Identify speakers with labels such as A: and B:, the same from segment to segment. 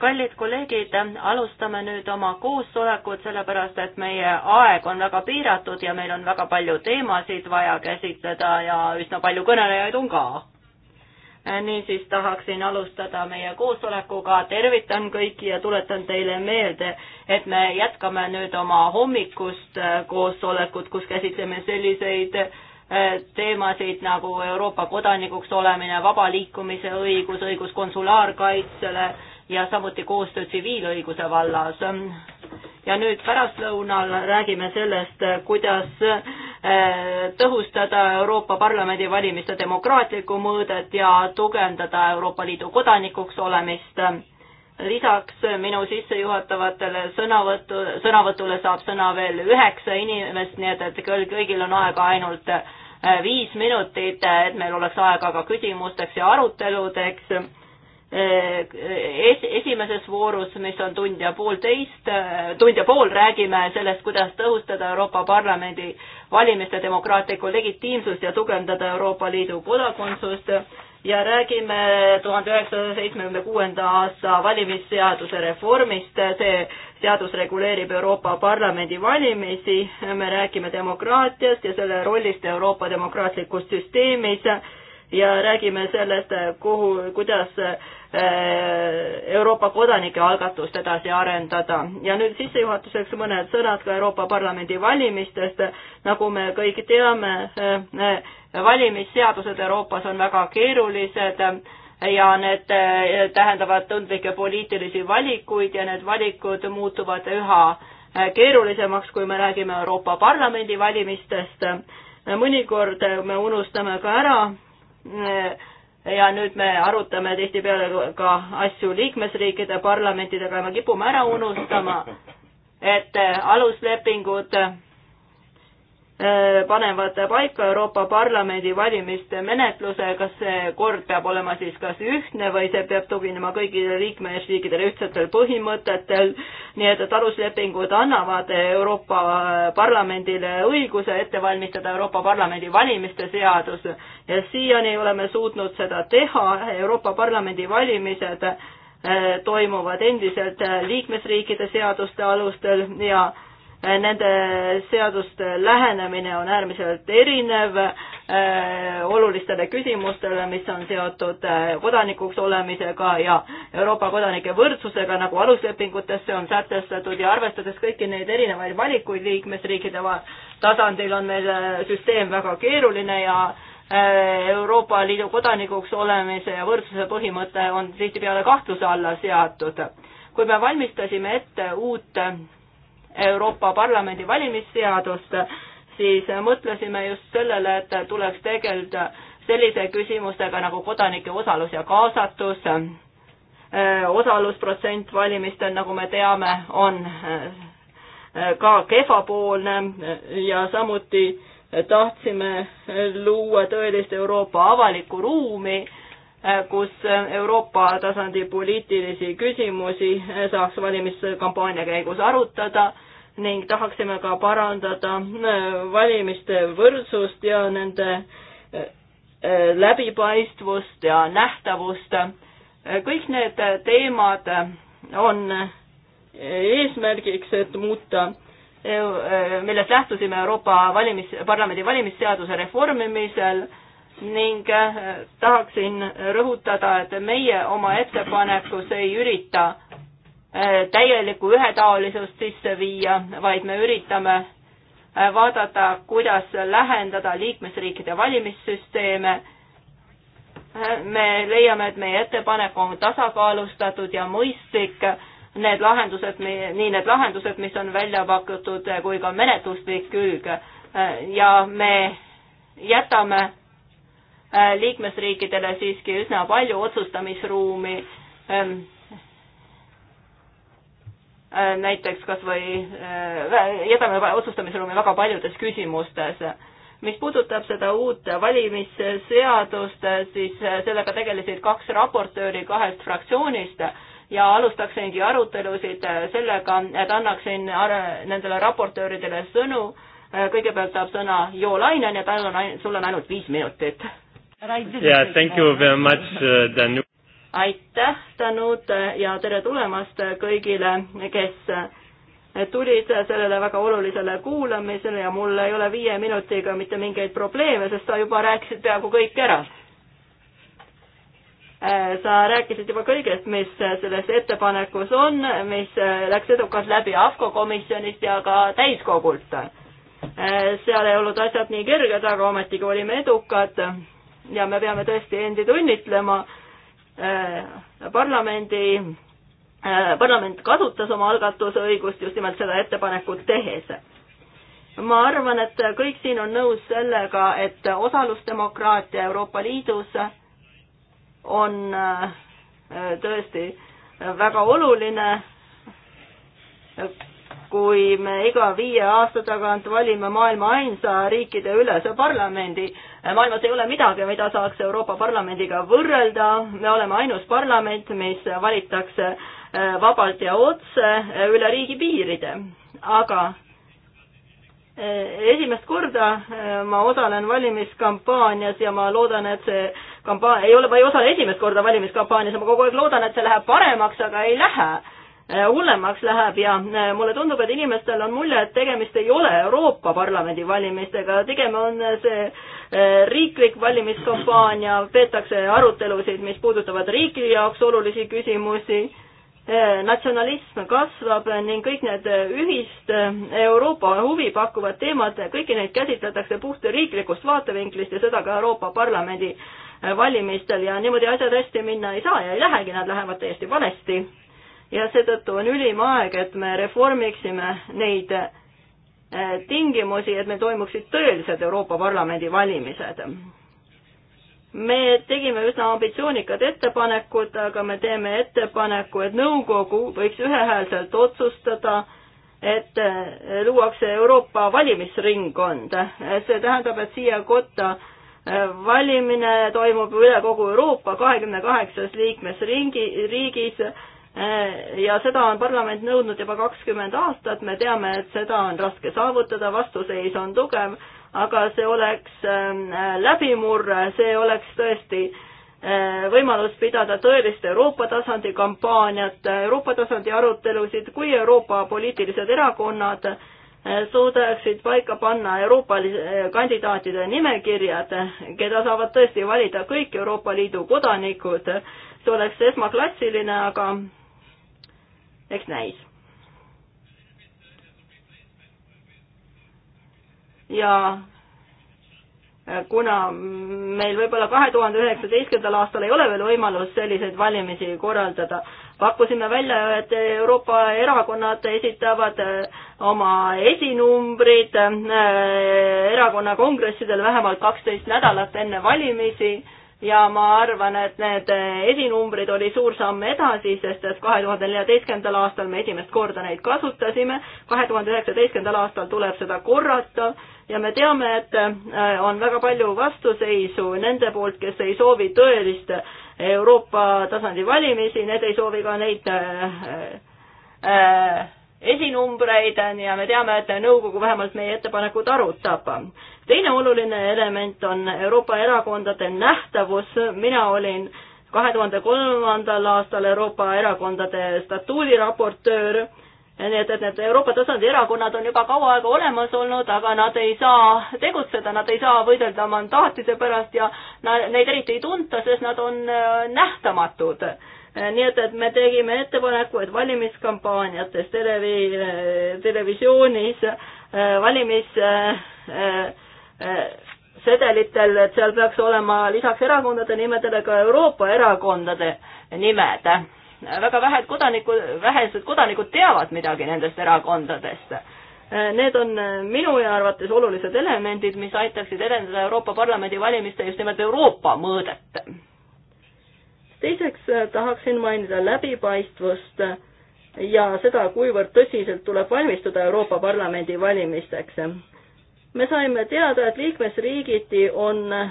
A: kallid kolleegid, alustame nüüd oma koosolekut, sellepärast et meie aeg on väga piiratud ja meil on väga palju teemasid vaja käsitleda ja üsna palju kõnelejaid on ka. Äh, niisiis tahaksin alustada meie koosolekuga, tervitan kõiki ja tuletan teile meelde, et me jätkame nüüd oma hommikust äh, koosolekut, kus käsitleme selliseid Äh, teemasid nagu Euroopa kodanikuks olemine, vaba liikumise õigus, õigus konsulaarkaitsele ja samuti koostöö tsiviilõiguse vallas. ja nüüd pärastlõunal räägime sellest, kuidas äh, tõhustada Euroopa Parlamendi valimiste demokraatlikku mõõdet ja tugevdada Euroopa Liidu kodanikuks olemist lisaks minu sissejuhatavatele sõnavõtu, sõnavõtule saab sõna veel üheksa inimest, nii et, et küll kõigil on aega ainult äh, viis minutit, et meil oleks aega ka küsimusteks ja aruteludeks. Äh, es-, esimeses voorus, mis on tund ja poolteist, äh, tund ja pool, räägime sellest, kuidas tõhustada Euroopa Parlamendi valimiste demokraatlikku legitiimsust ja tugevdada Euroopa Liidu kodakondsust ja räägime tuhande üheksasaja seitsmekümne kuuenda aasta valimisseaduse reformist. see seadus reguleerib Euroopa Parlamendi valimisi, me räägime demokraatiast ja selle rollist Euroopa demokraatlikus süsteemis ja räägime sellest, kuhu, kuidas eh, Euroopa kodanike algatust edasi arendada. ja nüüd sissejuhatuseks mõned sõnad ka Euroopa Parlamendi valimistest. nagu me kõik teame, eh, valimisseadused Euroopas on väga keerulised ja need eh, tähendavad tundlikke poliitilisi valikuid ja need valikud muutuvad üha eh, keerulisemaks, kui me räägime Euroopa Parlamendi valimistest. mõnikord me unustame ka ära eh, ja nüüd me arutame tihtipeale ka asju liikmesriikide parlamentidega ja me kipume ära unustama, et aluslepingud Äh, panevad paika Euroopa Parlamendi valimiste menetluse, kas see kord peab olema siis kas ühtne või see peab tuginema kõigile liikmesriikidele ühtsetel põhimõtetel, nii et, et aluslepingud annavad Euroopa Parlamendile õiguse ette valmistada Euroopa Parlamendi valimiste seadus ja siiani oleme suutnud seda teha, Euroopa Parlamendi valimised äh, toimuvad endiselt liikmesriikide seaduste alustel ja nende seaduste lähenemine on äärmiselt erinev äh, olulistele küsimustele, mis on seotud äh, kodanikuks olemisega ja Euroopa kodanike võrdsusega, nagu aluslepingutes see on sätestatud ja arvestades kõiki neid erinevaid valikuid liikmesriikide tasandil, on meil äh, süsteem väga keeruline ja Euroopa Liidu kodanikuks olemise ja võrdsuse põhimõte on tihtipeale kahtluse alla seatud. kui me valmistasime ette uut Euroopa Parlamendi valimisseadust, siis mõtlesime just sellele, et tuleks tegeleda sellise küsimustega nagu kodanike osalus ja kaasatus. Äh, osalusprotsent valimistel, nagu me teame, on äh, ka kehvapoolne ja samuti tahtsime luua tõelist Euroopa avalikku ruumi kus Euroopa tasandi poliitilisi küsimusi saaks valimiskampaania käigus arutada ning tahaksime ka parandada äh, valimiste võrdsust ja nende äh, läbipaistvust ja nähtavust. kõik need teemad on eesmärgiks, et muuta, äh, millest lähtusime Euroopa valimis, parlamendi valimisseaduse reformimisel ning äh, tahaksin rõhutada, et meie oma ettepanekus ei ürita äh, täielikku ühetaolisust sisse viia, vaid me üritame äh, vaadata, kuidas lähendada liikmesriikide valimissüsteeme. me leiame, et meie ettepanek on tasakaalustatud ja mõistlik. Need lahendused, nii need lahendused, mis on välja pakutud, kui ka menetluslik külg ja me jätame Äh, liikmesriikidele siiski üsna palju otsustamisruumi ähm, äh, näiteks kas või äh, jätame otsustamisruumi väga paljudes küsimustes. mis puudutab seda uut valimisseadust, siis sellega tegelesid kaks raportööri kahest fraktsioonist ja alustaksingi arutelusid sellega, et annaksin nendele raportööridele sõnu. kõigepealt saab sõna Jo Lainen ja tal on, sul on ainult viis minutit Yeah, thank you
B: very much, uh, Danu.
A: aitäh, Danut ja tere tulemast kõigile, kes tulid sellele väga olulisele kuulamisele ja mul ei ole viie minutiga mitte mingeid probleeme, sest sa juba rääkisid peaaegu kõik ära. Äh, sa rääkisid juba kõigest, mis selles ettepanekus on, mis läks edukalt läbi AFCO komisjonist ja ka täiskogult. Äh, seal ei olnud asjad nii kerged, aga ometigi olime edukad ja me peame tõesti endid õnnitlema eh,. parlamendi eh,, parlament kasutas oma algatusõigust just nimelt seda ettepanekut tehes. ma arvan, et kõik siin on nõus sellega, et osalusdemokraatia Euroopa Liidus on äh, tõesti väga oluline kui me iga viie aasta tagant valime maailma ainsa riikide ülese parlamendi. maailmas ei ole midagi, mida saaks Euroopa Parlamendiga võrrelda, me oleme ainus parlament, mis valitakse eh, vabalt ja otse eh, üle riigi piiride, aga eh, esimest korda ma osalen valimiskampaanias ja ma loodan, et see kampaania, ei ole, ma ei osale esimest korda valimiskampaanias ja ma kogu aeg loodan, et see läheb paremaks, aga ei lähe Äh, hullemaks läheb ja äh, mulle tundub, et inimestel on mulje, et tegemist ei ole Euroopa Parlamendi valimistega, pigem on äh, see riiklik valimiskampaania, peetakse arutelusid, mis puudutavad riigi jaoks olulisi küsimusi, natsionalism kasvab ning kõik need ühist Euroopa huvi pakkuvad teemad, kõiki neid käsitletakse puht riiklikust vaatevinklist ja seda ka Euroopa Parlamendi valimistel ja niimoodi asjad hästi minna ei saa ja ei lähegi, nad lähevad täiesti valesti ja seetõttu on ülim aeg, et me reformiksime neid eh, tingimusi, et meil toimuksid tõelised Euroopa Parlamendi valimised. me tegime üsna ambitsioonikad ettepanekud, aga me teeme ettepaneku, et nõukogu võiks ühehäälselt otsustada, et eh, luuakse Euroopa valimisringkond. see tähendab, et siia kotta eh, valimine toimub üle kogu Euroopa kahekümne kaheksas liikmesringi, riigis Äh, ja seda on parlament nõudnud juba kakskümmend aastat, me teame, et seda on raske saavutada, vastuseis on tugev, aga see oleks ähm, läbimurre, see oleks tõesti äh, võimalus pidada tõelist Euroopa tasandi kampaaniat, Euroopa tasandi arutelusid, kui Euroopa poliitilised erakonnad äh, suudaksid paika panna Euroopa kandidaatide nimekirjad, keda saavad tõesti valida kõik Euroopa Liidu kodanikud. see oleks esmaklassiline, aga eks näis. ja äh, kuna meil võib-olla kahe tuhande üheksateistkümnendal aastal ei ole veel võimalus selliseid valimisi korraldada, pakkusime välja, et Euroopa erakonnad esitavad äh, oma esinumbrid äh, erakonna kongressidel vähemalt kaksteist nädalat enne valimisi ja ma arvan, et need eh, esinumbrid oli suur samm edasi, sest et kahe tuhande neljateistkümnendal aastal me esimest korda neid kasutasime, kahe tuhande üheksateistkümnendal aastal tuleb seda korrata ja me teame, et eh, on väga palju vastuseisu nende poolt, kes ei soovi tõelist eh, Euroopa tasandi valimisi, need ei soovi ka neid esinumbreid ja me teame, et nõukogu vähemalt meie ettepanekut arutab teine oluline element on Euroopa erakondade nähtavus, mina olin kahe tuhande kolmandal aastal Euroopa erakondade statuudi raportöör, nii et, et need Euroopa tasandi erakonnad on juba kaua aega olemas olnud, aga nad ei saa tegutseda, nad ei saa võidelda mandaatide pärast ja neid eriti ei tunta, sest nad on äh, nähtamatud nii et, et me tegime ettepaneku, et valimiskampaaniates, televi-, äh, televisioonis, äh, valimis sedelitel, et seal peaks olema lisaks erakondade nimedele ka Euroopa erakondade nimed. väga vähed kodanikud, vähesed kodanikud teavad midagi nendest erakondadest. Need on minu arvates olulised elemendid, mis aitaksid edendada Euroopa Parlamendi valimiste just nimelt Euroopa mõõdet. teiseks äh, tahaksin mainida läbipaistvust ja seda, kuivõrd tõsiselt tuleb valmistuda Euroopa Parlamendi valimisteks me saime teada, et liikmesriigiti on äh,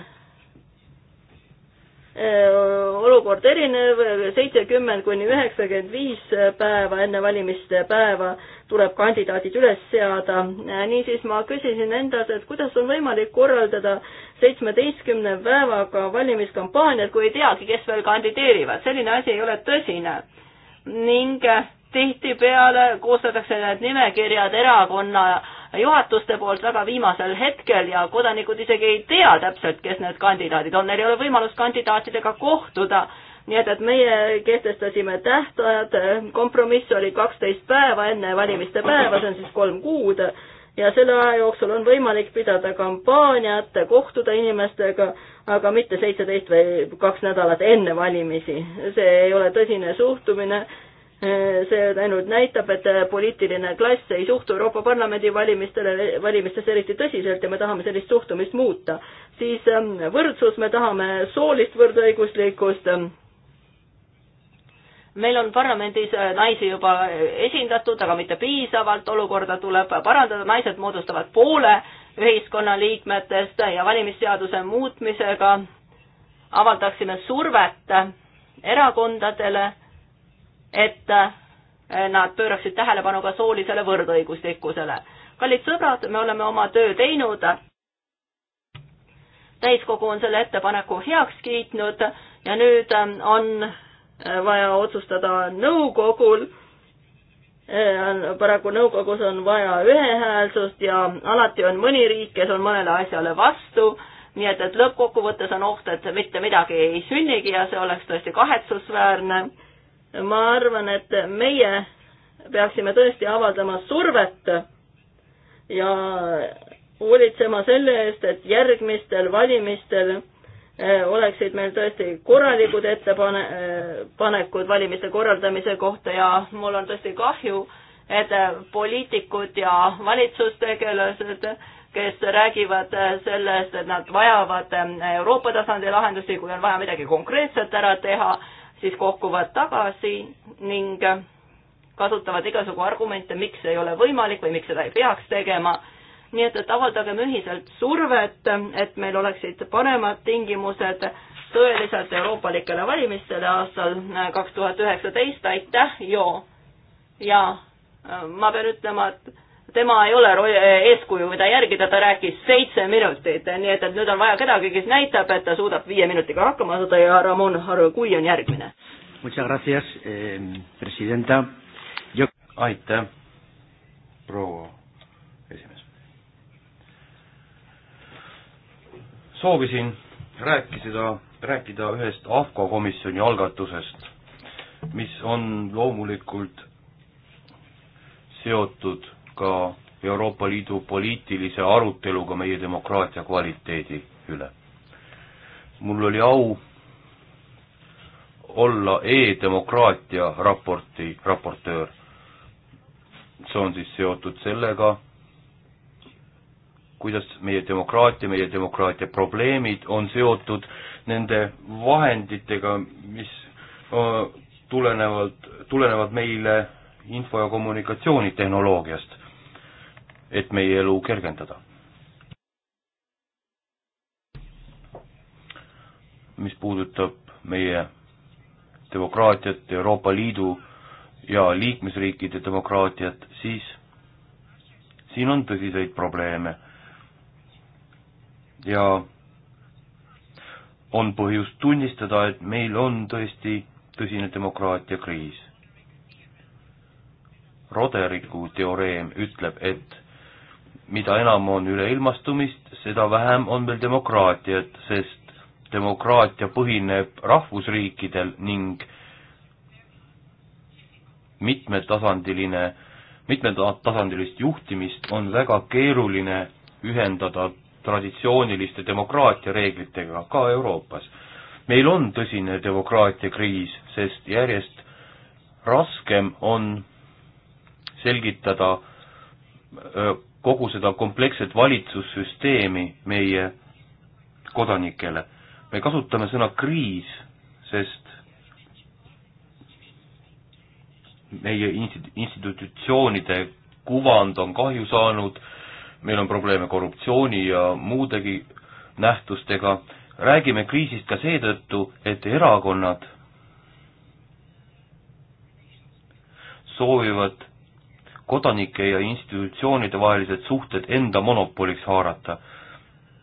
A: olukord erinev, seitsekümmend kuni üheksakümmend viis päeva enne valimiste päeva tuleb kandidaadid üles seada. Äh, niisiis ma küsisin endalt, et kuidas on võimalik korraldada seitsmeteistkümne päevaga valimiskampaaniat, kui ei teagi, kes veel kandideerivad. selline asi ei ole tõsine. ning äh, tihtipeale koostatakse need nimekirjad erakonna juhatuste poolt väga viimasel hetkel ja kodanikud isegi ei tea täpselt, kes need kandidaadid on, neil ei ole võimalust kandidaatidega kohtuda. nii et, et meie kehtestasime tähtajad, kompromiss oli kaksteist päeva enne valimiste päeva, see on siis kolm kuud ja selle aja jooksul on võimalik pidada kampaaniat, kohtuda inimestega, aga mitte seitseteist või kaks nädalat enne valimisi. see ei ole tõsine suhtumine Eh, see ainult näitab, et eh, poliitiline klass ei suhtu Euroopa Parlamendi valimistele, valimistesse eriti tõsiselt ja me tahame sellist suhtumist muuta. siis eh, võrdsus, me tahame soolist võrdõiguslikkust. meil on parlamendis naisi juba esindatud, aga mitte piisavalt, olukorda tuleb parandada, naised moodustavad poole ühiskonnaliikmetest ja valimisseaduse muutmisega avaldaksime survet erakondadele et äh, nad pööraksid tähelepanu ka soolisele võrdõiguslikkusele. kallid sõbrad, me oleme oma töö teinud. täiskogu on selle ettepaneku heaks kiitnud ja nüüd ähm, on äh, vaja otsustada nõukogul äh, paraku nõukogus on vaja ühehäälsust ja alati on mõni riik, kes on mõnele asjale vastu, nii et, et lõppkokkuvõttes on oht, et mitte midagi ei sünnigi ja see oleks tõesti kahetsusväärne ma arvan, et meie peaksime tõesti avaldama survet ja hoolitsema selle eest, et järgmistel valimistel eh, oleksid meil tõesti korralikud ettepanekud eh, valimiste korraldamise kohta ja mul on tõesti kahju, et poliitikud ja valitsustegelased, kes räägivad eh, sellest, et nad vajavad Euroopa tasandi lahendusi, kui on vaja midagi konkreetset ära teha, siis kohkuvad tagasi ning kasutavad igasugu argumente, miks ei ole võimalik või miks seda ei peaks tegema. nii et, et avaldagem ühiselt survet, et meil oleksid paremad tingimused tõeliselt euroopalikele valimistele aastal äh, kaks tuhat üheksateist, aitäh, Joo! ja äh, ma pean ütlema, et tema ei ole eh, eeskuju, mida järgida, ta rääkis seitse minutit, nii et, et nüüd on vaja kedagi, kes näitab, et ta suudab viie minutiga hakkama saada ja Ramon Harukui on järgmine.
B: Eh, Yo... aitäh, proua esimees. soovisin rääkida, rääkida ühest AFCO komisjoni algatusest, mis on loomulikult seotud ka Euroopa Liidu poliitilise aruteluga meie demokraatia kvaliteedi üle. mul oli au olla e-demokraatia raporti raportöör. see on siis seotud sellega, kuidas meie demokraatia, meie demokraatia probleemid on seotud nende vahenditega, mis tulenevalt, tulenevad meile info- ja kommunikatsioonitehnoloogiast et meie elu kergendada. mis puudutab meie demokraatiat, Euroopa Liidu ja liikmesriikide demokraatiat, siis siin on tõsiseid probleeme ja on põhjust tunnistada, et meil on tõesti tõsine demokraatia kriis. Roderiku teoreem ütleb, et mida enam on üleilmastumist, seda vähem on meil demokraatiat, sest demokraatia põhineb rahvusriikidel ning mitmetasandiline, mitmetasandilist juhtimist on väga keeruline ühendada traditsiooniliste demokraatia reeglitega ka Euroopas. meil on tõsine demokraatia kriis, sest järjest raskem on selgitada öö, kogu seda kompleksset valitsussüsteemi meie kodanikele. me kasutame sõna kriis, sest meie institutsioonide kuvand on kahju saanud, meil on probleeme korruptsiooni ja muudegi nähtustega, räägime kriisist ka seetõttu, et erakonnad soovivad kodanike ja institutsioonide vahelised suhted enda monopoliks haarata.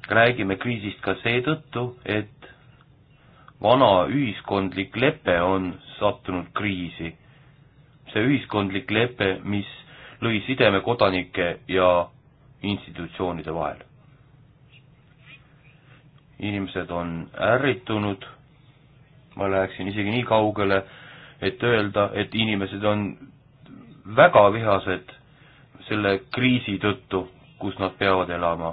B: räägime kriisist ka seetõttu, et vana ühiskondlik lepe on sattunud kriisi. see ühiskondlik lepe, mis lõi sideme kodanike ja institutsioonide vahel. inimesed on ärritunud, ma läheksin isegi nii kaugele, et öelda, et inimesed on väga vihased selle kriisi tõttu, kus nad peavad elama.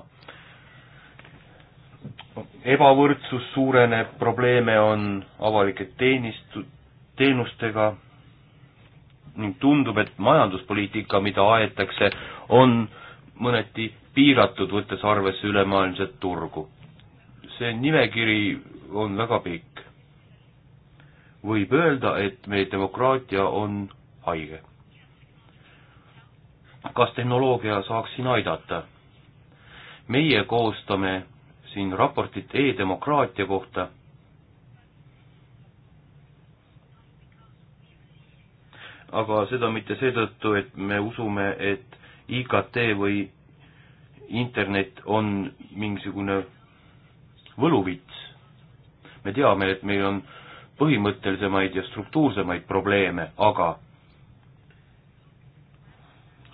B: ebavõrdsus suureneb, probleeme on avalike teenistu-, teenustega ning tundub, et majanduspoliitika, mida aetakse, on mõneti piiratud, võttes arvesse ülemaailmset turgu. see nimekiri on väga pikk. võib öelda, et meie demokraatia on haige kas tehnoloogia saaks siin aidata? meie koostame siin raportit e-demokraatia kohta. aga seda mitte seetõttu, et me usume, et IKT või internet on mingisugune võluvits. me teame, et meil on põhimõttelisemaid ja struktuursemaid probleeme, aga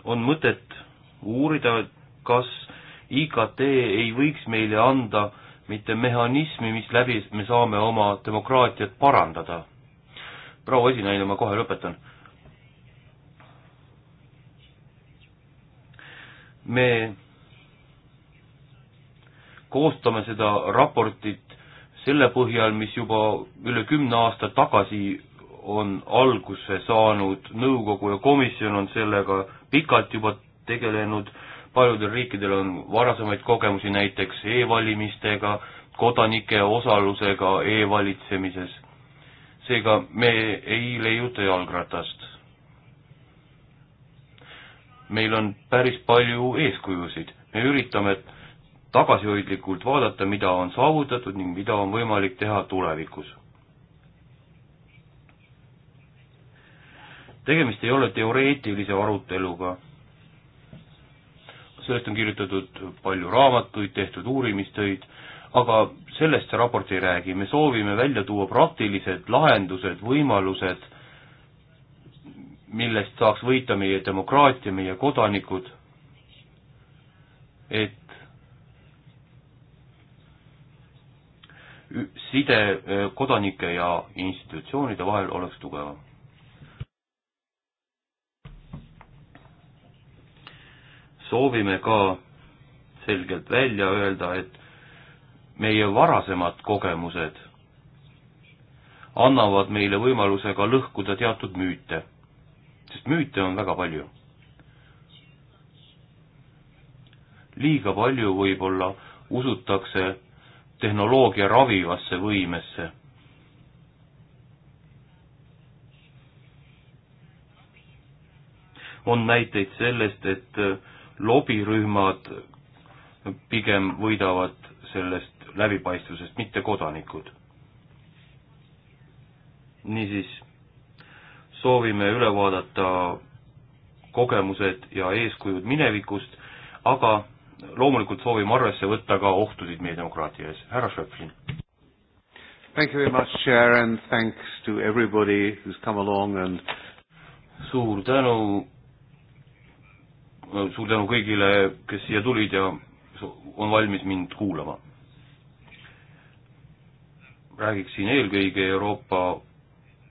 B: on mõtet uurida, kas IKT ei võiks meile anda mitte mehhanismi, mis läbi me saame oma demokraatiat parandada. proua esinaine, ma kohe lõpetan. me koostame seda raportit selle põhjal, mis juba üle kümne aasta tagasi on alguse saanud, nõukogu ja komisjon on sellega pikalt juba tegelenud, paljudel riikidel on varasemaid kogemusi näiteks e-valimistega, kodanike osalusega e-valitsemises. seega me ei leiuta jalgratast. meil on päris palju eeskujusid, me üritame tagasihoidlikult vaadata, mida on saavutatud ning mida on võimalik teha tulevikus tegemist ei ole teoreetilise aruteluga, sellest on kirjutatud palju raamatuid, tehtud uurimistöid, aga sellest see raport ei räägi, me soovime välja tuua praktilised lahendused, võimalused, millest saaks võita meie demokraatia, meie kodanikud, et side eh, kodanike ja institutsioonide vahel oleks tugevam soovime ka selgelt välja öelda, et meie varasemad kogemused annavad meile võimaluse ka lõhkuda teatud müüte, sest müüte on väga palju. liiga palju võib-olla usutakse tehnoloogia ravivasse võimesse. on näiteid sellest, et lobirühmad pigem võidavad sellest läbipaistvusest, mitte kodanikud. niisiis, soovime üle vaadata kogemused ja eeskujud minevikust, aga loomulikult soovime arvesse võtta ka ohtusid meie demokraatia ees. härra Schöpflin. Thank you very much, Chair, and thanks to everybody who's come along and suur tänu Äh, suur tänu kõigile, kes siia tulid ja on valmis mind kuulama. räägiksin eelkõige Euroopa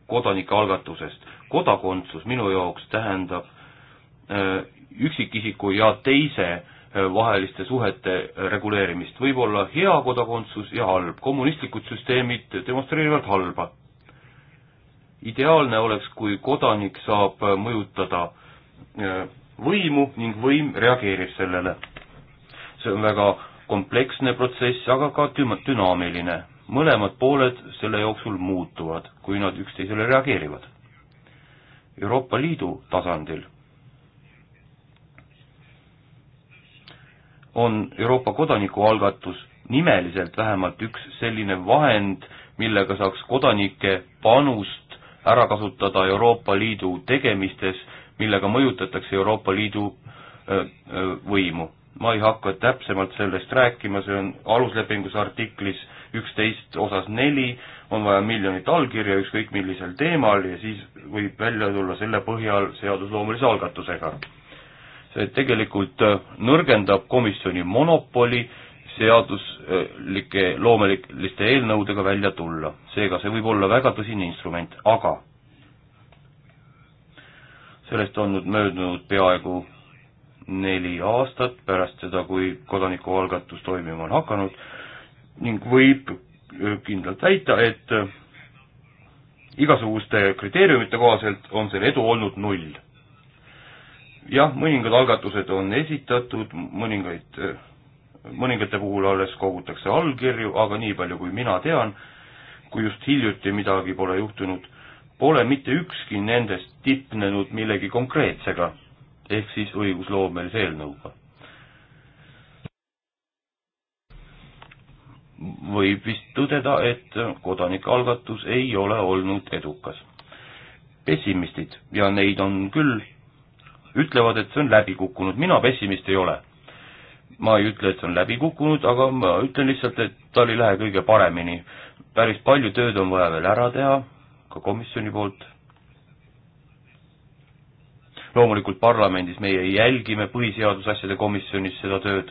B: kodanikealgatusest. kodakondsus minu jaoks tähendab äh, üksikisiku ja teise äh, vaheliste suhete reguleerimist. võib olla hea kodakondsus ja halb. kommunistlikud süsteemid demonstreerivad halba. ideaalne oleks, kui kodanik saab mõjutada võimu ning võim reageerib sellele. see on väga kompleksne protsess, aga ka dünaamiline. mõlemad pooled selle jooksul muutuvad, kui nad üksteisele reageerivad. Euroopa Liidu tasandil on Euroopa kodanikualgatus nimeliselt vähemalt üks selline vahend, millega saaks kodanike panust ära kasutada Euroopa Liidu tegemistes millega mõjutatakse Euroopa Liidu võimu. ma ei hakka täpsemalt sellest rääkima, see on aluslepingus artiklis üksteist osas neli, on vaja miljonit allkirja ükskõik millisel teemal ja siis võib välja tulla selle põhjal seadusloomulise algatusega. see tegelikult nõrgendab komisjoni monopoli seaduslike loomeliste eelnõudega välja tulla. seega see võib olla väga tõsine instrument, aga sellest on nüüd möödunud peaaegu neli aastat pärast seda, kui kodanikualgatus toimima on hakanud ning võib äh, kindlalt väita, et äh, igasuguste kriteeriumite kohaselt on selle edu olnud null. jah, mõningad algatused on esitatud, mõningaid, äh, mõningate puhul alles kogutakse allkirju, aga nii palju, kui mina tean, kui just hiljuti midagi pole juhtunud pole mitte ükski nendest tipnenud millegi konkreetsega, ehk siis õigusloomelise eelnõuga. võib vist tõdeda, et kodanikualgatus ei ole olnud edukas. pessimistid, ja neid on küll, ütlevad, et see on läbi kukkunud, mina pessimist ei ole. ma ei ütle, et see on läbi kukkunud, aga ma ütlen lihtsalt, et tal ei lähe kõige paremini. päris palju tööd on vaja veel ära teha, ka komisjoni poolt. loomulikult parlamendis meie jälgime põhiseadusasjade komisjonis seda tööd.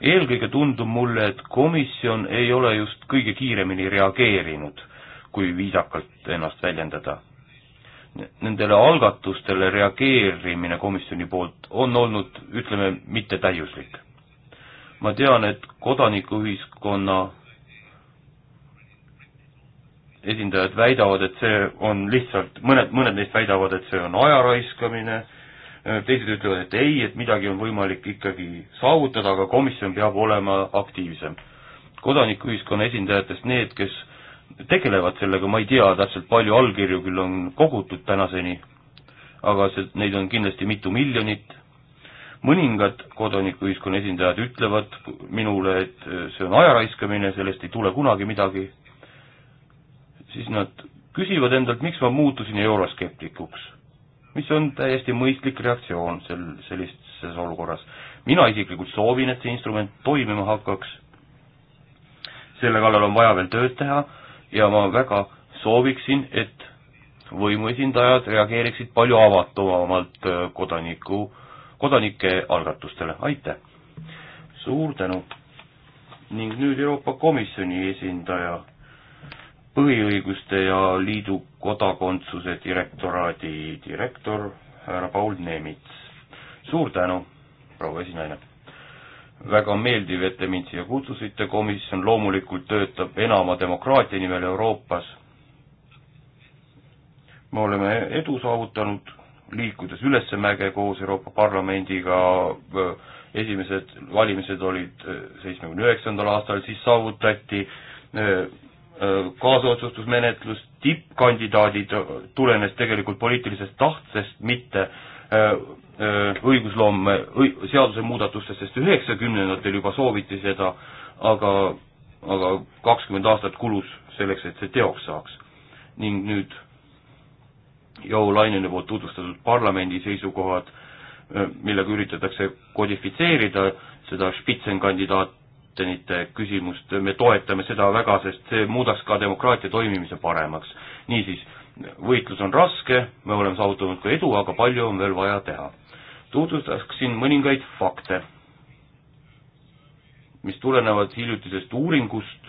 B: eelkõige tundub mulle, et komisjon ei ole just kõige kiiremini reageerinud, kui viisakalt ennast väljendada. Nendele algatustele reageerimine komisjoni poolt on olnud, ütleme, mittetäiuslik ma tean, et kodanikuühiskonna esindajad väidavad, et see on lihtsalt, mõned, mõned neist väidavad, et see on aja raiskamine, teised ütlevad, et ei, et midagi on võimalik ikkagi saavutada, aga komisjon peab olema aktiivsem. kodanikuühiskonna esindajatest need, kes tegelevad sellega, ma ei tea täpselt, palju allkirju küll on kogutud tänaseni, aga see, neid on kindlasti mitu miljonit, mõningad kodanikuühiskonna esindajad ütlevad minule, et see on aja raiskamine, sellest ei tule kunagi midagi siis nad küsivad endalt, miks ma muutusin euroskeptikuks, mis on täiesti mõistlik reaktsioon sel, sellises olukorras. mina isiklikult soovin, et see instrument toimima hakkaks, selle kallal on vaja veel tööd teha ja ma väga sooviksin, et võimuesindajad reageeriksid palju avatumalt äh, kodaniku, kodanike algatustele, aitäh! suur tänu! ning nüüd Euroopa Komisjoni esindaja põhiõiguste ja liidu kodakondsuse direktoraadi direktor härra Paul Neemits. suur tänu, proua esinaine! väga meeldiv, et te mind siia kutsusite, komisjon loomulikult töötab enama demokraatia nimel Euroopas. me oleme edu saavutanud, liikudes ülesmäge koos Euroopa Parlamendiga, esimesed valimised olid seitsmekümne üheksandal aastal, siis saavutati kaasotsustusmenetlus, tippkandidaadid tulenes tegelikult poliitilisest tahtest, mitte äh, äh, õigusloome, seadusemuudatustest, sest üheksakümnendatel juba sooviti seda, aga, aga kakskümmend aastat kulus selleks, et see teoks saaks. ning nüüd Joe Laineni poolt tutvustatud parlamendi seisukohad, äh, millega üritatakse kodifitseerida seda Spitzenkandidaat kaptenite küsimust, me toetame seda väga, sest see muudaks ka demokraatia toimimise paremaks. niisiis, võitlus on raske, me oleme saavutanud ka edu, aga palju on veel vaja teha. tutvustaksin mõningaid fakte, mis tulenevad hiljutisest uuringust.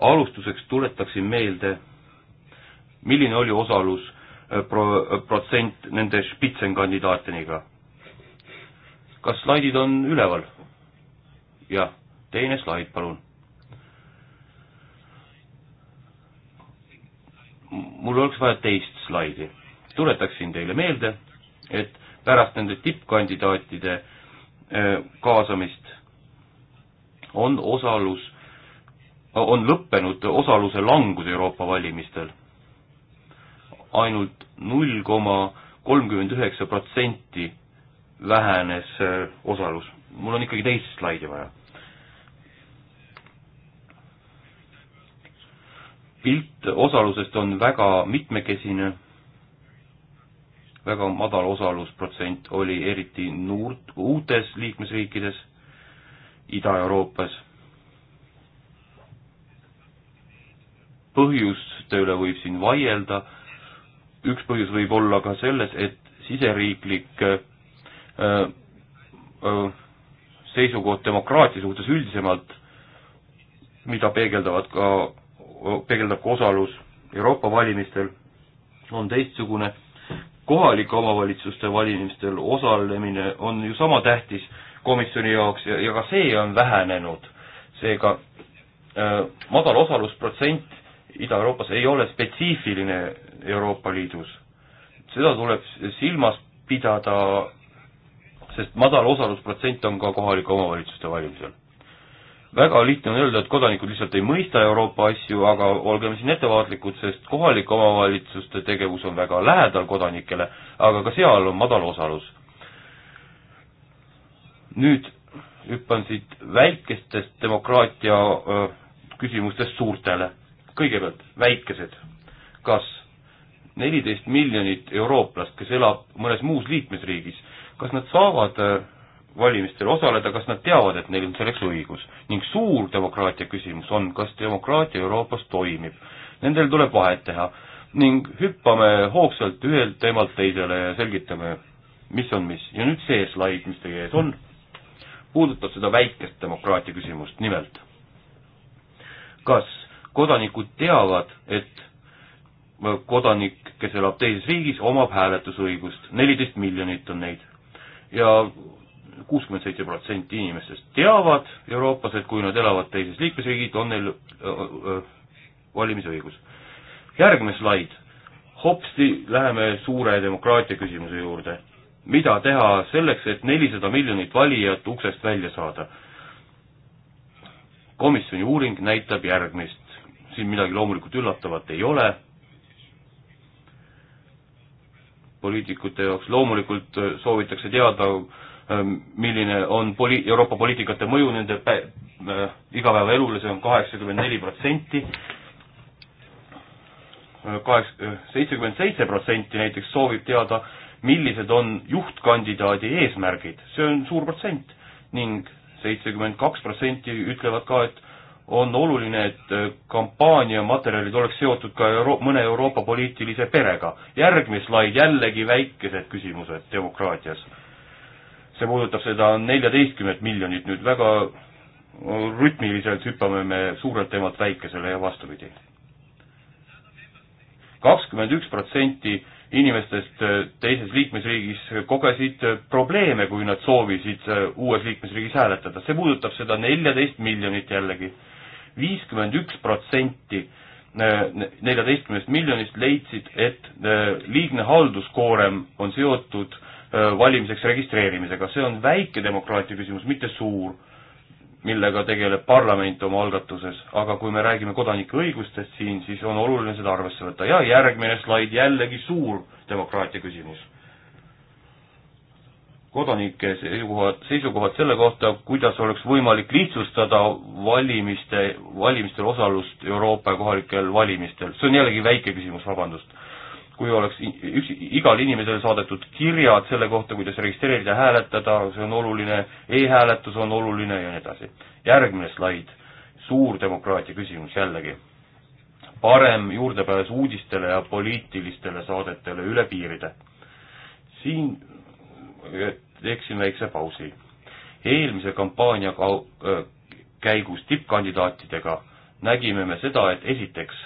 B: alustuseks tuletaksin meelde, milline oli osalus äh, pro-, äh, protsent nende spitsenkandidaatidega. kas slaidid on üleval? jah, teine slaid, palun. mul oleks vaja teist slaidi. tuletaksin teile meelde, et pärast nende tippkandidaatide äh, kaasamist on osalus, on lõppenud osaluse langus Euroopa valimistel ainult null koma kolmkümmend üheksa protsenti vähenes äh, osalus mul on ikkagi teist slaidi vaja. pilt osalusest on väga mitmekesine, väga madal osalusprotsent oli eriti nuurt, uutes liikmesriikides, Ida-Euroopas. põhjuste üle võib siin vaielda, üks põhjus võib olla ka selles, et siseriiklik öö, äh, öö, äh, seisukoht demokraatia suhtes üldisemalt, mida peegeldavad ka, peegeldab ka osalus Euroopa valimistel, on teistsugune. kohalike omavalitsuste valimistel osalemine on ju sama tähtis komisjoni jaoks ja, ja ka see on vähenenud. seega äh, madal osalusprotsent Ida-Euroopas ei ole spetsiifiline Euroopa Liidus. seda tuleb silmas pidada sest madal osalusprotsent on ka kohalike omavalitsuste valimisel. väga lihtne on öelda, et kodanikud lihtsalt ei mõista Euroopa asju, aga olgem siin ettevaatlikud, sest kohalike omavalitsuste tegevus on väga lähedal kodanikele, aga ka seal on madal osalus. nüüd hüppan siit väikestest demokraatia öö, küsimustest suurtele. kõigepealt väikesed, kas neliteist miljonit eurooplast, kes elab mõnes muus liikmesriigis kas nad saavad äh, valimistel osaleda, kas nad teavad, et neil on selleks õigus. ning suur demokraatia küsimus on, kas demokraatia Euroopas toimib. Nendel tuleb vahet teha ning hüppame hoogsalt ühelt teemalt teisele ja selgitame, mis on mis. ja nüüd see slaid, mis teie ees on, puudutab seda väikest demokraatia küsimust, nimelt kas kodanikud teavad, et kodanik, kes elab teises riigis, omab hääletusõigust, neliteist miljonit on neid ja kuuskümmend seitse protsenti inimestest teavad Euroopas, et kui nad elavad teises liikmesriigis, on neil valimisõigus. järgmine slaid. hopsti läheme suure demokraatia küsimuse juurde. mida teha selleks, et nelisada miljonit valijat uksest välja saada? komisjoni uuring näitab järgmist. siin midagi loomulikult üllatavat ei ole poliitikute jaoks, loomulikult äh, soovitakse teada, äh, milline on poli-, Euroopa poliitikate mõju nende pä-, äh, igapäevaelule, see on kaheksakümmend neli protsenti, kaheks-, seitsekümmend seitse protsenti näiteks soovib teada, millised on juhtkandidaadi eesmärgid, see on suur protsent ning seitsekümmend kaks protsenti ütlevad ka, et on oluline, et äh, kampaaniamaterjalid oleks seotud ka Euro mõne Euroopa poliitilise perega. järgmine slaid, jällegi väikesed küsimused demokraatias. see puudutab seda neljateistkümmet miljonit, nüüd väga äh, rütmiliselt hüppame me suurelt teemalt väikesele ja vastupidi. kakskümmend üks protsenti inimestest äh, teises liikmesriigis kogesid probleeme, kui nad soovisid uues liikmesriigis hääletada. see puudutab seda neljateist miljonit jällegi viiskümmend üks protsenti äh, neljateistkümnest miljonist leidsid, et äh, liigne halduskoorem on seotud äh, valimiseks registreerimisega, see on väike demokraatia küsimus, mitte suur, millega tegeleb parlament oma algatuses, aga kui me räägime kodanike õigustest siin, siis on oluline seda arvesse võtta ja järgmine slaid jällegi suur demokraatia küsimus kodanike seisukohad, seisukohad selle kohta, kuidas oleks võimalik lihtsustada valimiste, valimistel osalust Euroopa kohalikel valimistel. see on jällegi väike küsimus, vabandust. kui oleks üks, igale inimesele saadetud kirjad selle kohta, kuidas registreerida ja hääletada, see on oluline e, e-hääletus on oluline ja nii edasi. järgmine slaid, suur demokraatia küsimus jällegi. parem juurdepääs uudistele ja poliitilistele saadetele üle piiride. siin et teeksin väikse pausi. eelmise kampaania kau-, käigus tippkandidaatidega nägime me seda, et esiteks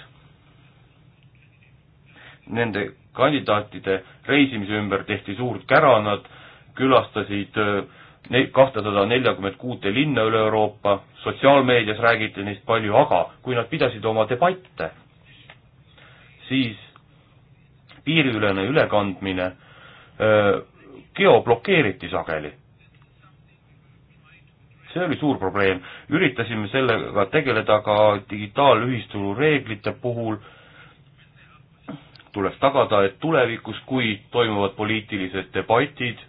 B: nende kandidaatide reisimise ümber tehti suurt kära, nad külastasid kahtesada neljakümmet kuute linna üle Euroopa, sotsiaalmeedias räägiti neist palju, aga kui nad pidasid oma debatte, siis piiriülene ülekandmine öö, geoblokeeriti sageli. see oli suur probleem, üritasime sellega tegeleda ka digitaalühisturu reeglite puhul, tuleks tagada, et tulevikus, kui toimuvad poliitilised debatid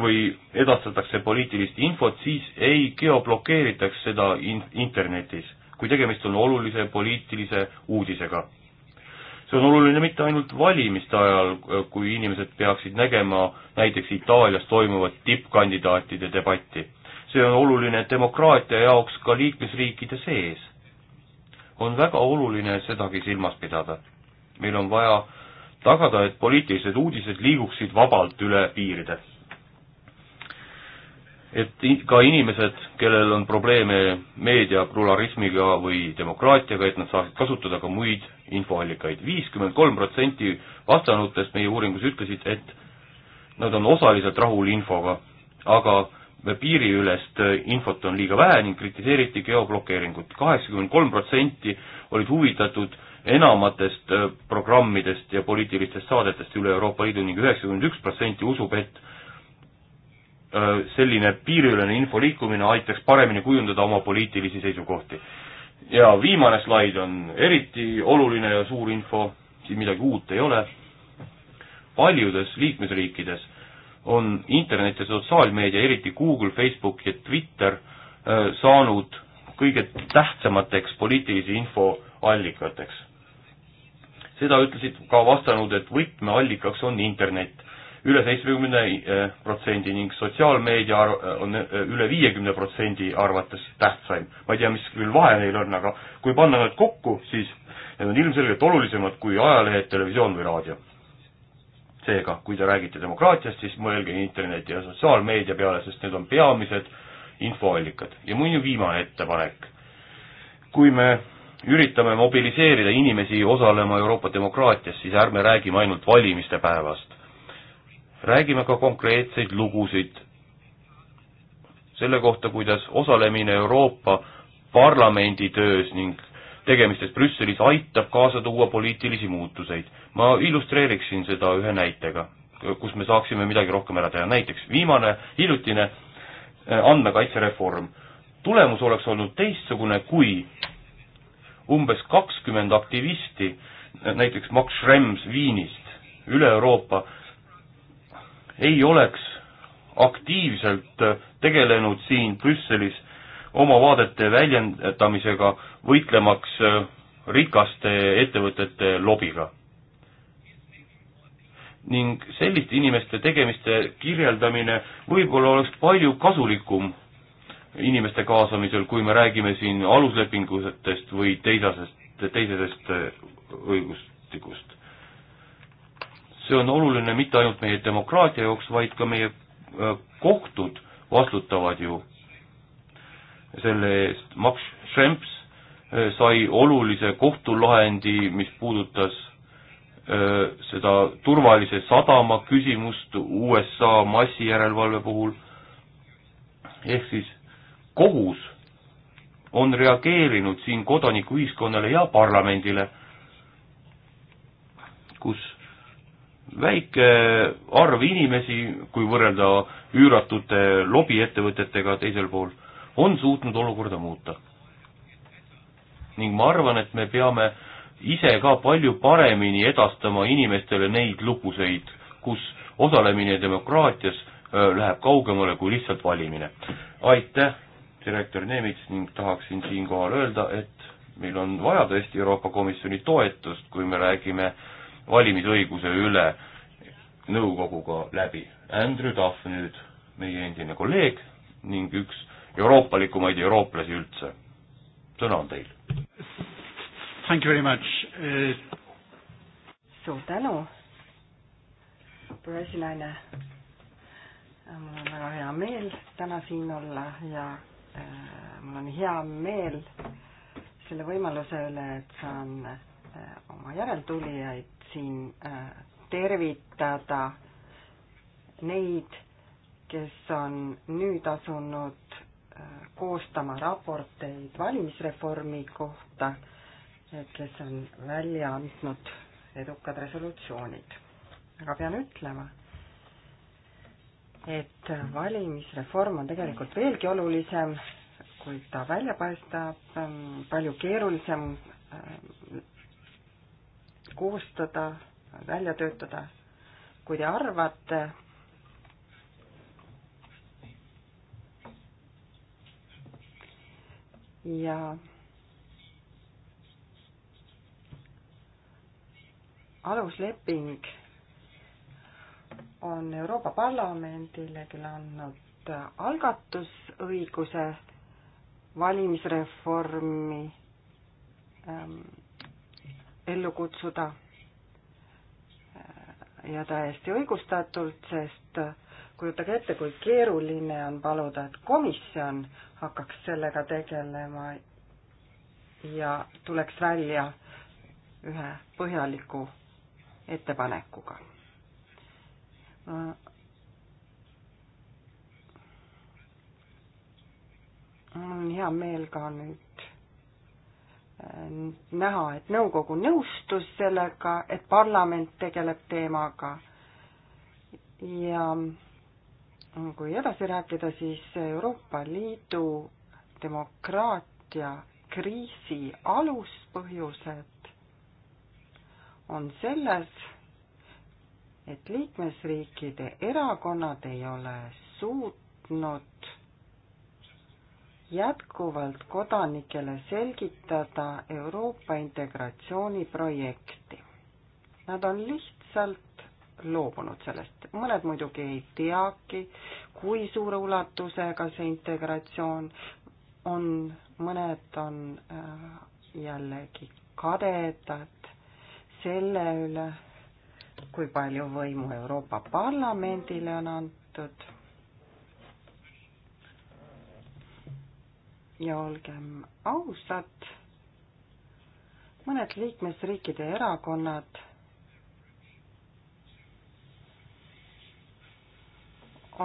B: või edastatakse poliitilist infot, siis ei geoblokeeritaks seda in-, internetis, kui tegemist on olulise poliitilise uudisega see on oluline mitte ainult valimiste ajal, kui inimesed peaksid nägema näiteks Itaalias toimuvat tippkandidaatide debatti. see on oluline demokraatia jaoks ka liikmesriikide sees. on väga oluline sedagi silmas pidada. meil on vaja tagada, et poliitilised uudised liiguksid vabalt üle piiride et ka inimesed, kellel on probleeme meedia pluralismiga või demokraatiaga, et nad saaksid kasutada ka muid infoallikaid. viiskümmend kolm protsenti vastanutest meie uuringus ütlesid, et nad on osaliselt rahul infoga, aga piiriülest infot on liiga vähe ning kritiseeriti geoblokeeringut. kaheksakümmend kolm protsenti olid huvitatud enamatest programmidest ja poliitilistest saadetest üle Euroopa Liidu ning üheksakümmend üks protsenti usub, et Äh, selline piiriülene info liikumine aitaks paremini kujundada oma poliitilisi seisukohti. ja viimane slaid on eriti oluline ja suur info, siin midagi uut ei ole, paljudes liikmesriikides on internet ja sotsiaalmeedia, eriti Google, Facebook ja Twitter, äh, saanud kõige tähtsamateks poliitilisi infoallikateks. seda ütlesid ka vastanud, et võtmeallikaks on internet üle seitsmekümne eh, protsendi ning sotsiaalmeedia eh, on eh, üle viiekümne protsendi arvates tähtsaim. ma ei tea, mis küll vahe neil on, aga kui panna nad kokku, siis need on ilmselgelt olulisemad kui ajalehed, televisioon või raadio. seega, kui te räägite demokraatiast, siis mõelge interneti ja sotsiaalmeedia peale, sest need on peamised infoallikad. ja minu viimane ettepanek, kui me üritame mobiliseerida inimesi osalema Euroopa demokraatias, siis ärme räägime ainult valimiste päevast räägime ka konkreetseid lugusid selle kohta, kuidas osalemine Euroopa Parlamendi töös ning tegemistes Brüsselis aitab kaasa tuua poliitilisi muutuseid. ma illustreeriksin seda ühe näitega, kus me saaksime midagi rohkem ära teha, näiteks viimane hiljutine eh, andmekaitsereform. tulemus oleks olnud teistsugune, kui umbes kakskümmend aktivisti, näiteks Max Schrems Viinist üle Euroopa, ei oleks aktiivselt tegelenud siin Brüsselis oma vaadete väljendamisega, võitlemaks äh, rikaste ettevõtete lobiga. ning selliste inimeste tegemiste kirjeldamine võib-olla oleks palju kasulikum inimeste kaasamisel, kui me räägime siin aluslepingutest või teisasest, teisesest õigustikust see on oluline mitte ainult meie demokraatia jaoks, vaid ka meie äh, kohtud vastutavad ju selle eest. Max Schrems äh, sai olulise kohtulahendi, mis puudutas äh, seda turvalise sadama küsimust USA massijärelevalve puhul. ehk siis kohus on reageerinud siin kodanikuühiskonnale ja parlamendile, kus väike arv inimesi, kui võrrelda üüratute lobiettevõtetega teisel pool, on suutnud olukorda muuta. ning ma arvan, et me peame ise ka palju paremini edastama inimestele neid lugusid, kus osalemine demokraatias äh, läheb kaugemale kui lihtsalt valimine. aitäh, direktor Neemits ning tahaksin siinkohal öelda, et meil on vaja tõesti Euroopa Komisjoni toetust, kui me räägime äh, valimisõiguse üle nõukoguga läbi. Andrew Duff nüüd, meie endine kolleeg ning üks euroopalikumaid eurooplasi üldse. sõna on teil.
C: Thank you very much uh.... suur tänu, proua esinaine. mul on väga hea meel täna siin olla ja uh, mul on hea meel selle võimaluse üle, et saan Äh, oma järeltulijaid siin äh, tervitada neid, kes on nüüd asunud äh, koostama raporteid valimisreformi kohta, kes on välja andnud edukad resolutsioonid. aga pean ütlema, et valimisreform on tegelikult veelgi olulisem, kui ta välja paistab, ähm, palju keerulisem ähm, koostada, välja töötada. kui te arvate, ja alusleping on Euroopa Parlamendile küll andnud algatusõiguse valimisreformi ähm, ellu kutsuda. ja täiesti õigustatult, sest kujutage ette, kui keeruline on paluda, et komisjon hakkaks sellega tegelema ja tuleks välja ühe põhjaliku ettepanekuga mul on hea meel ka nüüd Ähm, näha, et nõukogu nõustus sellega, et parlament tegeleb teemaga ja kui edasi rääkida, siis Euroopa Liidu demokraatia kriisi aluspõhjused on selles, et liikmesriikide erakonnad ei ole suutnud jätkuvalt kodanikele selgitada Euroopa integratsiooniprojekti. Nad on lihtsalt loobunud sellest, mõned muidugi ei teagi, kui suure ulatusega see integratsioon on, mõned on äh, jällegi kadedad selle üle, kui palju võimu Euroopa Parlamendile on antud ja olgem ausad, mõned liikmesriikide erakonnad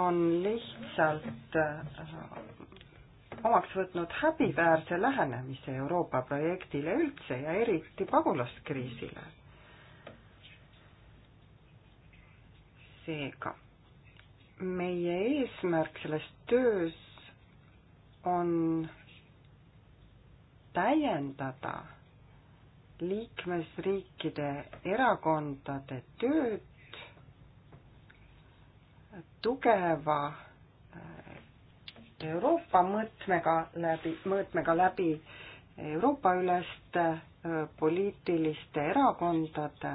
C: on lihtsalt äh, omaks võtnud häbiväärse lähenemise Euroopa projektile üldse ja eriti pagulaskriisile. seega meie eesmärk selles töös on täiendada liikmesriikide erakondade tööd tugeva äh, Euroopa mõõtmega läbi, mõõtmega läbi Euroopa-üleste äh, poliitiliste erakondade.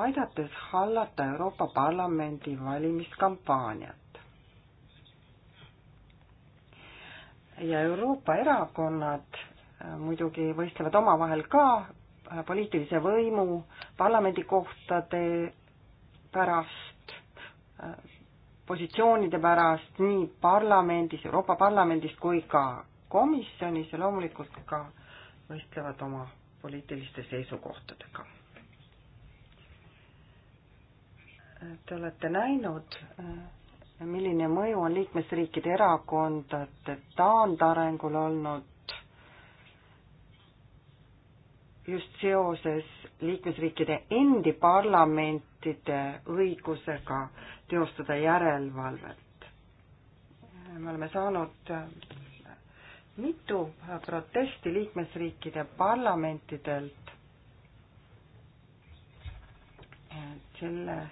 C: aidates hallata Euroopa Parlamendi valimiskampaaniat. ja Euroopa erakonnad äh, muidugi võistlevad omavahel ka äh, poliitilise võimu parlamendikohtade pärast, äh, positsioonide pärast nii parlamendis, Euroopa Parlamendis kui ka komisjonis ja loomulikult ka võistlevad oma poliitiliste seisukohtadega. Te olete näinud milline mõju on liikmesriikide erakondade taandarengul olnud just seoses liikmesriikide endi parlamentide õigusega teostada järelevalvet. me oleme saanud mitu protesti liikmesriikide parlamentidelt selle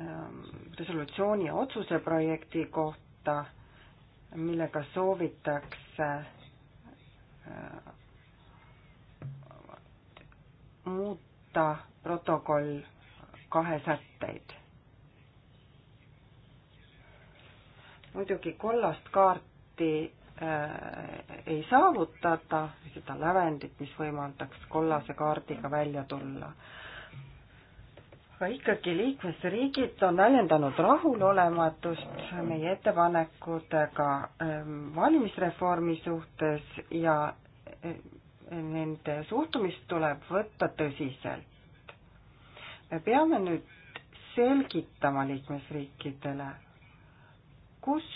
C: Ähm, resolutsiooni otsuse projekti kohta, millega soovitakse äh, muuta protokoll kahe sätteid. muidugi kollast kaarti äh, ei saavutata, seda lävendit, mis võimaldaks kollase kaardiga välja tulla äh,, aga ikkagi liikmesriigid on väljendanud rahulolematust meie ettepanekutega ähm, valimisreformi suhtes ja äh, nende suhtumist tuleb võtta tõsiselt. me peame nüüd selgitama liikmesriikidele, kus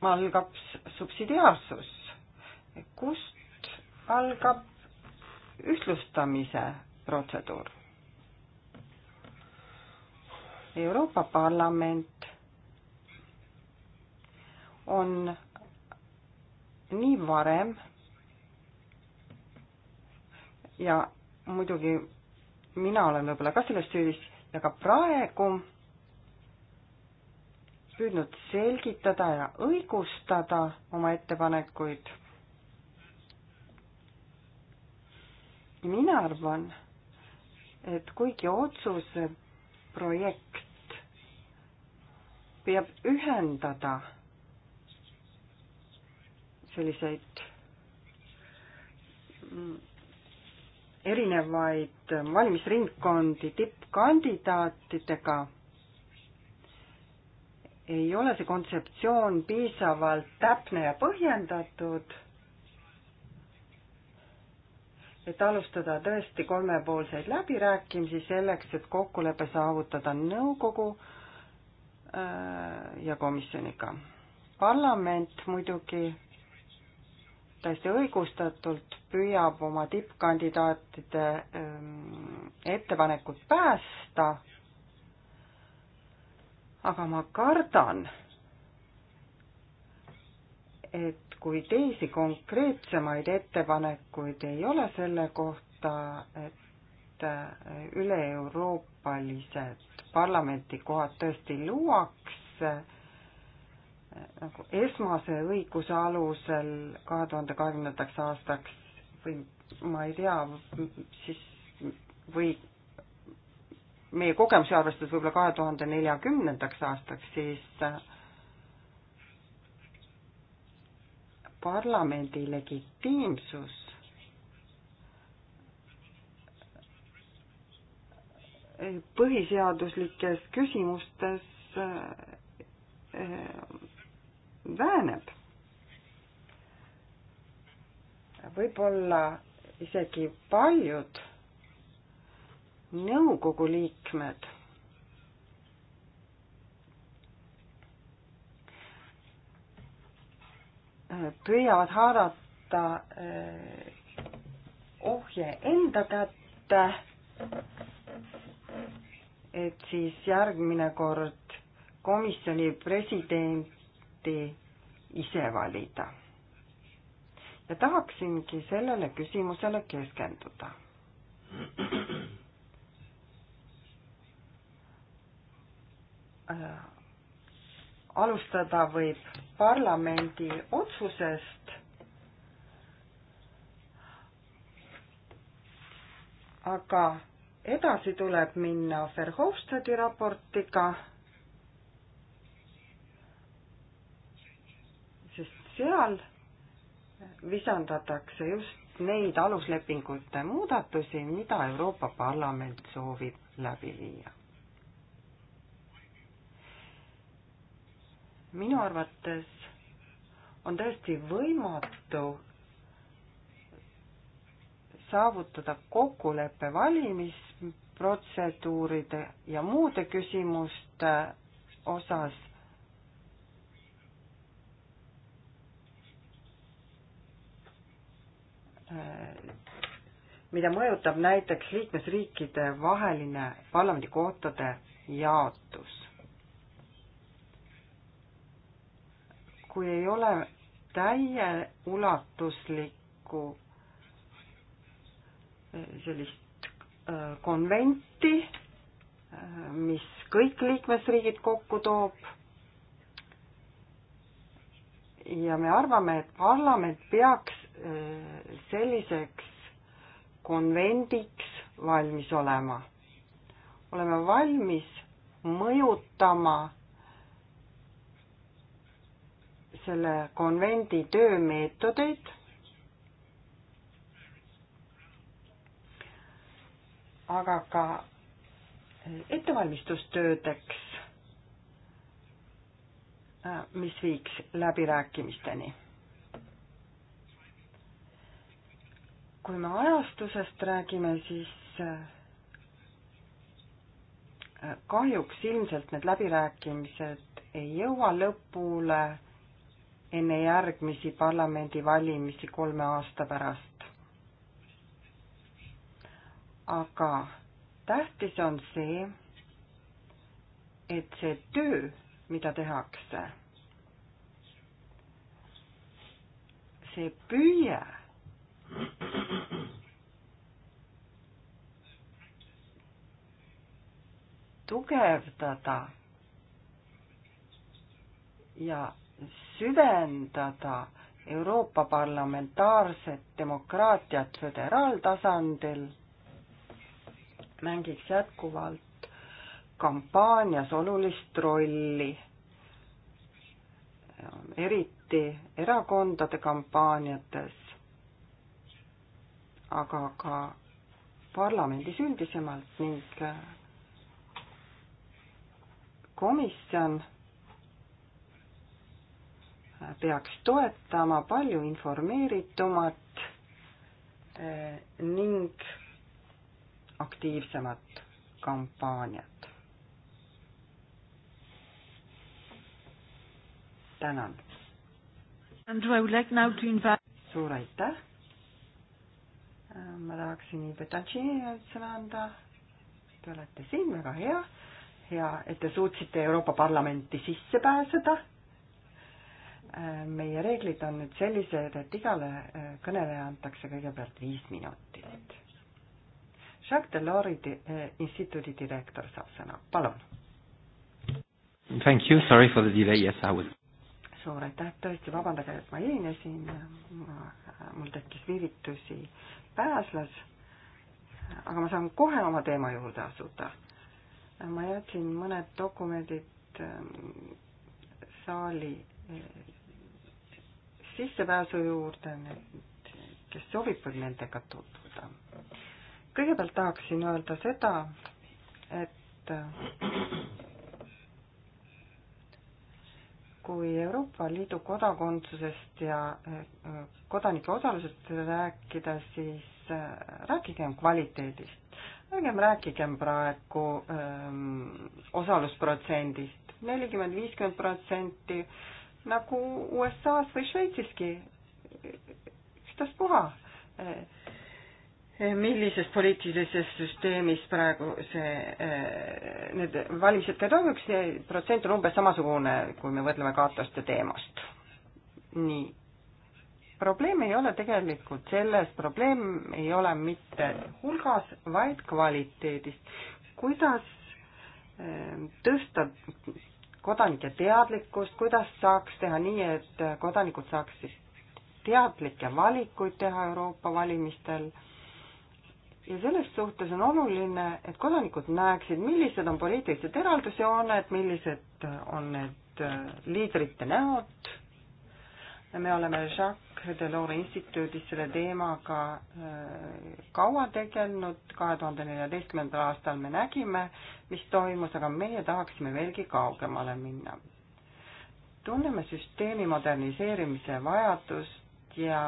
C: algab subsidiaarsus, kust algab ühtlustamise protseduur. Euroopa Parlament on nii varem ja muidugi mina olen võib-olla ka selles süüdis ja ka praegu püüdnud selgitada ja õigustada oma ettepanekuid. mina arvan, et kuigi otsuse projekt peab ühendada selliseid erinevaid valimisringkondi tippkandidaatidega, ei ole see kontseptsioon piisavalt täpne ja põhjendatud et alustada tõesti kolmepoolseid läbirääkimisi selleks, et kokkulepe saavutada nõukogu äh, ja komisjoniga. parlament muidugi täiesti õigustatult püüab oma tippkandidaatide ähm, ettepanekud päästa, aga ma kardan, et kui teisi konkreetsemaid ettepanekuid ei ole selle kohta, et äh, üle-euroopalised parlamendikohad tõesti luuakse äh, nagu esmase õiguse alusel kahe tuhande kahekümnendaks aastaks või ma ei tea, siis või meie kogemusi arvestades võib-olla kahe tuhande neljakümnendaks aastaks, siis äh, parlamendi legitiimsus põhiseaduslikes küsimustes äh, väheneb. võib-olla isegi paljud nõukogu liikmed püüavad haarata eh, ohje enda kätte, et siis järgmine kord komisjoni presidenti ise valida. ja tahaksingi sellele küsimusele keskenduda. Uh alustada võib parlamendi otsusest, aga edasi tuleb minna Verhofstadti raportiga, sest seal visandatakse just neid aluslepingute muudatusi, mida Euroopa Parlament soovib läbi viia minu arvates on täiesti võimatu saavutada kokkulepe valimisprotseduuride ja muude küsimuste osas. mida mõjutab näiteks liikmesriikide vaheline parlamendikohtade jaotus. kui ei ole täieulatuslikku eh, sellist eh, konventi, eh, mis kõik liikmesriigid kokku toob. ja me arvame, et parlament peaks selliseks konvendiks valmis olema. oleme valmis mõjutama selle konvendi töömeetodeid. aga ka ettevalmistustöödeks, mis viiks läbirääkimisteni. kui me ajastusest räägime, siis eh, kahjuks ilmselt need läbirääkimised ei jõua lõpule enne järgmisi parlamendivalimisi kolme aasta pärast. aga tähtis on see, et see töö, mida tehakse, see püüe tugevdada ja süvendada Euroopa parlamentaarset demokraatiat föderaaltasandil, mängiks jätkuvalt kampaanias olulist rolli, eriti erakondade kampaaniates, aga ka parlamendis üldisemalt ning komisjon peaks toetama palju informeeritumat eh, ning aktiivsemat kampaaniat. tänan. Andrew, I would like now to invite. suur aitäh. ma tahaksin Ibetatšinile sõna anda. Te olete siin, väga hea, hea, et te suutsite Euroopa Parlamenti sisse pääseda meie reeglid on nüüd sellised, et igale äh, kõneleja antakse kõigepealt viis minutit. Jacques Delors'i äh, instituudi direktor saab sõna, palun.
B: Thank you, sorry for the delay, yes I will.
C: suur aitäh, tõesti vabandage, et ma hilinesin, mul tekkis viivitusi pääslas, aga ma saan kohe oma teema juurde asuda. ma jätsin mõned dokumendid ähm, saali äh, sissepääsu juurde, need, kes soovib, võib nendega tutvuda. kõigepealt tahaksin öelda seda, et kui Euroopa Liidu kodakondsusest ja kodanike osalusest rääkida, siis rääkigem kvaliteedist. ärgem rääkigem praegu öö, osalusprotsendist, nelikümmend, viiskümmend protsenti nagu USA-s või Šveitsiski. ükstaspuha, millises poliitilises süsteemis praegu see, eh, need valimised ka toimuks, see protsent on umbes samasugune, kui me mõtleme kaotuste teemast. nii probleem ei ole tegelikult selles, probleem ei ole mitte hulgas, vaid kvaliteedis. kuidas eh, tõsta kodanike teadlikkust, kuidas saaks teha nii, et kodanikud saaksid teadlikke valikuid teha Euroopa valimistel. ja selles suhtes on oluline, et kodanikud näeksid, millised on poliitilised eraldusjooned, millised on need äh, liidrite näod. me oleme Jacques Delore instituudis selle teemaga äh, kaua tegelenud, kahe tuhande neljateistkümnendal aastal me nägime, mis toimus, aga meie tahaksime veelgi kaugemale minna. tunneme süsteemi moderniseerimise vajadust ja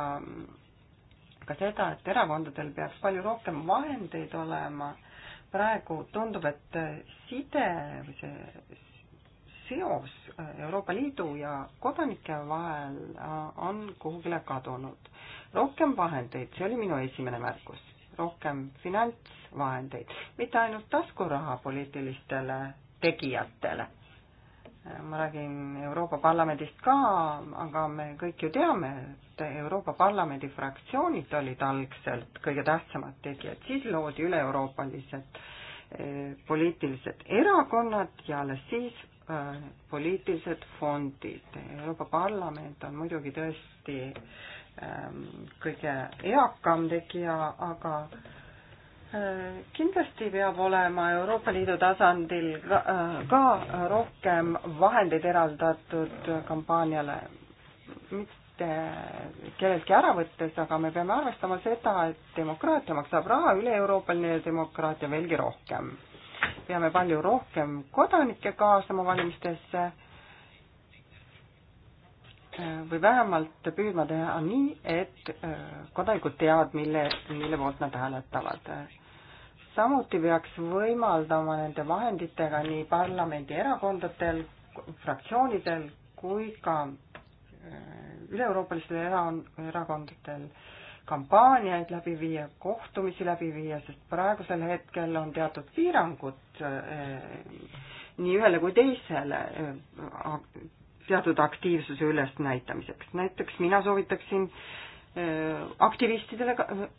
C: ka seda, et erakondadel peaks palju rohkem vahendeid olema. praegu tundub, et side või see seos äh, Euroopa Liidu ja kodanike vahel äh, on kuhugile kadunud. rohkem vahendeid, see oli minu esimene märkus, rohkem finantsvahendeid, mitte ainult taskuraha poliitilistele tegijatele. Äh, ma räägin Euroopa Parlamendist ka, aga me kõik ju teame, et Euroopa Parlamendi fraktsioonid olid algselt kõige tähtsamad tegijad, siis loodi üle-euroopalised poliitilised erakonnad ja alles siis Äh, poliitilised fondid. Euroopa Parlament on muidugi tõesti ähm, kõige eakam tegija, aga äh, kindlasti peab olema Euroopa Liidu tasandil ka, äh, ka rohkem vahendeid eraldatud kampaaniale, mitte kelleltki ära võttes, aga me peame arvestama seda, et demokraatia maksab raha, üle-Euroopaline demokraatia veelgi rohkem peame palju rohkem kodanikke kaasama valimistesse või vähemalt püüdma teha nii, et äh, kodanikud teavad, mille, mille poolt nad hääletavad. samuti peaks võimaldama nende vahenditega nii parlamendi erakondadel, fraktsioonidel kui ka äh, üle-euroopalistel erakondadel äh, kampaaniaid läbi viia, kohtumisi läbi viia, sest praegusel hetkel on teatud piirangud eh, nii ühele kui teisele eh, teatud aktiivsuse ülesnäitamiseks. näiteks mina soovitaksin eh, aktivistidele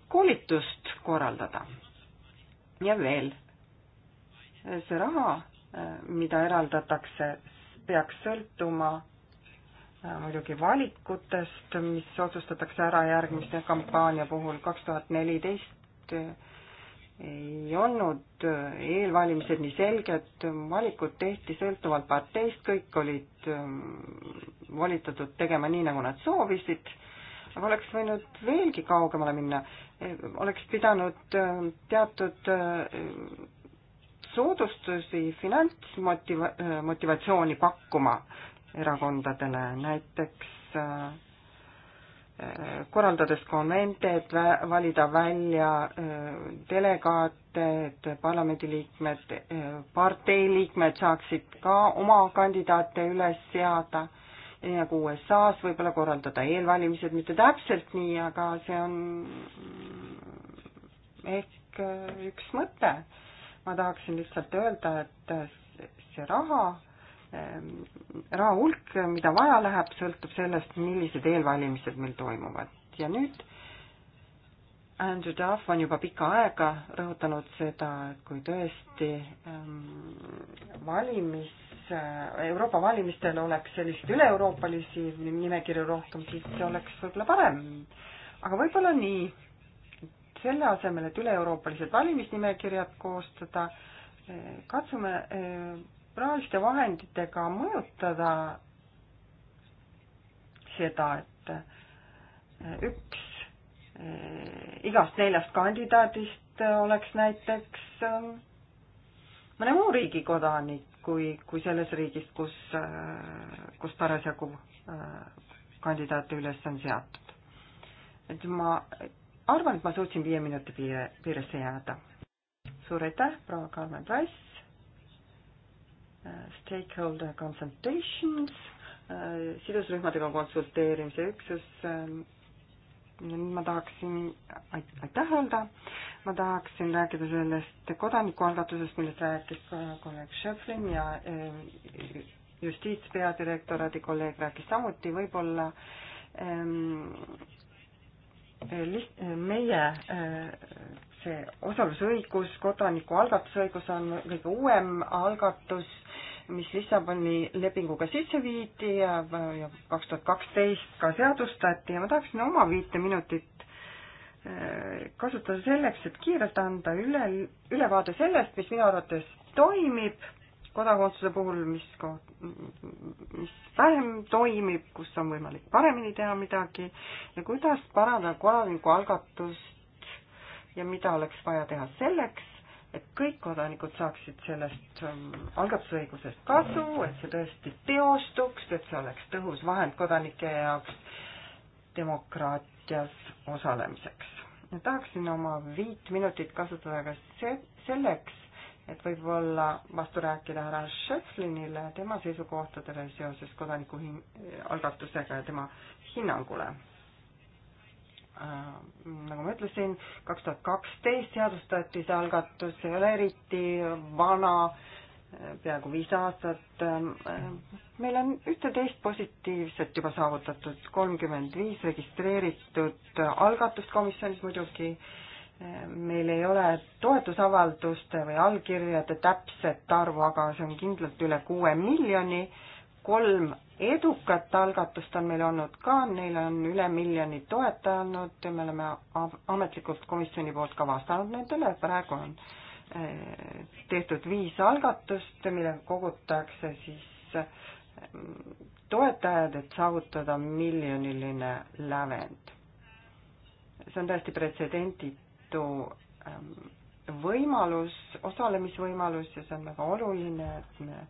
C: koolitust korraldada. ja veel, see raha, mida eraldatakse, peaks sõltuma Äh, muidugi valikutest, mis otsustatakse ära järgmise kampaania puhul, kaks tuhat neliteist äh, ei olnud äh, eelvalimised nii selged, valikud tehti sõltuvalt parteist, kõik olid ähm, volitatud tegema nii, nagu nad soovisid, aga oleks võinud veelgi kaugemale minna, oleks pidanud teatud soodustusi, finantsmotiva-, motivatsiooni pakkuma erakondadele, näiteks äh, korraldades konvente, et valida välja äh, delegaate, et parlamendiliikmed, äh, partei liikmed saaksid ka oma kandidaate üles seada, nii nagu USA-s võib-olla korraldada eelvalimised, mitte täpselt nii, aga see on ehk üks mõte. ma tahaksin lihtsalt öelda, et see raha, Ähm, raha hulk, mida vaja läheb, sõltub sellest, millised eelvalimised meil toimuvad. ja nüüd Andrew Duff on juba pikka aega rõhutanud seda, et kui tõesti ähm, valimis, äh, Euroopa valimistel oleks selliseid üle-euroopalisi nimekirju rohkem, siis see oleks võib-olla parem. aga võib-olla nii, selle asemel, et üle-euroopalised valimisnimekirjad koostada, äh, katsume äh, rahaliste vahenditega mõjutada seda, et üks eh, igast neljast kandidaadist oleks näiteks eh, mõne muu riigi kodanik kui, kui selles riigis, kus, eh, kus parasjagu kandidaate üles on seatud. et ma arvan, et ma suutsin viie minuti piire, piiresse jääda. suur aitäh, proua Karmen Rass stakeholder consultations, äh, sidusrühmadega konsulteerimise üksus, äh, ma tahaksin aitäh öelda, ma tahaksin rääkida sellest kodanikualgatusest, millest rääkis kolleeg Šeflin ja äh, justiitspeadirektoraadi kolleeg rääkis samuti, võib-olla ähm, liht-, meie äh, see osalusõigus, kodanikualgatusõigus on kõige uuem algatus mis Lissaboni lepinguga sisse viidi ja kaks tuhat kaksteist ka seadustati ja ma tahaksin oma viite minutit äh, kasutada selleks, et kiirelt anda üle, ülevaade sellest, mis minu arvates toimib kodakondsuse puhul, mis koht, mis vähem toimib, kus on võimalik paremini teha midagi ja kuidas parandada kodanikualgatust ja mida oleks vaja teha selleks, et kõik kodanikud saaksid sellest ähm, algatusõigusest kasu, et see tõesti teostuks, et see oleks tõhus vahend kodanike jaoks demokraatias osalemiseks. tahaksin oma viit minutit kasutada ka see, selleks, et võib-olla vastu rääkida härra Schöfflinile tema seisukohtadele seoses kodanikualgatusega ja tema hinnangule Äh, nagu ma ütlesin, kaks tuhat kaksteist seadustati see algatus, ei ole eriti vana, äh, peaaegu viis aastat. Äh, meil on ühte-teist positiivset juba saavutatud, kolmkümmend viis registreeritud algatust komisjonis muidugi. meil ei ole toetusavalduste või allkirjade täpset arvu, aga see on kindlalt üle kuue miljoni kolm edukat algatust on meil olnud ka, neil on üle miljoni toetaja olnud ja me oleme ametlikult komisjoni poolt ka vastanud nendele, praegu on eh, tehtud viis algatust, millega kogutakse siis eh, toetajad, et saavutada miljoniline lävend. see on täiesti pretsedenditu ehm, võimalus, osalemisvõimalus ja see on väga oluline, et me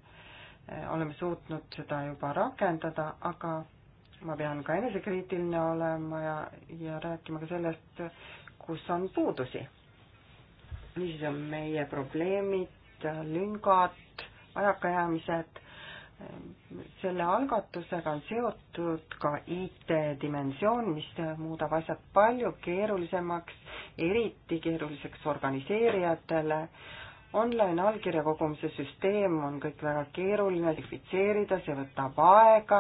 C: Äh, oleme suutnud seda juba rakendada, aga ma pean ka enesekriitiline olema ja, ja rääkima ka sellest, kus on puudusi. niisiis on meie probleemid, lüngad, vajakajäämised. selle algatusega on seotud ka IT-dimensioon, mis muudab asjad palju keerulisemaks, eriti keeruliseks organiseerijatele online allkirja kogumise süsteem on kõik väga keeruline sertifitseerida, see võtab aega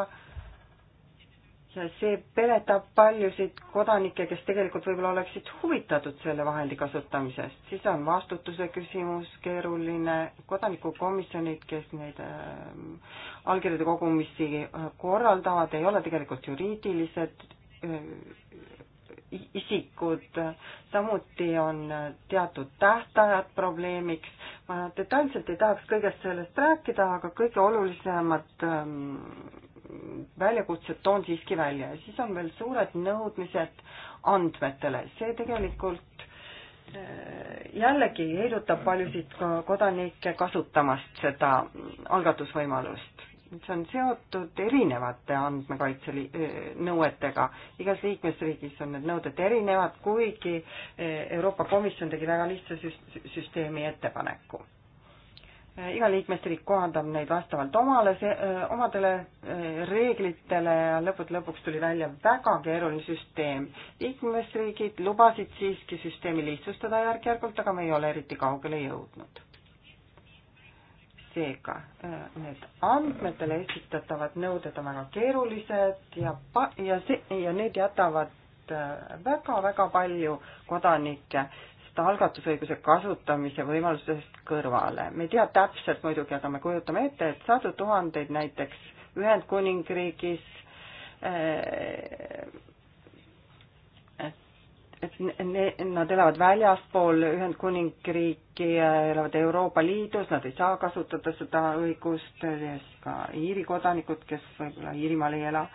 C: ja see peletab paljusid kodanikke, kes tegelikult võib-olla oleksid huvitatud selle vahendi kasutamisest. siis on vastutuse küsimus keeruline, kodanikukomisjonid, kes neid äh, allkirjade kogumisi äh, korraldavad, ei ole tegelikult juriidilised äh, isikud, samuti on teatud tähtajad probleemiks. ma detailselt ei tahaks kõigest sellest rääkida, aga kõige olulisemad ähm, väljakutsed toon siiski välja ja siis on veel suured nõudmised andmetele, see tegelikult äh, jällegi heidutab paljusid ka kodanikke kasutamast seda algatusvõimalust see on seotud erinevate andmekaitse nõuetega. igas liikmesriigis on need nõuded erinevad, kuigi Euroopa Komisjon tegi väga lihtsa süsteemi ettepaneku. iga liikmesriik kohandab neid vastavalt omale, omadele reeglitele ja lõppude lõpuks tuli välja väga keeruline süsteem. liikmesriigid lubasid siiski süsteemi lihtsustada järk-järgult, aga me ei ole eriti kaugele jõudnud seega äh, need andmetele esitatavad nõuded on väga keerulised ja pa-, ja see, ja need jätavad väga-väga äh, palju kodanikke seda algatusõiguse kasutamise võimalusest kõrvale. me ei tea täpselt muidugi, aga me kujutame ette, et sadu tuhandeid näiteks Ühendkuningriigis äh, et ne, nad elavad väljaspool Ühendkuningriiki, elavad Euroopa Liidus, nad ei saa kasutada seda õigust, ka Iiri kodanikud, kes võib-olla Iirimaal ei ela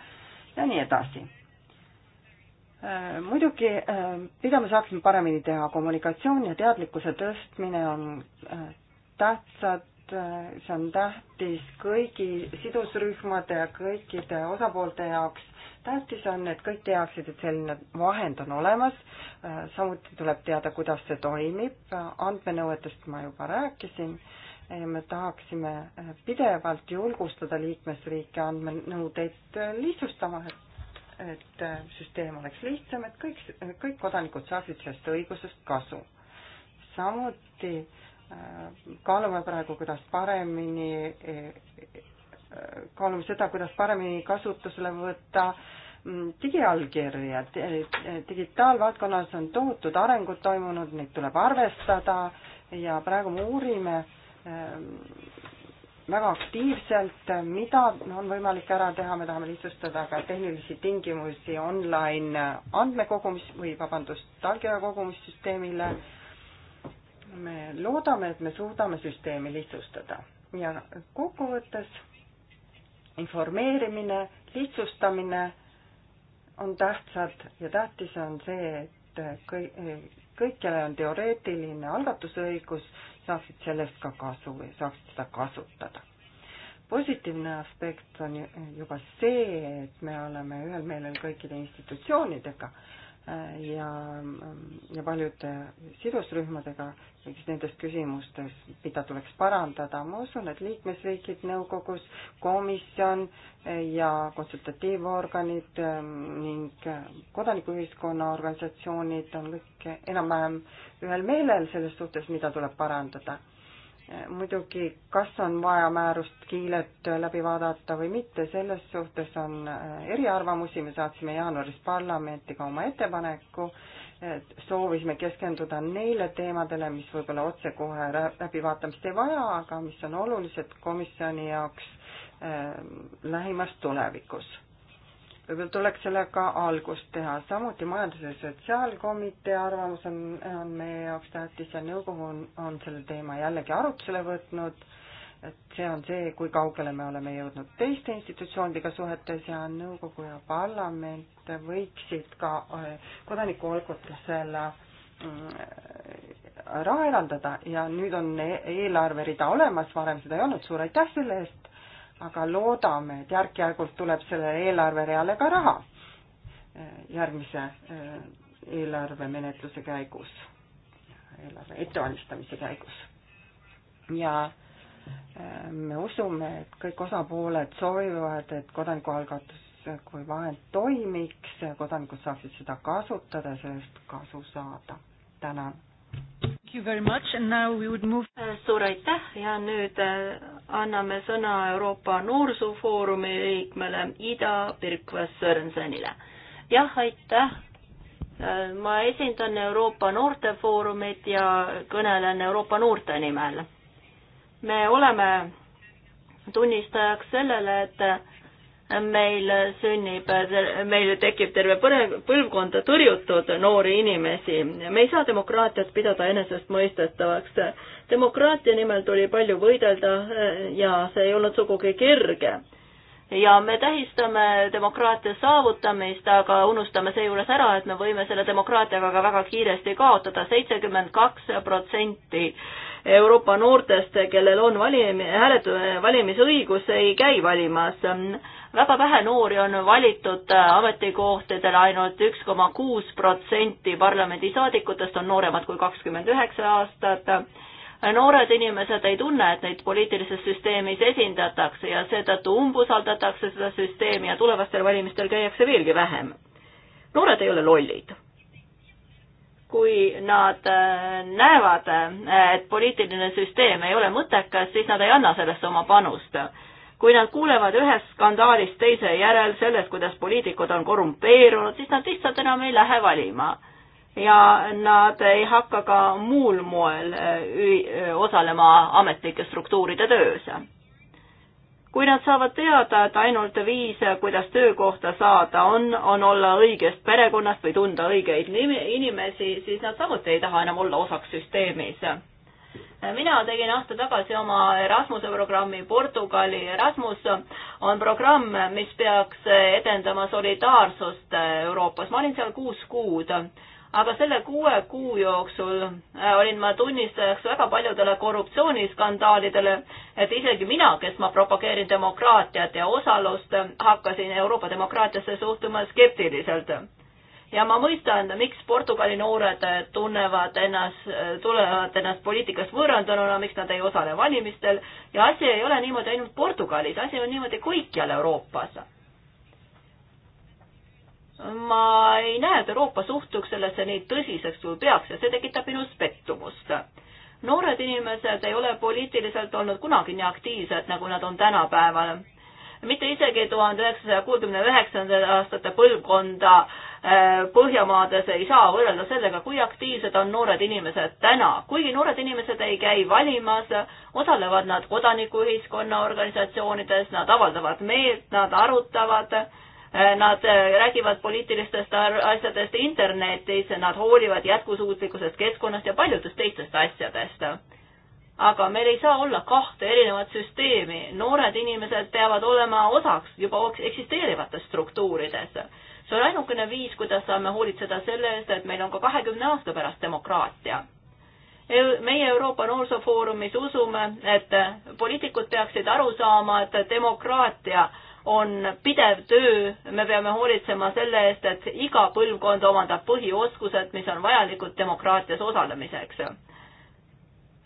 C: ja nii edasi. Äh, muidugi, äh, mida me saaksime paremini teha, kommunikatsioon ja teadlikkuse tõstmine on äh, tähtsad, see on tähtis kõigi sidusrühmade ja kõikide osapoolte jaoks tähtis on, et kõik teaksid, et selline vahend on olemas, äh, samuti tuleb teada, kuidas see toimib, andmenõuetest ma juba rääkisin, me tahaksime äh, pidevalt julgustada liikmesriike andmenõudeid äh, lihtsustama, et et süsteem oleks lihtsam, et kõik, kõik kodanikud saaksid sellest õigusest kasu. samuti kaalume praegu, kuidas paremini e, kaalume seda, kuidas paremini kasutusele võtta mm, digiallkirja. E, e, digitaalvaldkonnas on tohutud arengud toimunud, neid tuleb arvestada ja praegu me uurime e, väga aktiivselt, mida on võimalik ära teha, me tahame lihtsustada ka tehnilisi tingimusi online andmekogumis või vabandust, allkirja kogumissüsteemile. me loodame, et me suudame süsteemi lihtsustada ja kokkuvõttes informeerimine, lihtsustamine on tähtsad ja tähtis on see, et kõik, kõik, kellel on teoreetiline algatusõigus, saaksid sellest ka kasu ja saaksid seda kasutada. positiivne aspekt on juba see, et me oleme ühel meelel kõikide institutsioonidega ja, ja paljude sidusrühmadega, eks nendes küsimustes, mida tuleks parandada, ma usun, et liikmesriigid nõukogus, komisjon ja konsultatiivorganid ehm, ning kodanikuühiskonna organisatsioonid on kõik enam-vähem ühel meelel selles suhtes, mida tuleb parandada muidugi, kas on vaja määrust kiilet läbi vaadata või mitte, selles suhtes on äh, eriarvamusi, me saatsime jaanuaris parlamenti ka oma ettepaneku, et soovisime keskenduda neile teemadele, mis võib-olla otsekohe läbivaatamist ei vaja, aga mis on olulised komisjoni jaoks äh, lähimas tulevikus võib-olla tuleks sellega algust teha. samuti Majandus- ja Sotsiaalkomitee arvamus on, on meie jaoks tähtis ja nõukogu on, on selle teema jällegi arutusele võtnud. et see on see, kui kaugele me oleme jõudnud teiste institutsioonidega suhetes ja nõukogu ja parlament võiksid ka eh, kodanikualgutusele mm, raha eraldada ja nüüd on e-, eelarverida olemas, varem seda ei olnud, suur aitäh selle eest aga loodame, et järk-järgult tuleb sellele eelarvereale ka raha eh, järgmise eh, eelarvemenetluse käigus, eelarve ettevalmistamise käigus. ja eh, me usume, et kõik osapooled soovivad, et kodanikualgatus kui vahend toimiks, kodanikud saaksid seda kasutada, sellest kasu saada. tänan.
A: suur aitäh ja nüüd anname sõna Euroopa Noorsoofoorumi liikmele Ida Pirkvas-Sörensenile. jah, aitäh ma esindan Euroopa Noortefoorumit ja kõnelen Euroopa noorte nimel. me oleme tunnistajaks sellele, et meil sünnib, meil tekib terve põlvkonda tõrjutud noori inimesi. me ei saa demokraatiat pidada enesestmõistetavaks demokraatia nimel tuli palju võidelda eh, ja see ei olnud sugugi kerge. ja me tähistame demokraatia saavutamist, aga unustame seejuures ära, et me võime selle demokraatiaga ka väga kiiresti kaotada, seitsekümmend kaks protsenti Euroopa noortest, kellel on valim-, hääletu-, valimisõigus, ei käi valimas väga vähe noori on valitud ametikohtadele, ainult üks koma kuus protsenti parlamendisaadikutest on nooremad kui kakskümmend üheksa aastat noored inimesed ei tunne, et neid poliitilises süsteemis esindatakse ja seetõttu umbusaldatakse seda süsteemi ja tulevastel valimistel käiakse veelgi vähem. noored ei ole lollid. kui nad äh, näevad, äh, et poliitiline süsteem ei ole mõttekas, siis nad ei anna sellesse oma panust kui nad kuulevad ühest skandaalist teise järel sellest, kuidas poliitikud on korrumpeerunud, siis nad lihtsalt enam ei lähe valima ja nad ei hakka ka muul moel äh, äh, osalema ametlike struktuuride töös. kui nad saavad teada, et ainult viis, kuidas töökohta saada on, on olla õigest perekonnast või tunda õigeid inimesi, siis nad samuti ei taha enam olla osaks süsteemis mina tegin aasta tagasi oma Erasmuse programmi Portugali. Erasmus on programm, mis peaks edendama solidaarsust Euroopas. ma olin seal kuus kuud aga selle kuue kuu jooksul äh, olin ma tunnistajaks väga paljudele korruptsiooniskandaalidele, et isegi mina, kes ma propageerin demokraatiat ja osalust, hakkasin Euroopa demokraatiasse suhtuma skeptiliselt. ja ma mõistan, miks Portugali noored tunnevad ennast, tunnevad ennast poliitikast võõrandununa, miks nad ei osale valimistel ja asi ei ole niimoodi ainult Portugalis, asi on niimoodi kõikjal Euroopas ma ei näe, et Euroopa suhtuks sellesse nii tõsiseks kui peaks ja see tekitab minus pettumust. noored inimesed ei ole poliitiliselt olnud kunagi nii aktiivsed, nagu nad on tänapäeval. mitte isegi tuhande üheksasaja kuuekümne üheksandate aastate põlvkonda äh, Põhjamaades ei saa võrrelda sellega, kui aktiivsed on noored inimesed täna. kuigi noored inimesed ei käi valimas, osalevad nad kodanikuühiskonna organisatsioonides, nad avaldavad meelt, nad arutavad Eh, nad eh, räägivad poliitilistest asjadest internetis, nad hoolivad jätkusuutlikkusest, keskkonnast ja paljudest teistest asjadest. aga meil ei saa olla kahte erinevat süsteemi, noored inimesed peavad olema osaks juba eksisteerivates struktuurides. see on ainukene viis, kuidas saame hoolitseda selle eest, et meil on ka kahekümne aasta pärast demokraatia meie Euroopa Noorsoofoorumis usume, et poliitikud peaksid aru saama, et demokraatia on pidev töö, me peame hoolitsema selle eest, et iga põlvkond omandab põhioskused, mis on vajalikud demokraatias osalemiseks.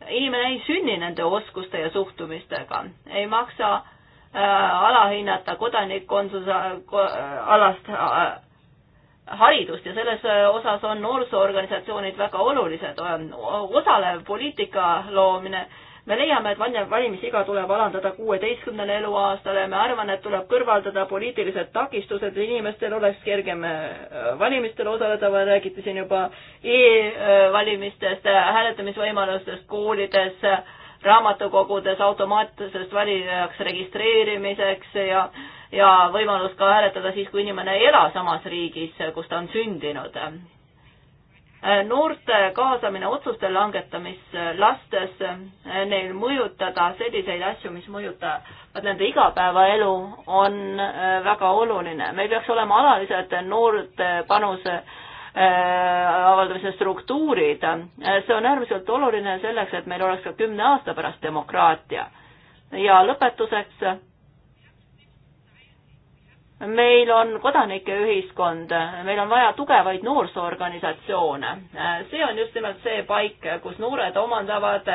A: inimene ei sünni nende oskuste ja suhtumistega, ei maksa äh, alahinnata kodanikkonsuse äh, alast äh, haridust ja selles äh, osas on noorsoorganisatsioonid väga olulised. osalev poliitika loomine me leiame, et valimisiga tuleb alandada kuueteistkümnele eluaastale, ma arvan, et tuleb kõrvaldada poliitilised takistused, inimestel oleks kergem äh, valimistel osaleda, räägiti siin juba e-valimistest, hääletamisvõimalustest koolides, raamatukogudes, automaatsest valijaks registreerimiseks ja ja võimalus ka hääletada siis, kui inimene ei ela samas riigis, kus ta on sündinud Äh, noorte kaasamine otsuste langetamisse, lastes äh, neil mõjutada selliseid asju, mis mõjutavad nende igapäevaelu, on äh, väga oluline. meil peaks olema alalised noorte panuse avaldamise struktuurid. see on äärmiselt oluline selleks, et meil oleks ka kümne aasta pärast demokraatia. ja lõpetuseks meil on kodanikeühiskond, meil on vaja tugevaid noorsoorganisatsioone. see on just nimelt see paik, kus noored omandavad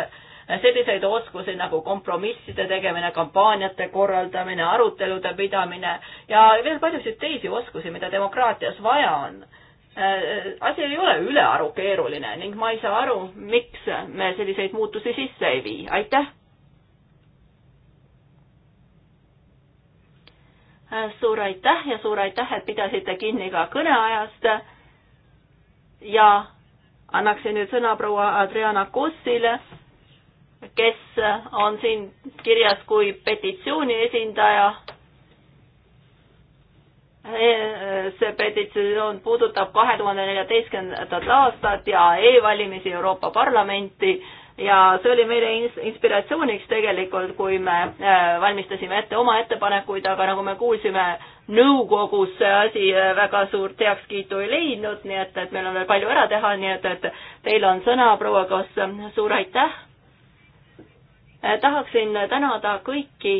A: selliseid oskusi nagu kompromisside tegemine, kampaaniate korraldamine, arutelude pidamine ja veel paljusid teisi oskusi, mida demokraatias vaja on. asi ei ole ülearu keeruline ning ma ei saa aru, miks me selliseid muutusi sisse ei vii. aitäh! suur aitäh ja suur aitäh, et pidasite kinni ka kõneajast. ja annaksin nüüd sõna proua Adriana Kossile, kes on siin kirjas kui petitsiooni esindaja. E, see petitsioon puudutab kahe tuhande neljateistkümnendat aastat ja e-valimisi Euroopa Parlamenti ja see oli meile inspiratsiooniks tegelikult, kui me äh, valmistasime ette oma ettepanekuid, aga nagu me kuulsime, nõukogus see asi äh, väga suurt heakskiitu ei leidnud, nii et, et meil on veel palju ära teha, nii et, et teil on sõna, proua Koss, suur aitäh! Äh, tahaksin tänada kõiki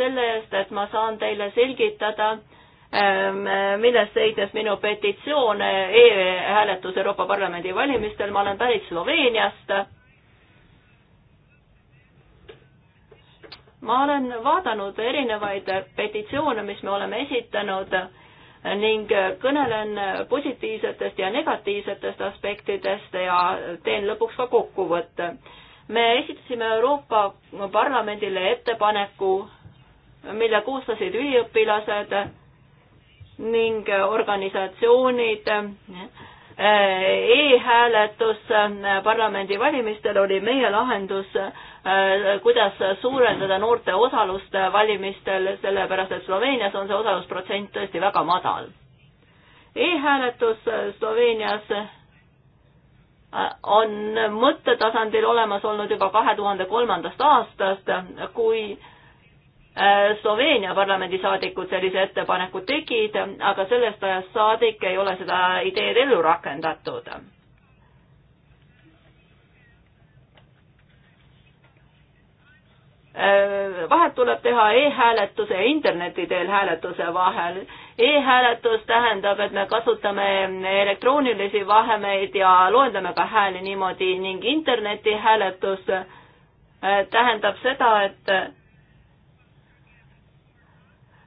A: selle eest, et ma saan teile selgitada, Ähm, äh, milles seisnes minu petitsioon äh, e-hääletus Euroopa Parlamendi valimistel, ma olen pärit Sloveeniast. ma olen vaadanud erinevaid petitsioone, mis me oleme esitanud ning kõnelen positiivsetest ja negatiivsetest aspektidest ja teen lõpuks ka kokkuvõtte. me esitasime Euroopa Parlamendile ettepaneku, mille koostasid üliõpilased ning organisatsioonid e-hääletus parlamendivalimistel oli meie lahendus, kuidas suurendada noorte osalust valimistel, sellepärast et Sloveenias on see osalusprotsent tõesti väga madal e. e-hääletus Sloveenias on mõttetasandil olemas olnud juba kahe tuhande kolmandast aastast, kui Äh, Sloveenia parlamendisaadikud sellise ettepaneku tegid, aga sellest ajast saadik ei ole seda ideed ellu rakendatud. Äh, vahet tuleb teha e-hääletuse ja interneti teel hääletuse vahel e-hääletus tähendab, et me kasutame elektroonilisi vahemeid ja loendame ka hääli niimoodi ning internetihääletus äh, tähendab seda, et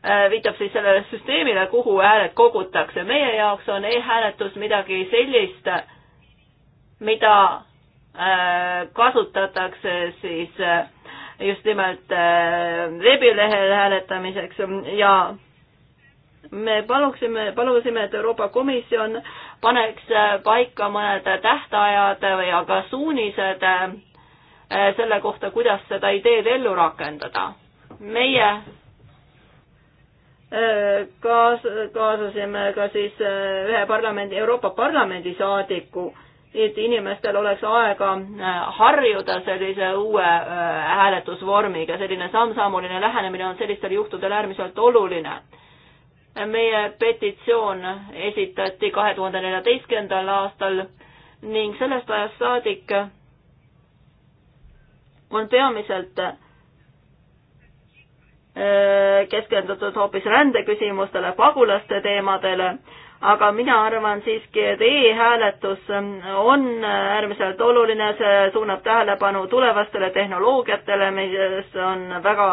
A: Äh, viitab siis sellele süsteemile, kuhu hääled kogutakse. meie jaoks on e-hääletus midagi sellist, mida äh, kasutatakse siis äh, just nimelt veebilehel hääletamiseks ja me paluksime, palusime, et Euroopa Komisjon paneks paika mõned tähtajad või aga suunised selle kohta, kuidas seda ideed ellu rakendada. meie Äh, kaas-, kaasasime ka siis äh, ühe parlamendi, Euroopa Parlamendi saadiku, et inimestel oleks aega äh, harjuda sellise uue hääletusvormiga, selline samm-sammuline lähenemine on sellistel juhtudel äärmiselt oluline. meie petitsioon esitati kahe tuhande neljateistkümnendal aastal ning sellest ajast saadik on peamiselt Äh, keskendutud hoopis rändeküsimustele, pagulaste teemadele, aga mina arvan siiski, et e-hääletus ähm, on äärmiselt oluline, see suunab tähelepanu tulevastele tehnoloogiatele, mis on väga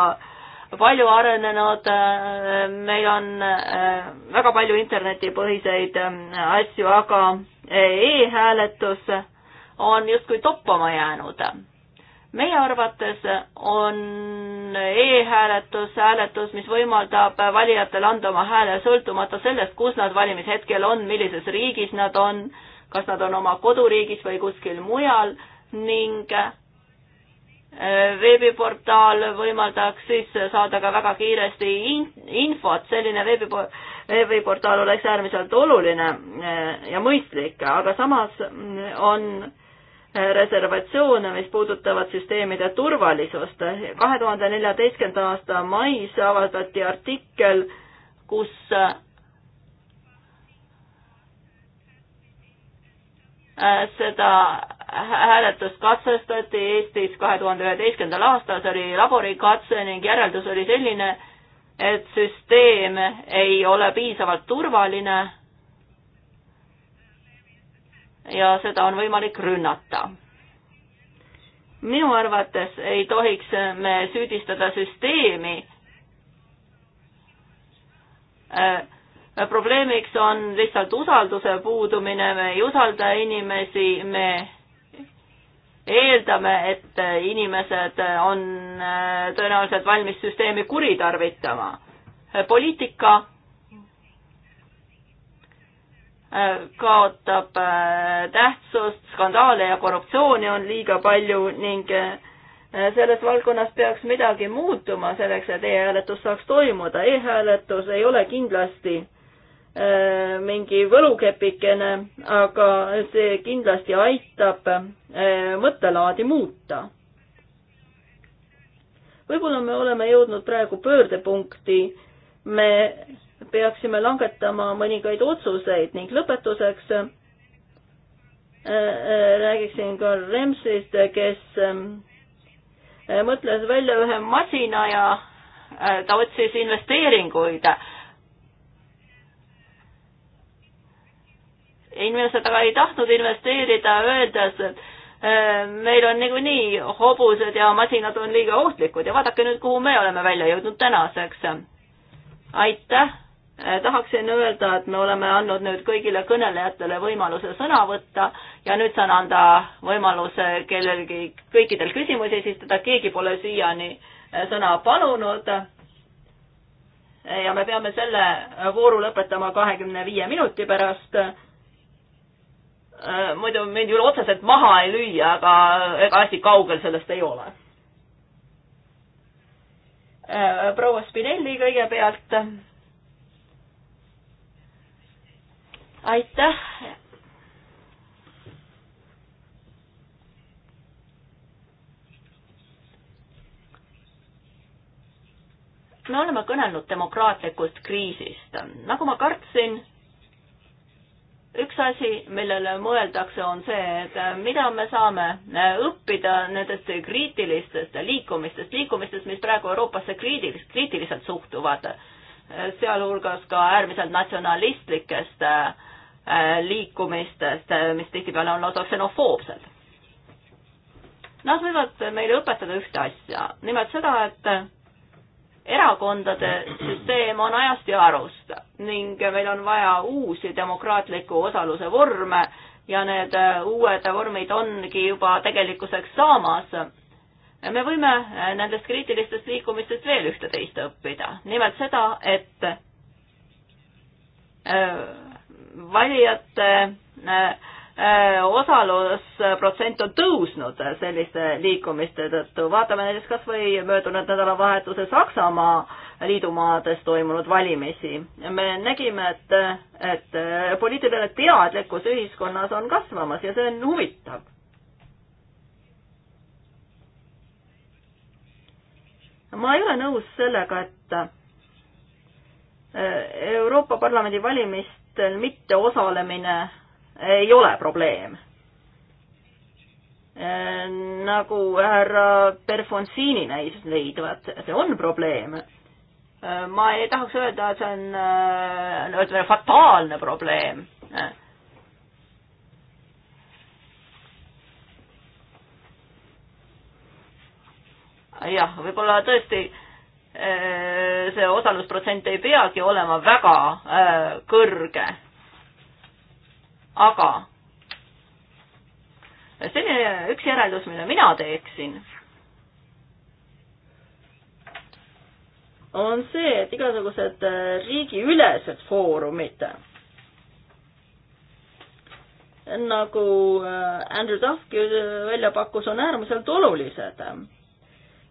A: palju arenenud, äh, meil on äh, väga palju internetipõhiseid ähm, asju, aga e-hääletus on justkui toppama jäänud meie arvates on e-hääletus hääletus, mis võimaldab valijatel anda oma hääle sõltumata sellest, kus nad valimishetkel on, millises riigis nad on, kas nad on oma koduriigis või kuskil mujal ning e, veebiportaal võimaldaks siis saada ka väga kiiresti infot, selline veebiportaal oleks äärmiselt oluline e, ja mõistlik, aga samas on reservatsioone, mis puudutavad süsteemide turvalisust. kahe tuhande neljateistkümnenda aasta mais avaldati artikkel, kus äh, seda hääletust katsestati Eestis kahe tuhande üheteistkümnendal aastal, see oli laborikatse ning järeldus oli selline, et süsteem ei ole piisavalt turvaline ja seda on võimalik rünnata. minu arvates ei tohiks me süüdistada süsteemi. Äh, probleemiks on lihtsalt usalduse puudumine, me ei usalda inimesi, me eeldame, et inimesed on äh, tõenäoliselt valmis süsteemi kuritarvitama. poliitika kaotab äh, tähtsust, skandaale ja korruptsiooni on liiga palju ning äh, selles valdkonnas peaks midagi muutuma selleks, et e-hääletus saaks toimuda e. e-hääletus ei ole kindlasti äh, mingi võlukepikene, aga see kindlasti aitab mõttelaadi muuta. võib-olla me oleme jõudnud praegu pöördepunkti, me peaksime langetama mõningaid otsuseid ning lõpetuseks äh, äh, räägiksin ka Remsist, kes äh, mõtles välja ühe masina ja ta otsis investeeringuid. inimesed aga ei tahtnud investeerida, öeldes, et meil on niikuinii hobused ja masinad on liiga ohtlikud ja vaadake nüüd, kuhu me oleme välja jõudnud tänaseks. aitäh Äh, tahaksin öelda, et me oleme andnud nüüd kõigile kõnelejatele võimaluse sõna võtta ja nüüd saan anda võimaluse kellelgi, kõikidel küsimusi esitada, keegi pole siiani äh, sõna palunud. Äh, ja me peame selle vooru lõpetama kahekümne viie minuti pärast. muidu mind ju otseselt maha ei lüüa, aga ega asi kaugel sellest ei ole. proua Spinelli kõigepealt aitäh. me oleme kõnelnud demokraatlikust kriisist. nagu ma kartsin, üks asi, millele mõeldakse, on see, et mida me saame õppida nendest kriitilistest liikumistest, liikumistest, mis praegu Euroopasse kriitilis-, kriitiliselt suhtuvad, sealhulgas ka äärmiselt natsionalistlikest Äh, liikumistest, äh, mis tihtipeale on lausa ksenofoobsed. Nad võivad meile õpetada ühte asja, nimelt seda, et äh, erakondade süsteem on ajast ja arust ning meil on vaja uusi demokraatliku osaluse vorme ja need uued vormid ongi juba tegelikkuseks saamas me võime nendest kriitilistest liikumistest veel ühte-teist õppida, nimelt seda, et valijate äh, äh, osalusprotsent on tõusnud selliste liikumiste tõttu. vaatame näiteks kas või möödunud nädalavahetuse Saksamaa liidumaades toimunud valimisi. me nägime, et, et poliitiline teadlikkus ühiskonnas on kasvamas ja see on huvitav ma ei ole nõus sellega, et äh, Euroopa Parlamendi valimist naiste mitteosalemine ei ole probleem. nagu härra Berfonsini näis, leidvat, see on probleem. ma ei tahaks öelda, et see on, ütleme, fataalne probleem jah, võib-olla tõesti Äh, see osalusprotsent ei peagi olema väga äh, kõrge. aga selline üks järeldus, mille mina teeksin, on see, et igasugused äh, riigiülesed foorumid nagu Andrew Duff välja pakkus, on äärmiselt olulised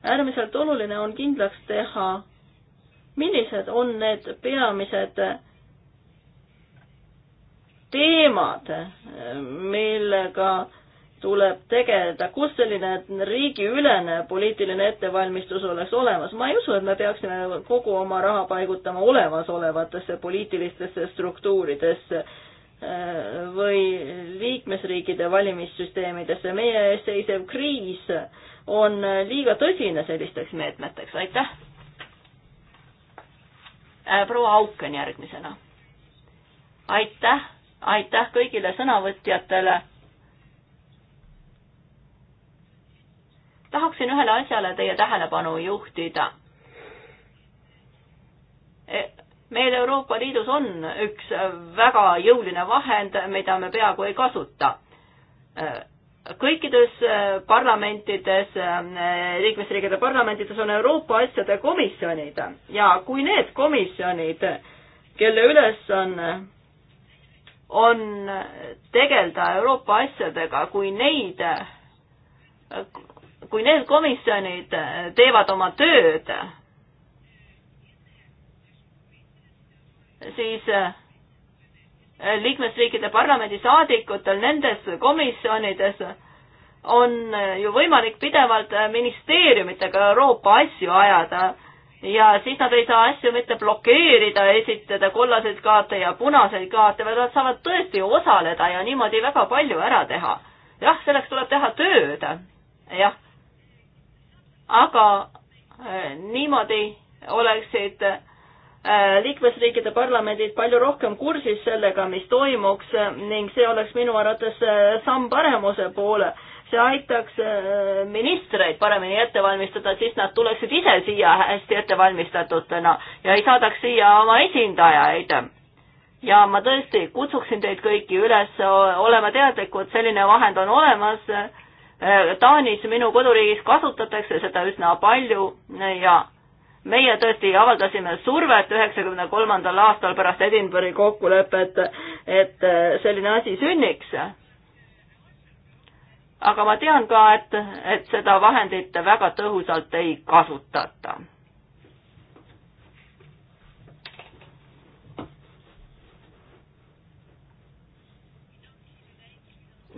A: äärmiselt oluline on kindlaks teha, millised on need peamised teemad, millega tuleb tegeleda, kus selline riigiülene poliitiline ettevalmistus oleks olemas. ma ei usu, et me peaksime kogu oma raha paigutama olemasolevatesse poliitilistesse struktuuridesse või liikmesriikide valimissüsteemidesse. meie ees seisev kriis on liiga tõsine sellisteks meetmeteks, aitäh. Äh, proua Auken järgmisena. aitäh, aitäh kõigile sõnavõtjatele. tahaksin ühele asjale teie tähelepanu juhtida e meil Euroopa Liidus on üks väga jõuline vahend, mida me peaaegu ei kasuta. kõikides parlamentides, liikmesriikide parlamentides on Euroopa asjade komisjonid ja kui need komisjonid, kelle ülesanne on, on tegeleda Euroopa asjadega, kui neid, kui need komisjonid teevad oma tööd, siis äh, liikmesriikide parlamendisaadikutel nendes komisjonides on äh, ju võimalik pidevalt äh, ministeeriumitega Euroopa asju ajada ja siis nad ei saa asju mitte blokeerida, esitada kollaseid kaarte ja punaseid kaarte, vaid nad saavad tõesti osaleda ja niimoodi väga palju ära teha. jah, selleks tuleb teha tööd, jah. aga niimoodi oleksid äh, Äh, liikmesriikide parlamendid palju rohkem kursis sellega, mis toimuks äh, ning see oleks minu arvates äh, samm paremuse poole. see aitaks ministreid paremini ette valmistada, et siis nad tuleksid ise siia hästi ettevalmistatutena ja ei saadaks siia oma esindajaid ja ma tõesti kutsuksin teid kõiki üles olema teadlikud, selline vahend on olemas. Taanis, minu koduriigis, kasutatakse seda üsna palju ja meie tõesti avaldasime survet üheksakümne kolmandal aastal pärast Edinburghi kokkulepet, et äh, selline asi sünniks. aga ma tean ka, et, et seda vahendit väga tõhusalt ei kasutata.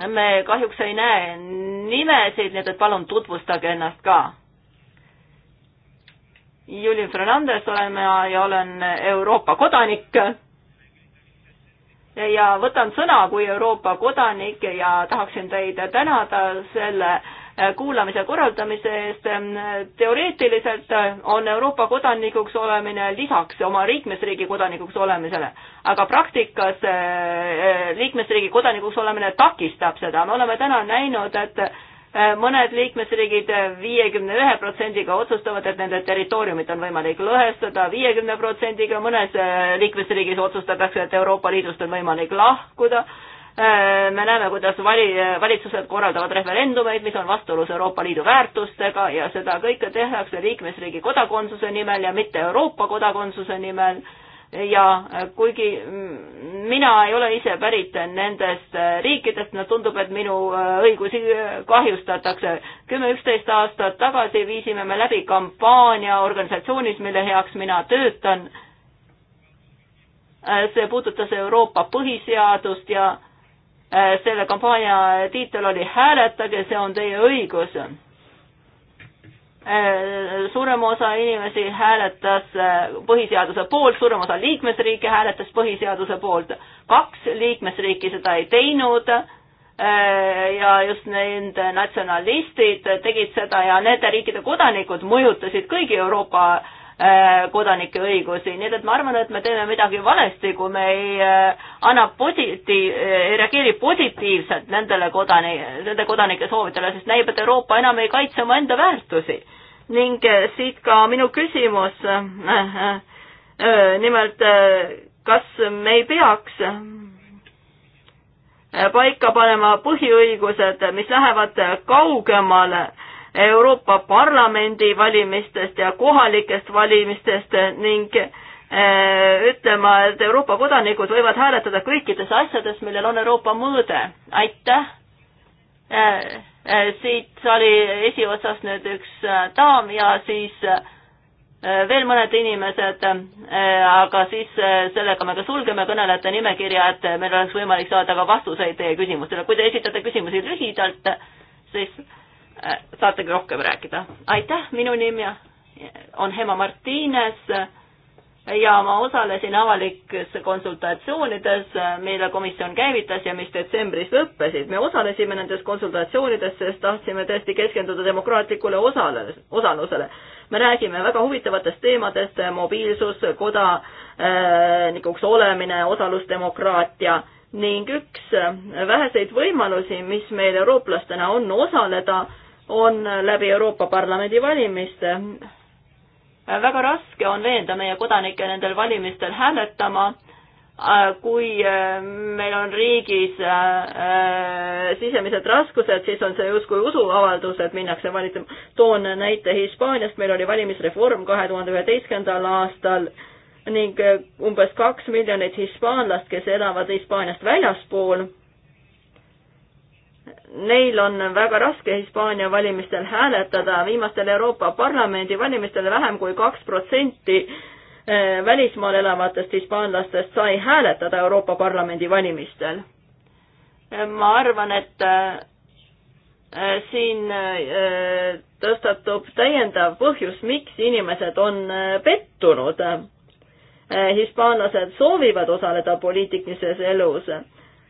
A: me kahjuks ei näe nimesid, nii et palun tutvustage ennast ka Julian Fernandes olen mina ja olen Euroopa kodanik. ja võtan sõna kui Euroopa kodanik ja tahaksin teid tänada selle kuulamise korraldamise eest. teoreetiliselt on Euroopa kodanikuks olemine lisaks oma liikmesriigi kodanikuks olemisele, aga praktikas eh, eh, liikmesriigi kodanikuks olemine takistab seda. me oleme täna näinud, et Äh, mõned liikmesriigid äh, viiekümne ühe protsendiga otsustavad, et nende territooriumit on võimalik lõhestada viiekümne protsendiga, mõnes äh, liikmesriigis otsustatakse, et Euroopa Liidust on võimalik lahkuda. me näeme, kuidas vali, valitsused korraldavad referendumeid, mis on vastuolus Euroopa Liidu väärtustega ja seda kõike tehakse liikmesriigi kodakondsuse nimel ja mitte Euroopa kodakondsuse nimel ja äh, kuigi mina ei ole ise pärit nendest äh, riikidest, no tundub, et minu äh, õigusi kahjustatakse. kümme-üksteist aastat tagasi viisime me läbi kampaania organisatsioonis, mille heaks mina töötan. see puudutas Euroopa põhiseadust ja selle kampaania tiitel oli Hääletage, see on teie õigus Äh, suurem osa inimesi hääletas äh, põhiseaduse poolt, suurem osa liikmesriike hääletas põhiseaduse poolt. kaks liikmesriiki seda ei teinud äh, ja just need natsionalistid tegid seda ja nende riikide kodanikud mõjutasid kõigi Euroopa kodanike õigusi, nii et, et ma arvan, et me teeme midagi valesti, kui me ei anna positiiv, ei reageeri positiivselt nendele kodani-, nende kodanike soovidele, sest näib, et Euroopa enam ei kaitse omaenda väärtusi ning eh, siit ka minu küsimus. nimelt, eh, kas me ei peaks eh, paika panema põhiõigused, mis lähevad kaugemale Euroopa Parlamendi valimistest ja kohalikest valimistest ning ütlema, et Euroopa kodanikud võivad hääletada kõikides asjades, millel on Euroopa mõõde. aitäh! Äh, siit saali esiotsas nüüd üks äh, daam ja siis äh, veel mõned inimesed, aga siis sellega me ka sulgeme kõnelejate nimekirja, et meil oleks võimalik saada ka vastuseid teie küsimustele. kui te esitate küsimusi lühidalt, siis saate ka rohkem rääkida. aitäh, minu nimi on Hema Martines ja ma osalesin avalikes konsultatsioonides, mille komisjon käivitas ja mis detsembris lõppesid. me osalesime nendes konsultatsioonides, sest tahtsime tõesti keskenduda demokraatlikule osale, osalusele. me räägime väga huvitavatest teemadest, mobiilsus, kodanikuks äh, olemine, osalusdemokraatia ning üks äh, väheseid võimalusi, mis meil eurooplastena on osaleda, on läbi Euroopa Parlamendi valimiste väga raske on veenda meie kodanikke nendel valimistel hääletama, äh, kui äh, meil on riigis äh, sisemised raskused, siis on see justkui usuavaldus, et minnakse valitsema. toon näite Hispaaniast, meil oli valimisreform kahe tuhande üheteistkümnendal aastal ning umbes kaks miljonit hispaanlast, kes elavad Hispaaniast väljaspool neil on väga raske Hispaania valimistel hääletada, viimastel Euroopa Parlamendi valimistel vähem kui kaks protsenti eh, välismaal elavatest hispaanlastest sai hääletada Euroopa Parlamendi valimistel. Eh, ma arvan, et eh, siin tõstatub täiendav põhjus, miks inimesed on pettunud. hispaanlased soovivad osaleda poliitilises elus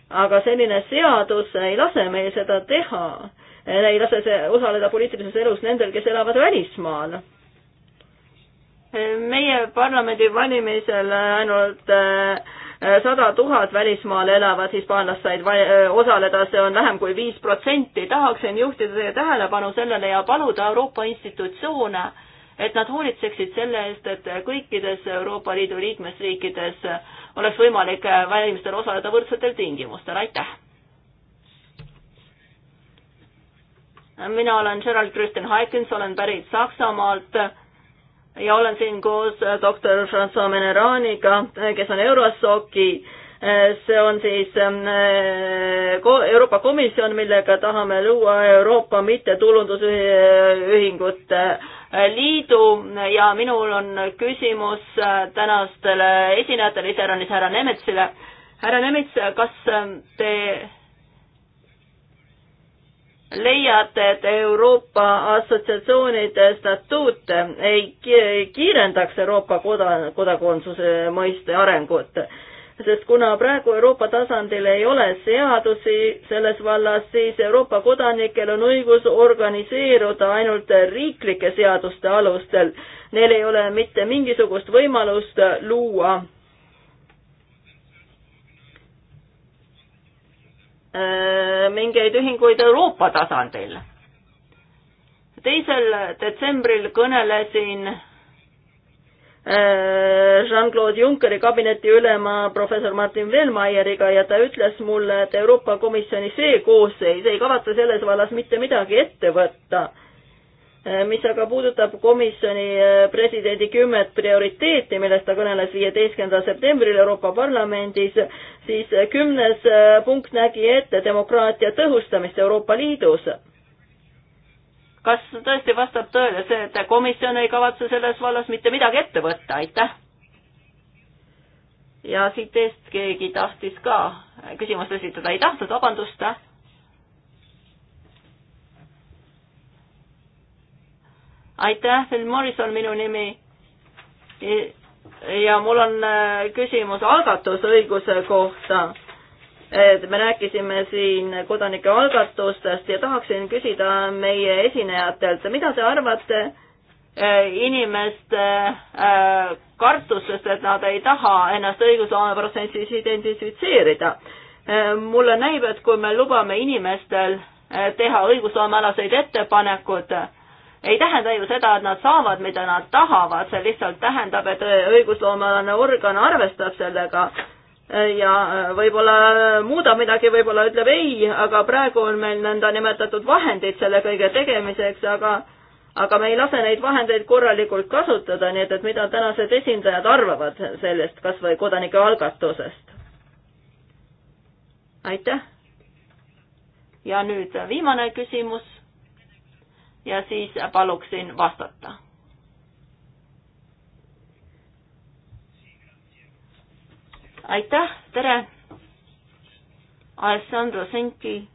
A: aga selline seadus ei lase meil seda teha. ei lase see osaleda poliitilises elus nendel, kes elavad välismaal. meie parlamendi valimisel ainult äh, sada tuhat välismaal elavat hispaanlast said äh, osaleda, see on vähem kui viis protsenti. tahaksin juhtida teie tähelepanu sellele ja paluda Euroopa institutsioone, et nad hoolitseksid selle eest, et kõikides Euroopa Liidu liikmesriikides äh, oleks võimalik äh, valimistel osaleda võrdsetel tingimustel, aitäh! mina olen Gerald Kristen Haikens, olen pärit Saksamaalt ja olen siin koos äh, doktor Francois Meneraniga, äh, kes on Eurosoki Eh, see on siis eh, Euroopa Komisjon, millega tahame luua Euroopa Mittetulundusühingute eh, Liidu ja minul on küsimus tänastele esinejatele, iseäranis härra Nemetsile. härra Nemets, kas te leiate, et Euroopa assotsiatsioonide statuut ei kiirendaks Euroopa koda, kodakondsuse mõiste arengut? sest kuna praegu Euroopa tasandil ei ole seadusi selles vallas, siis Euroopa kodanikel on õigus organiseeruda ainult riiklike seaduste alustel. Neil ei ole mitte mingisugust võimalust luua äh, mingeid ühinguid Euroopa tasandil. teisel detsembril kõnelesin Äh, Jean-Claude Junckeri kabinetiülema professor Martin Velmaieriga ja ta ütles mulle, et Euroopa Komisjoni see koosseis ei kavatse selles vallas mitte midagi ette võtta. Äh, mis aga puudutab komisjoni äh, presidendi kümmet prioriteeti, millest ta kõneles viieteistkümnendal septembril Euroopa Parlamendis, siis kümnes punkt nägi ette demokraatia tõhustamist Euroopa Liidus kas tõesti vastab tõele see, et komisjon ei kavatse selles vallas mitte midagi ette võtta, aitäh? ja siit eest keegi tahtis ka küsimust esitada, ei tahtnud, vabandust. aitäh, Phil Morrison minu nimi. ja mul on äh, küsimus algatusõiguse kohta me rääkisime siin kodanike algatustest ja tahaksin küsida meie esinejatelt, mida te arvate eh, inimeste eh, kartusest, et nad ei taha ennast õigusloome protsessis identifitseerida. Eh, mulle näib, et kui me lubame inimestel teha õigusloomealaseid ettepanekud, ei tähenda ju seda, et nad saavad, mida nad tahavad, see lihtsalt tähendab, et õigusloomealane organ arvestab sellega Äh, ja äh, võib-olla äh, muudab midagi, võib-olla ütleb ei, aga praegu on meil nõndanimetatud vahendid selle kõige tegemiseks, aga aga me ei lase neid vahendeid korralikult kasutada, nii et, et mida tänased esindajad arvavad sellest kas või kodanikealgatusest? aitäh! ja nüüd viimane küsimus ja siis paluksin vastata aitäh, tere! Alessandro Senki.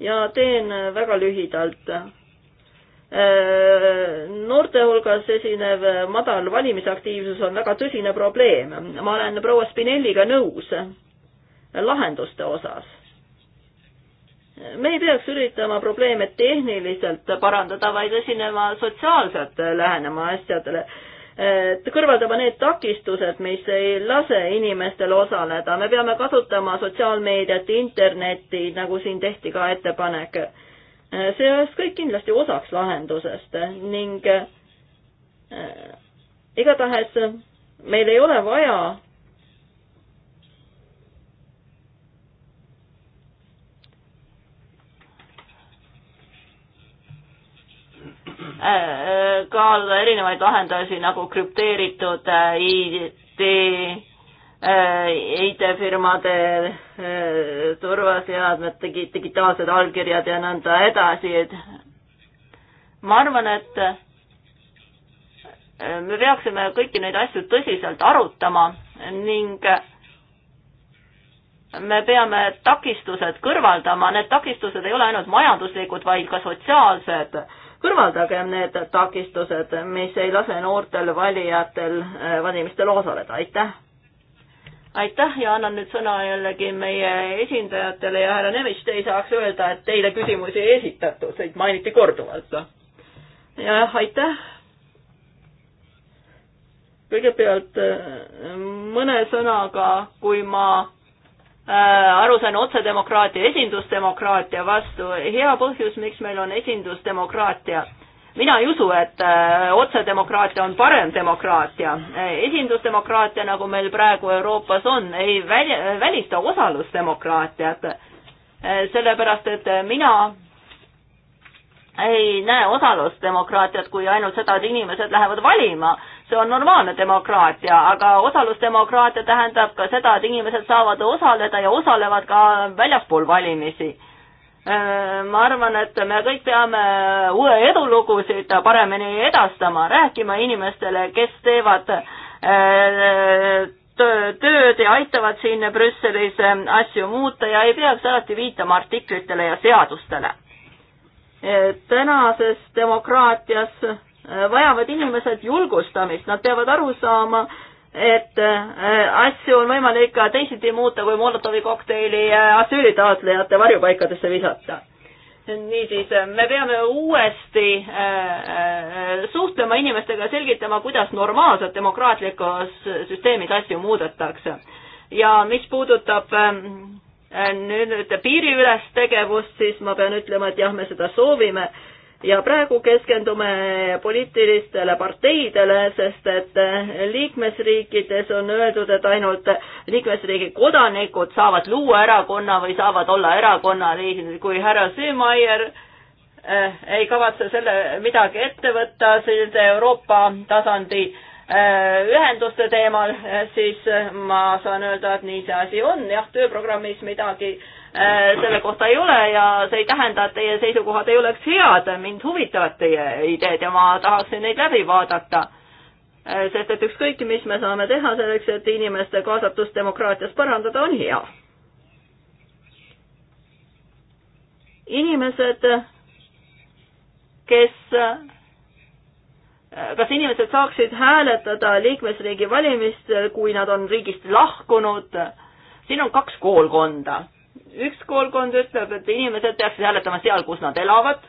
A: ja teen väga lühidalt. Äh, noorte hulgas esinev madal valimisaktiivsus on väga tõsine probleem. ma olen proua Spinelliga nõus lahenduste osas. me ei peaks üritama probleeme tehniliselt parandada, vaid esinema sotsiaalselt lähenema asjadele kõrvaldama need takistused, mis ei lase inimestel osaleda. me peame kasutama sotsiaalmeediat, internetti, nagu siin tehti ka ettepanek. see oleks kõik kindlasti osaks lahendusest ning eh, igatahes meil ei ole vaja kaaluda erinevaid lahendusi nagu krüpteeritud ID, äh, IT-firmade äh, äh, turvaseadmed, digitaalsed allkirjad ja nõnda edasi, et ma arvan, et me peaksime kõiki neid asju tõsiselt arutama ning me peame takistused kõrvaldama, need takistused ei ole ainult majanduslikud, vaid ka sotsiaalsed kõrvaldagem need takistused, mis ei lase noortel valijatel eh, valimistel osaleda, aitäh! aitäh ja annan nüüd sõna jällegi meie esindajatele ja härra Nemis, te ei saaks öelda, et teile küsimusi ei esitatud, teid mainiti korduvalt. jah, aitäh! kõigepealt eh, mõne sõnaga, kui ma Äh, aru sain otsedemokraatia, esindusdemokraatia vastu, hea põhjus, miks meil on esindusdemokraatia. mina ei usu, et äh, otsedemokraatia on parem demokraatia. Äh, esindusdemokraatia, nagu meil praegu Euroopas on, ei välja, välista osalusdemokraatiat. sellepärast, et mina ei näe osalusdemokraatiat kui ainult seda, et inimesed lähevad valima see on normaalne demokraatia, aga osalusdemokraatia tähendab ka seda, et inimesed saavad osaleda ja osalevad ka väljaspool valimisi. Äh, ma arvan, et me kõik peame uue edulugusid paremini edastama, rääkima inimestele, kes teevad äh, tööd ja aitavad siin Brüsselis äh, asju muuta ja ei peaks alati viitama artiklitele ja seadustele. tänases demokraatias vajavad inimesed julgustamist, nad peavad aru saama, et äh, asju on võimalik ka teisiti muuta, kui Molotovi kokteili äh, asüülitaotlejate varjupaikadesse visata. niisiis, äh, me peame uuesti suhtlema inimestega, selgitama, kuidas normaalselt demokraatlikus süsteemis asju muudetakse. ja mis puudutab ähm, nüüd piiriülest tegevust, siis ma pean ütlema, et jah, me seda soovime ja praegu keskendume poliitilistele parteidele, sest et liikmesriikides on öeldud, et ainult liikmesriigi kodanikud saavad luua erakonna või saavad olla erakonna liikmed, kui härra Seemaier eh, ei kavatse selle midagi ette võtta, siis Euroopa tasandi eh, ühenduste teemal eh,, siis ma saan öelda, et nii see asi on, jah, tööprogrammis midagi eh, Äh, selle kohta ei ole ja see ei tähenda, et teie seisukohad ei oleks head, mind huvitavad teie ideed ja ma tahaksin neid läbi vaadata. Äh, sest et ükskõik, mis me saame teha selleks, et inimeste kaasatust demokraatias parandada, on hea. inimesed, kes äh, kas inimesed saaksid hääletada liikmesriigi valimistel, kui nad on riigist lahkunud? siin on kaks koolkonda üks koolkond ütleb, et inimesed peaksid hääletama seal, kus nad elavad.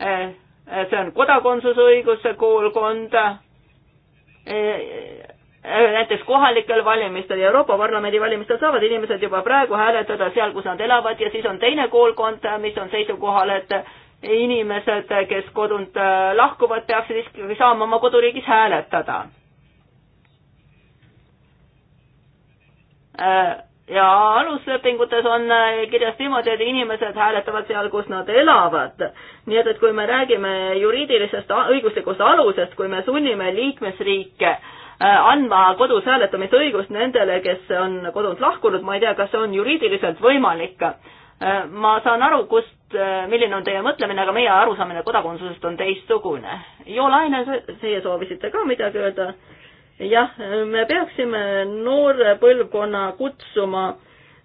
A: Eh, eh, see on kodakondsusõiguse koolkond. Eh, näiteks kohalikel valimistel ja Euroopa Parlamendi valimistel saavad inimesed juba praegu hääletada seal, kus nad elavad ja siis on teine koolkond, mis on seisukohal, et inimesed, kes kodunt lahkuvad, peaksid ikkagi saama oma koduriigis hääletada ja aluslepingutes on äh, kirjas niimoodi, et inimesed hääletavad seal, kus nad elavad. nii et, et kui me räägime juriidilisest õiguslikust alusest, kui me sunnime liikmesriike äh, andma kodus hääletamisõigust nendele, kes on kodunt lahkunud, ma ei tea, kas see on juriidiliselt võimalik. Äh, ma saan aru, kust, milline on teie mõtlemine, aga meie arusaamine kodakondsusest on teistsugune. Jo Laine, teie soovisite ka midagi öelda? jah, me peaksime noore põlvkonna kutsuma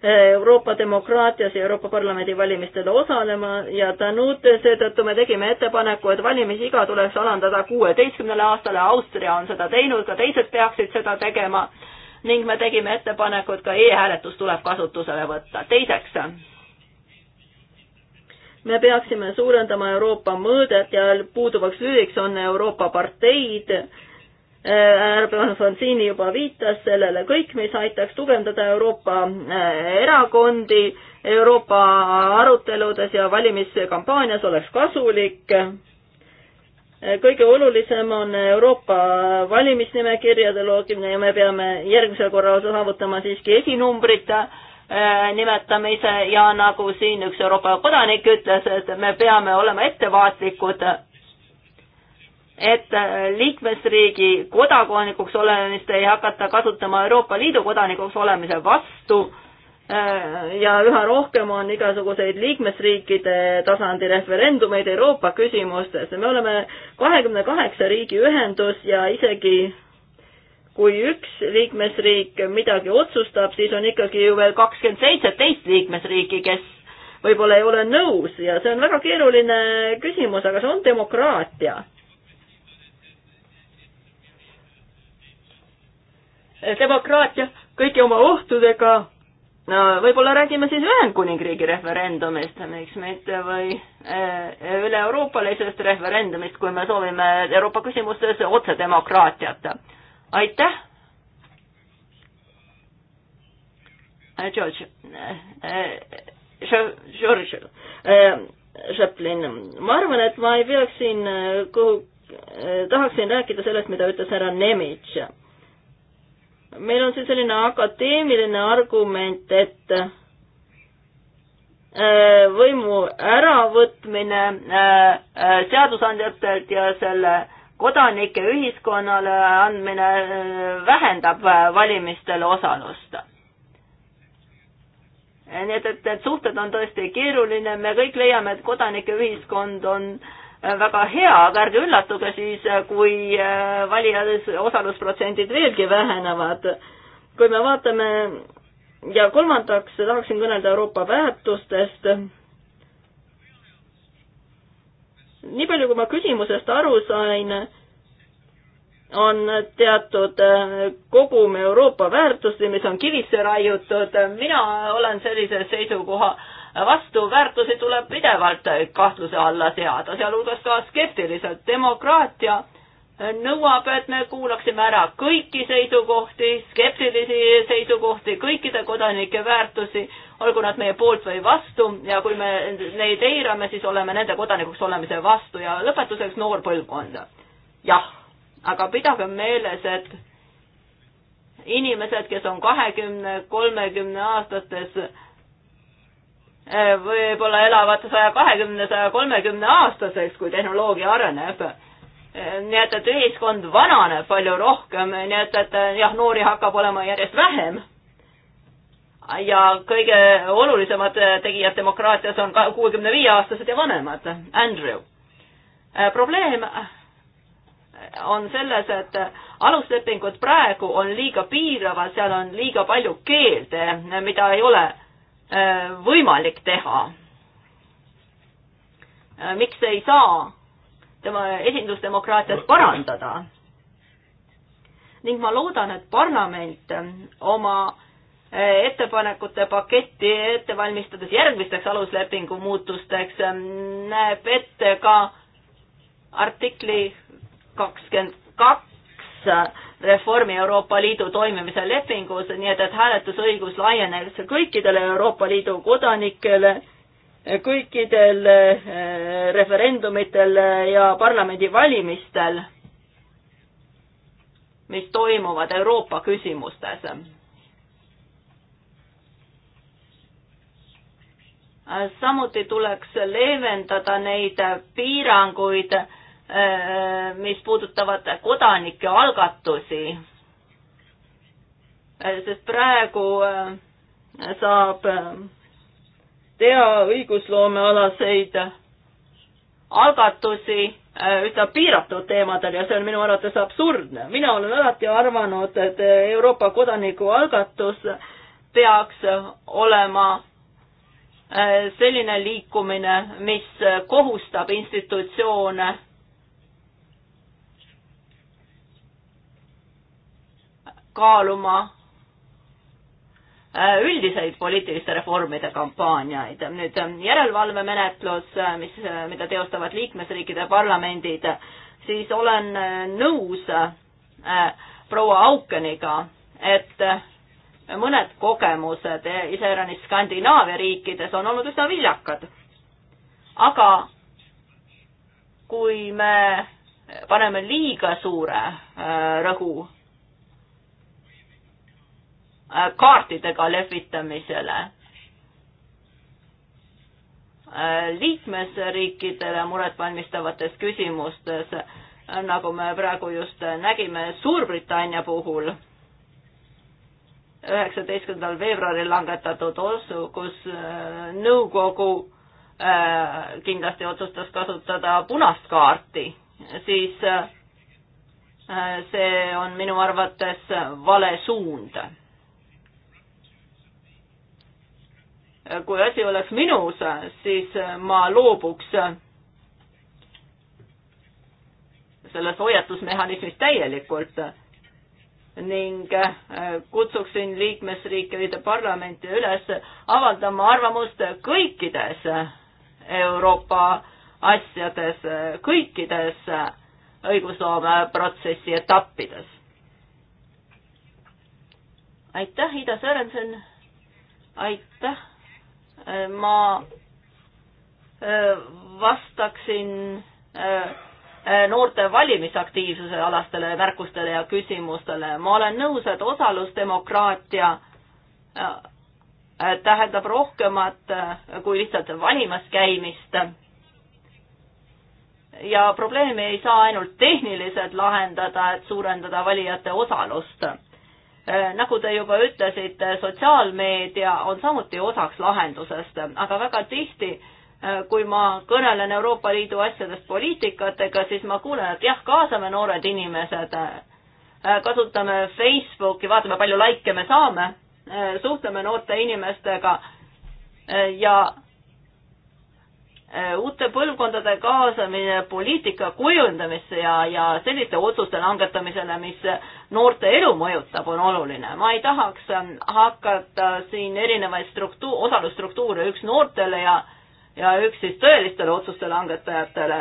A: eh, Euroopa demokraatias ja Euroopa Parlamendi valimistel osalema ja Danute, seetõttu me tegime ettepaneku, et valimisiga tuleks alandada kuueteistkümnele aastale, Austria on seda teinud, ka teised peaksid seda tegema ning me tegime ettepaneku, et ka e-hääletus tuleb kasutusele võtta. teiseks, me peaksime suurendama Euroopa mõõdet ja puuduvaks lüliks on Euroopa parteid härra Fonsini juba viitas sellele, kõik, mis aitaks tugevdada Euroopa äh, erakondi Euroopa aruteludes ja valimiskampaanias, oleks kasulik. Äh, kõige olulisem on Euroopa valimisnimekirjade loogimine ja me peame järgmisel korral saavutama siiski esinumbrite äh, nimetamise ja nagu siin üks Euroopa kodanik ütles, et me peame olema ettevaatlikud et äh, liikmesriigi kodanikuks olemist ei hakata kasutama Euroopa Liidu kodanikuks olemise vastu äh, ja üha rohkem on igasuguseid liikmesriikide tasandi referendumeid Euroopa küsimustes. me oleme kahekümne kaheksa riigi ühendus ja isegi kui üks liikmesriik midagi otsustab, siis on ikkagi ju veel kakskümmend seitse teist liikmesriiki, kes võib-olla ei ole nõus ja see on väga keeruline küsimus, aga see on demokraatia demokraatia kõigi oma ohtudega. no võib-olla räägime siis Ühendkuningriigi referendumist, miks mitte, või eh, üle-euroopalisest referendumist, kui me soovime Euroopa küsimustes otsedemokraatiat. aitäh. Eh, George, eh, George, Chaplin, ma arvan, et ma ei peaks siin, kuhu, tahaksin rääkida sellest, mida ütles härra Nemitš meil on siin selline akadeemiline argument, et äh, võimu äravõtmine äh, äh, seadusandjatelt ja selle kodanike ühiskonnale andmine vähendab valimistel osalust. nii et, et need suhted on tõesti keeruline, me kõik leiame, et kodanike ühiskond on äh, väga hea, aga ärge üllatuge siis, kui äh, valijate osalusprotsendid veelgi vähenevad. kui me vaatame ja kolmandaks tahaksin kõnelda Euroopa väärtustest. nii palju, kui ma küsimusest aru sain, on teatud äh, kogum Euroopa väärtusi, mis on kivisse raiutud, mina olen sellise seisukoha äh, vastuväärtusi tuleb pidevalt kahtluse alla seada, sealhulgas ka skeptiliselt. demokraatia nõuab, et me kuulaksime ära kõiki seisukohti, skeptilisi seisukohti, kõikide kodanike väärtusi, olgu nad meie poolt või vastu ja kui me neid eirame, siis oleme nende kodanikuks olemise vastu ja lõpetuseks noor põlvkond. jah, aga pidage meeles, et inimesed, kes on kahekümne, kolmekümne aastates Äh, võib-olla elavad saja kahekümne, saja kolmekümne aastaseks, kui tehnoloogia areneb. Äh, nii et, et ühiskond vananeb palju rohkem, nii et, et jah, noori hakkab olema järjest vähem. ja kõige olulisemad tegijad demokraatias on ka kuuekümne viie aastased ja vanemad. Andrew, äh, probleem on selles, et aluslepingud praegu on liiga piiravad, seal on liiga palju keelde, mida ei ole Äh, võimalik teha. Äh, miks ei saa tema esindusdemokraatiat parandada? ning ma loodan, et parlament oma äh, ettepanekute paketti ette valmistades järgmisteks aluslepingu muutusteks näeb ette ka artikli kakskümmend kaks reformi Euroopa Liidu toimimise lepingus, nii et, et hääletusõigus laieneks kõikidele Euroopa Liidu kodanikele, kõikidel eh, referendumitel ja parlamendivalimistel, mis toimuvad Euroopa küsimustes. samuti tuleks leevendada neid piiranguid Äh, mis puudutavad kodanike algatusi. Äh, sest praegu äh, saab teha õigusloomealaseid algatusi üsna piiratud teemadel ja see on minu arvates absurdne. mina olen alati arvanud, et Euroopa kodanikualgatus peaks olema selline liikumine, mis kohustab institutsioone kaaluma äh, üldiseid poliitiliste reformide kampaaniaid. nüüd ähm, järelevalvemenetlus, äh, mis, äh, mida teostavad liikmesriikide parlamendid, siis olen nõus proua Aukeniga, et mõned kogemused iseäranis Skandinaavia riikides on olnud üsna viljakad. aga kui me paneme liiga suure rõhu Äh, kaartidega lehvitamisele. Äh, liikmesriikidele muretvalmistavates küsimustes, äh, nagu me praegu just nägime Suurbritannia puhul, üheksateistkümnendal veebruaril langetatud otsu, kus nõukogu kindlasti otsustas kasutada punast kaarti, siis see on minu arvates vale suund kui asi oleks minus, siis äh, ma loobuks äh, sellest hoiatusmehhanismist täielikult ning äh, kutsuksin liikmesriikide parlamente üles avaldama arvamust kõikides Euroopa asjades, kõikides õigusloome protsessi etappides. aitäh, Ida Sõrensen, aitäh ma äh, vastaksin äh, äh, noorte valimisaktiivsuse alastele märkustele ja küsimustele. ma olen nõus, et osalusdemokraatia tähendab rohkemat kui lihtsalt valimas käimist. ja probleemi ei saa ainult tehniliselt lahendada, et suurendada valijate osalust Äh, nagu te juba ütlesite, sotsiaalmeedia on samuti osaks lahendusest, aga väga tihti äh, kui ma kõnelen Euroopa Liidu asjadest poliitikatega, siis ma kuulen, et jah, kaasame noored inimesed, äh, kasutame Facebooki, vaatame, palju likee me saame, suhtleme noorte inimestega ja Äh, uute põlvkondade kaasamine poliitika kujundamisse ja, ja selliste otsuste langetamisele, mis noorte elu mõjutab, on oluline. ma ei tahaks ähm, hakata siin erinevaid struktuur, osalusstruktuure, üks noortele ja, ja üks siis tõelistele otsuste langetajatele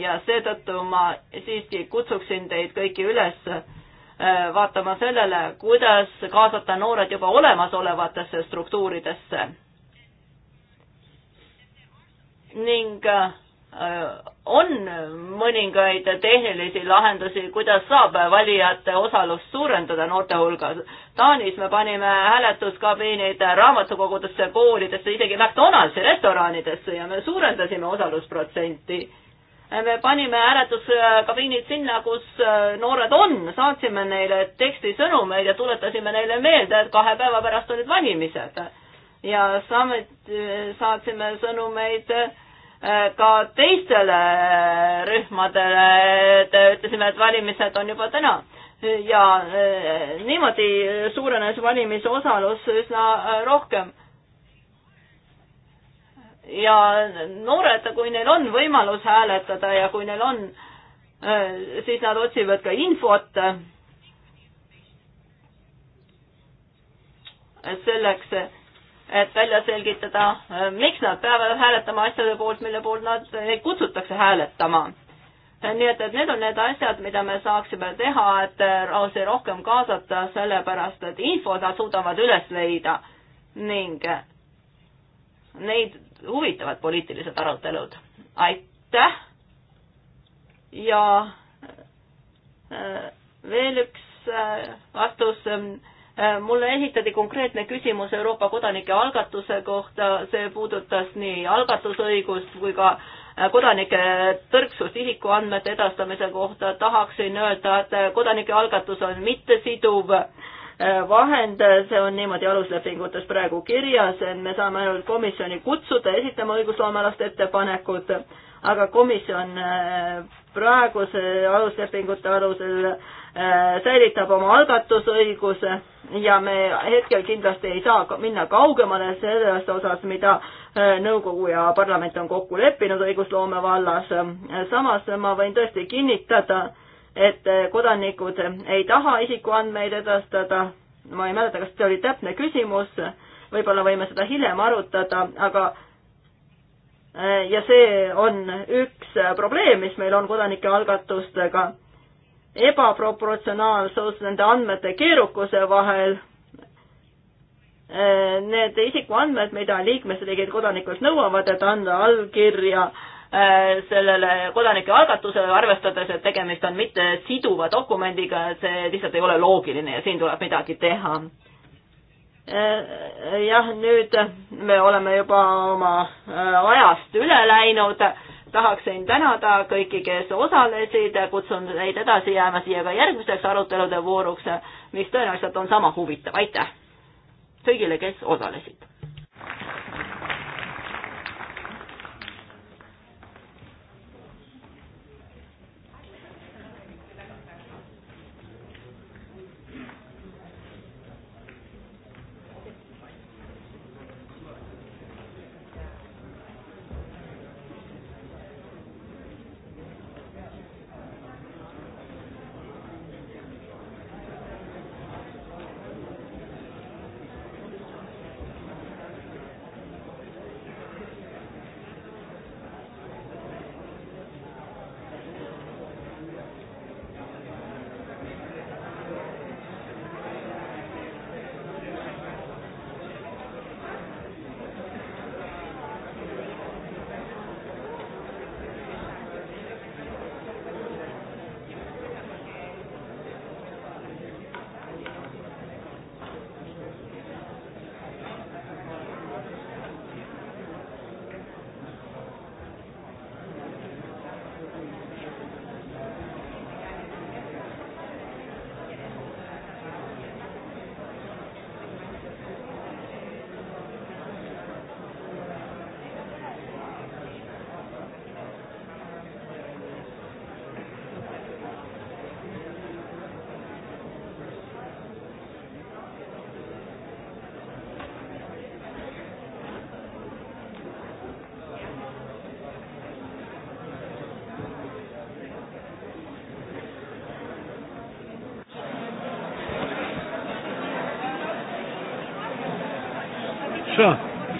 A: ja seetõttu ma siiski kutsuksin teid kõiki üles äh, vaatama sellele, kuidas kaasata noored juba olemasolevatesse struktuuridesse ning äh, on mõningaid tehnilisi lahendusi, kuidas saab valijate osalust suurendada noorte hulgas. Taanis me panime hääletuskabiinid raamatukogudesse, koolidesse, isegi McDonaldsi restoranidesse ja me suurendasime osalusprotsenti. me panime hääletuskabiinid sinna, kus äh, noored on, saatsime neile tekstisõnumeid ja tuletasime neile meelde, et kahe päeva pärast olid valimised. ja samuti äh, saatsime sõnumeid Äh, ka teistele äh, rühmadele, et ütlesime, et valimised on juba täna ja äh, niimoodi suurenes valimisosalus üsna rohkem ja noored, kui neil on võimalus hääletada ja kui neil on, siis nad otsivad ka infot selleks, et välja selgitada, äh, miks nad peavad hääletama asjade poolt, mille poolt nad, äh, neid kutsutakse hääletama. Äh, nii et, et need on need asjad, mida me saaksime teha, et see rohkem kaasata, sellepärast et info nad suudavad üles leida ning neid huvitavad poliitilised arutelud. aitäh ja veel üks vastus ähm, Äh, mulle esitati konkreetne küsimus Euroopa kodanike algatuse kohta, see puudutas nii algatusõigust kui ka äh, kodanike tõrksust isikuandmete edastamise kohta, tahaksin öelda, et äh, kodanike algatus on mittesiduv vahend, see on niimoodi aluslepingutes praegu kirjas, et me saame ainult komisjoni kutsuda esitama õigusloomealaste ettepanekut, aga komisjon praeguse aluslepingute alusel Äh, säilitab oma algatusõiguse ja me hetkel kindlasti ei saa minna kaugemale selles osas, mida äh, nõukogu ja parlament on kokku leppinud õigusloome vallas. Äh, samas ma võin tõesti kinnitada, et kodanikud ei taha isikuandmeid edastada. ma ei mäleta, kas see oli täpne küsimus, võib-olla võime seda hiljem arutada, aga ja see on üks probleem, mis meil on kodanike algatustega ebaproportsionaalsus nende andmete keerukuse vahel. Eh, need isikuandmed, mida liikmesriigid kodanikult nõuavad, et anda allkirja eh, sellele kodanike algatusele, arvestades, et tegemist on mitte siduva dokumendiga, see lihtsalt ei ole loogiline ja siin tuleb midagi teha. Eh, jah, nüüd me oleme juba oma ajast üle läinud tahaksin tänada kõiki, kes osalesid, kutsun neid edasi jääma siia ka järgmiseks arutelude vooruks, mis tõenäoliselt on sama huvitav, aitäh kõigile, kes osalesid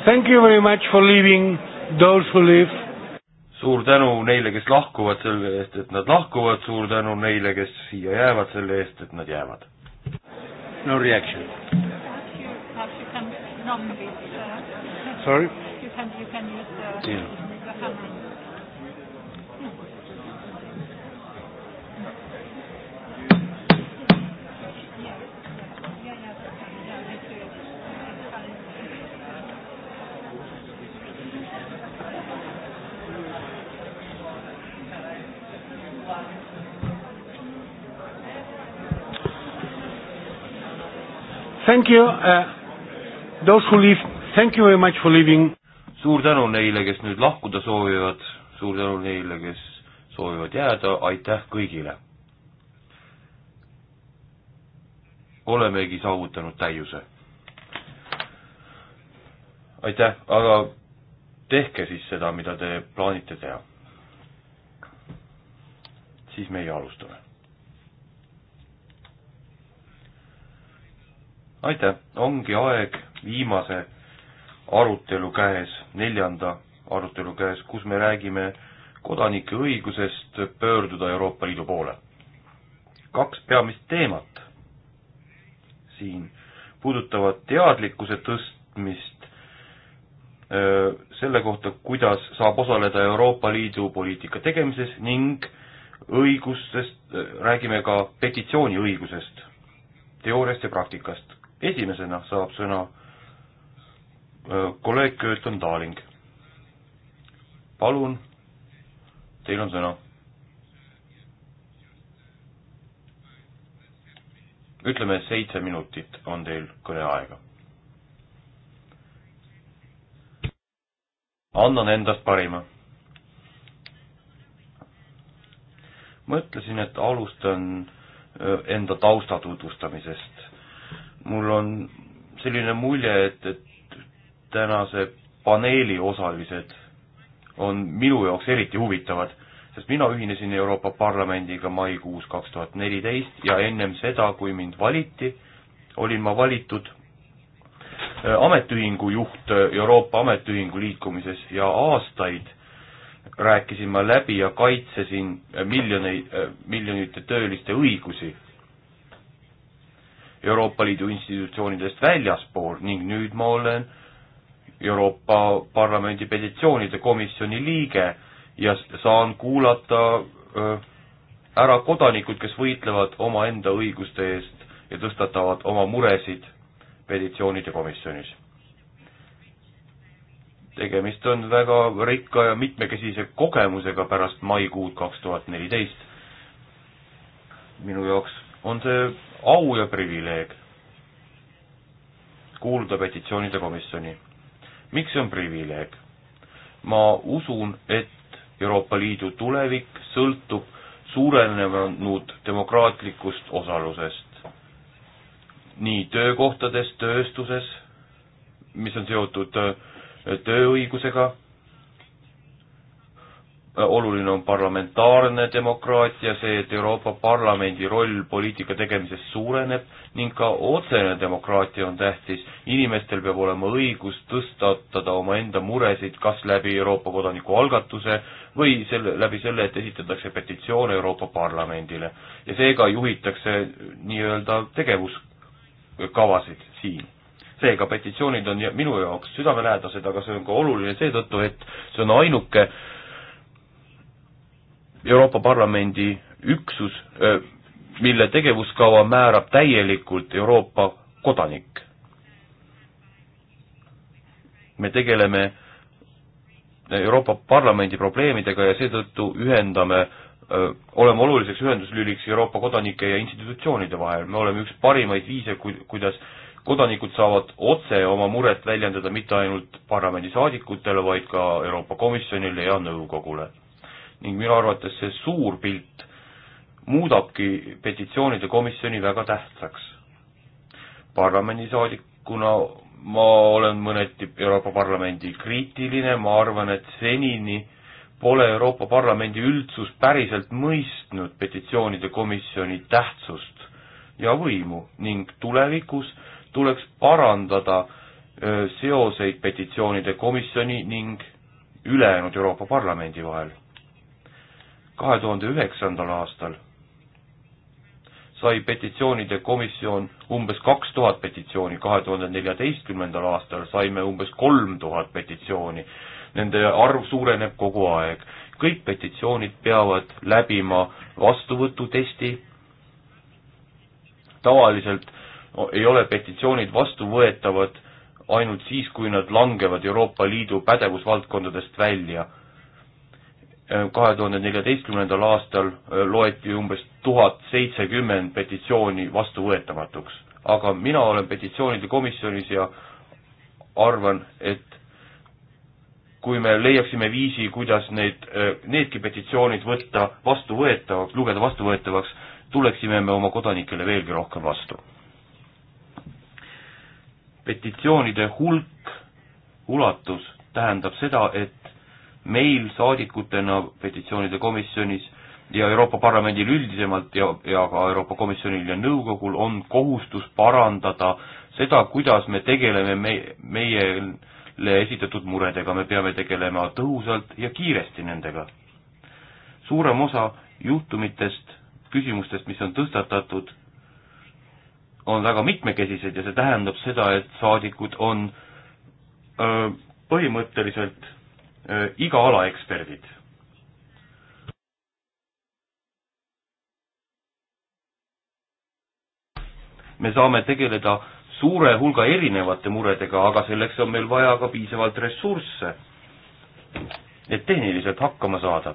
B: Thank you very much for leaving those who live. suur tänu neile, kes lahkuvad selle eest, et nad lahkuvad, suur tänu neile, kes siia jäävad selle eest, et nad jäävad. No reaction.
C: Sorry? You can, you can use the... Yeah.
B: Thank you uh,, those who leave, thank you very much for leaving. suur tänu neile, kes nüüd lahkuda soovivad, suur tänu neile, kes soovivad jääda, aitäh kõigile. olemegi saavutanud täiuse. aitäh, aga tehke siis seda, mida te plaanite teha. siis meie alustame aitäh, ongi aeg viimase arutelu käes, neljanda arutelu käes, kus me räägime kodanike õigusest pöörduda Euroopa Liidu poole. kaks peamist teemat siin puudutavad teadlikkuse tõstmist öö, selle kohta, kuidas saab osaleda Euroopa Liidu poliitika tegemises ning õigustest, räägime ka petitsiooniõigusest, teooriast ja praktikast esimesena saab sõna äh, kolleeg Kööton Taaling. palun, teil on sõna. ütleme, seitse minutit on teil kõneaega. annan endast parima. mõtlesin, et alustan äh, enda tausta tutvustamisest mul on selline mulje, et, et tänase paneeli osalised on minu jaoks eriti huvitavad, sest mina ühinesin Euroopa Parlamendiga maikuus kaks tuhat neliteist ja ennem seda, kui mind valiti, olin ma valitud äh, ametiühingu juht äh, Euroopa Ametiühingu Liikumises ja aastaid rääkisin ma läbi ja kaitsesin äh, miljoneid, miljonite tööliste õigusi Euroopa Liidu institutsioonidest väljaspool ning nüüd ma olen Euroopa Parlamendi petitsioonide komisjoni liige ja saan kuulata ära kodanikud, kes võitlevad omaenda õiguste eest ja tõstatavad oma muresid petitsioonide komisjonis. tegemist on väga rikka ja mitmekesise kogemusega pärast maikuud kaks tuhat neliteist. minu jaoks on see au ja privileeg kuuluda petitsioonide komisjoni. miks see on privileeg? ma usun, et Euroopa Liidu tulevik sõltub suurenenud demokraatlikust osalusest nii töökohtades, tööstuses, mis on seotud tööõigusega, Äh, oluline on parlamentaarne demokraatia, see, et Euroopa Parlamendi roll poliitika tegemises suureneb ning ka otsene demokraatia on tähtis. inimestel peab olema õigus tõstatada omaenda muresid kas läbi Euroopa kodanikualgatuse või selle, läbi selle, et esitatakse petitsioone Euroopa Parlamendile. ja seega juhitakse nii-öelda tegevuskavasid siin seega petitsioonid on minu jaoks südamelähedased, aga see on ka oluline seetõttu, et see on ainuke äh, Euroopa Parlamendi üksus, mille tegevuskava määrab täielikult Euroopa kodanik. me tegeleme Euroopa Parlamendi probleemidega ja seetõttu ühendame, oleme oluliseks ühenduslüliks Euroopa kodanike ja institutsioonide vahel, me oleme üks parimaid viise, kuidas kodanikud saavad otse oma muret väljendada mitte ainult parlamendisaadikutele, vaid ka Euroopa Komisjonile ja nõukogule ning minu arvates see suur pilt muudabki petitsioonide komisjoni väga tähtsaks. parlamendisaadikuna ma olen mõneti Euroopa Parlamendi kriitiline, ma arvan, et senini pole Euroopa Parlamendi üldsus päriselt mõistnud petitsioonide komisjoni tähtsust ja võimu ning tulevikus tuleks parandada seoseid petitsioonide komisjoni ning ülejäänud Euroopa Parlamendi vahel kahe tuhande üheksandal aastal sai petitsioonide komisjon umbes kaks tuhat petitsiooni, kahe tuhande neljateistkümnendal aastal saime umbes kolm tuhat petitsiooni. Nende arv suureneb kogu aeg. kõik petitsioonid peavad läbima vastuvõtutesti. tavaliselt ei ole petitsioonid vastuvõetavad ainult siis, kui nad langevad Euroopa Liidu pädevusvaldkondadest välja kahe tuhande neljateistkümnendal aastal äh, loeti umbes tuhat seitsekümmend petitsiooni vastuvõetamatuks, aga mina olen petitsioonide komisjonis ja arvan, et kui me leiaksime viisi, kuidas need, äh, needki petitsioonid võtta vastuvõetavaks, lugeda vastuvõetavaks, tuleksime me oma kodanikele veelgi rohkem vastu. petitsioonide hulk, ulatus tähendab seda, et meil saadikutena petitsioonide komisjonis ja Euroopa Parlamendil üldisemalt ja, ja ka Euroopa Komisjonil ja nõukogul on kohustus parandada seda, kuidas me tegeleme me, meile esitatud muredega, me peame tegelema tõhusalt ja kiiresti nendega. suurem osa juhtumitest, küsimustest, mis on tõstatatud, on väga mitmekesised ja see tähendab seda, et saadikud on öö, põhimõtteliselt Äh, iga ala eksperdid. me saame tegeleda suure hulga erinevate muredega, aga selleks on meil vaja ka piisavalt ressursse, et tehniliselt hakkama saada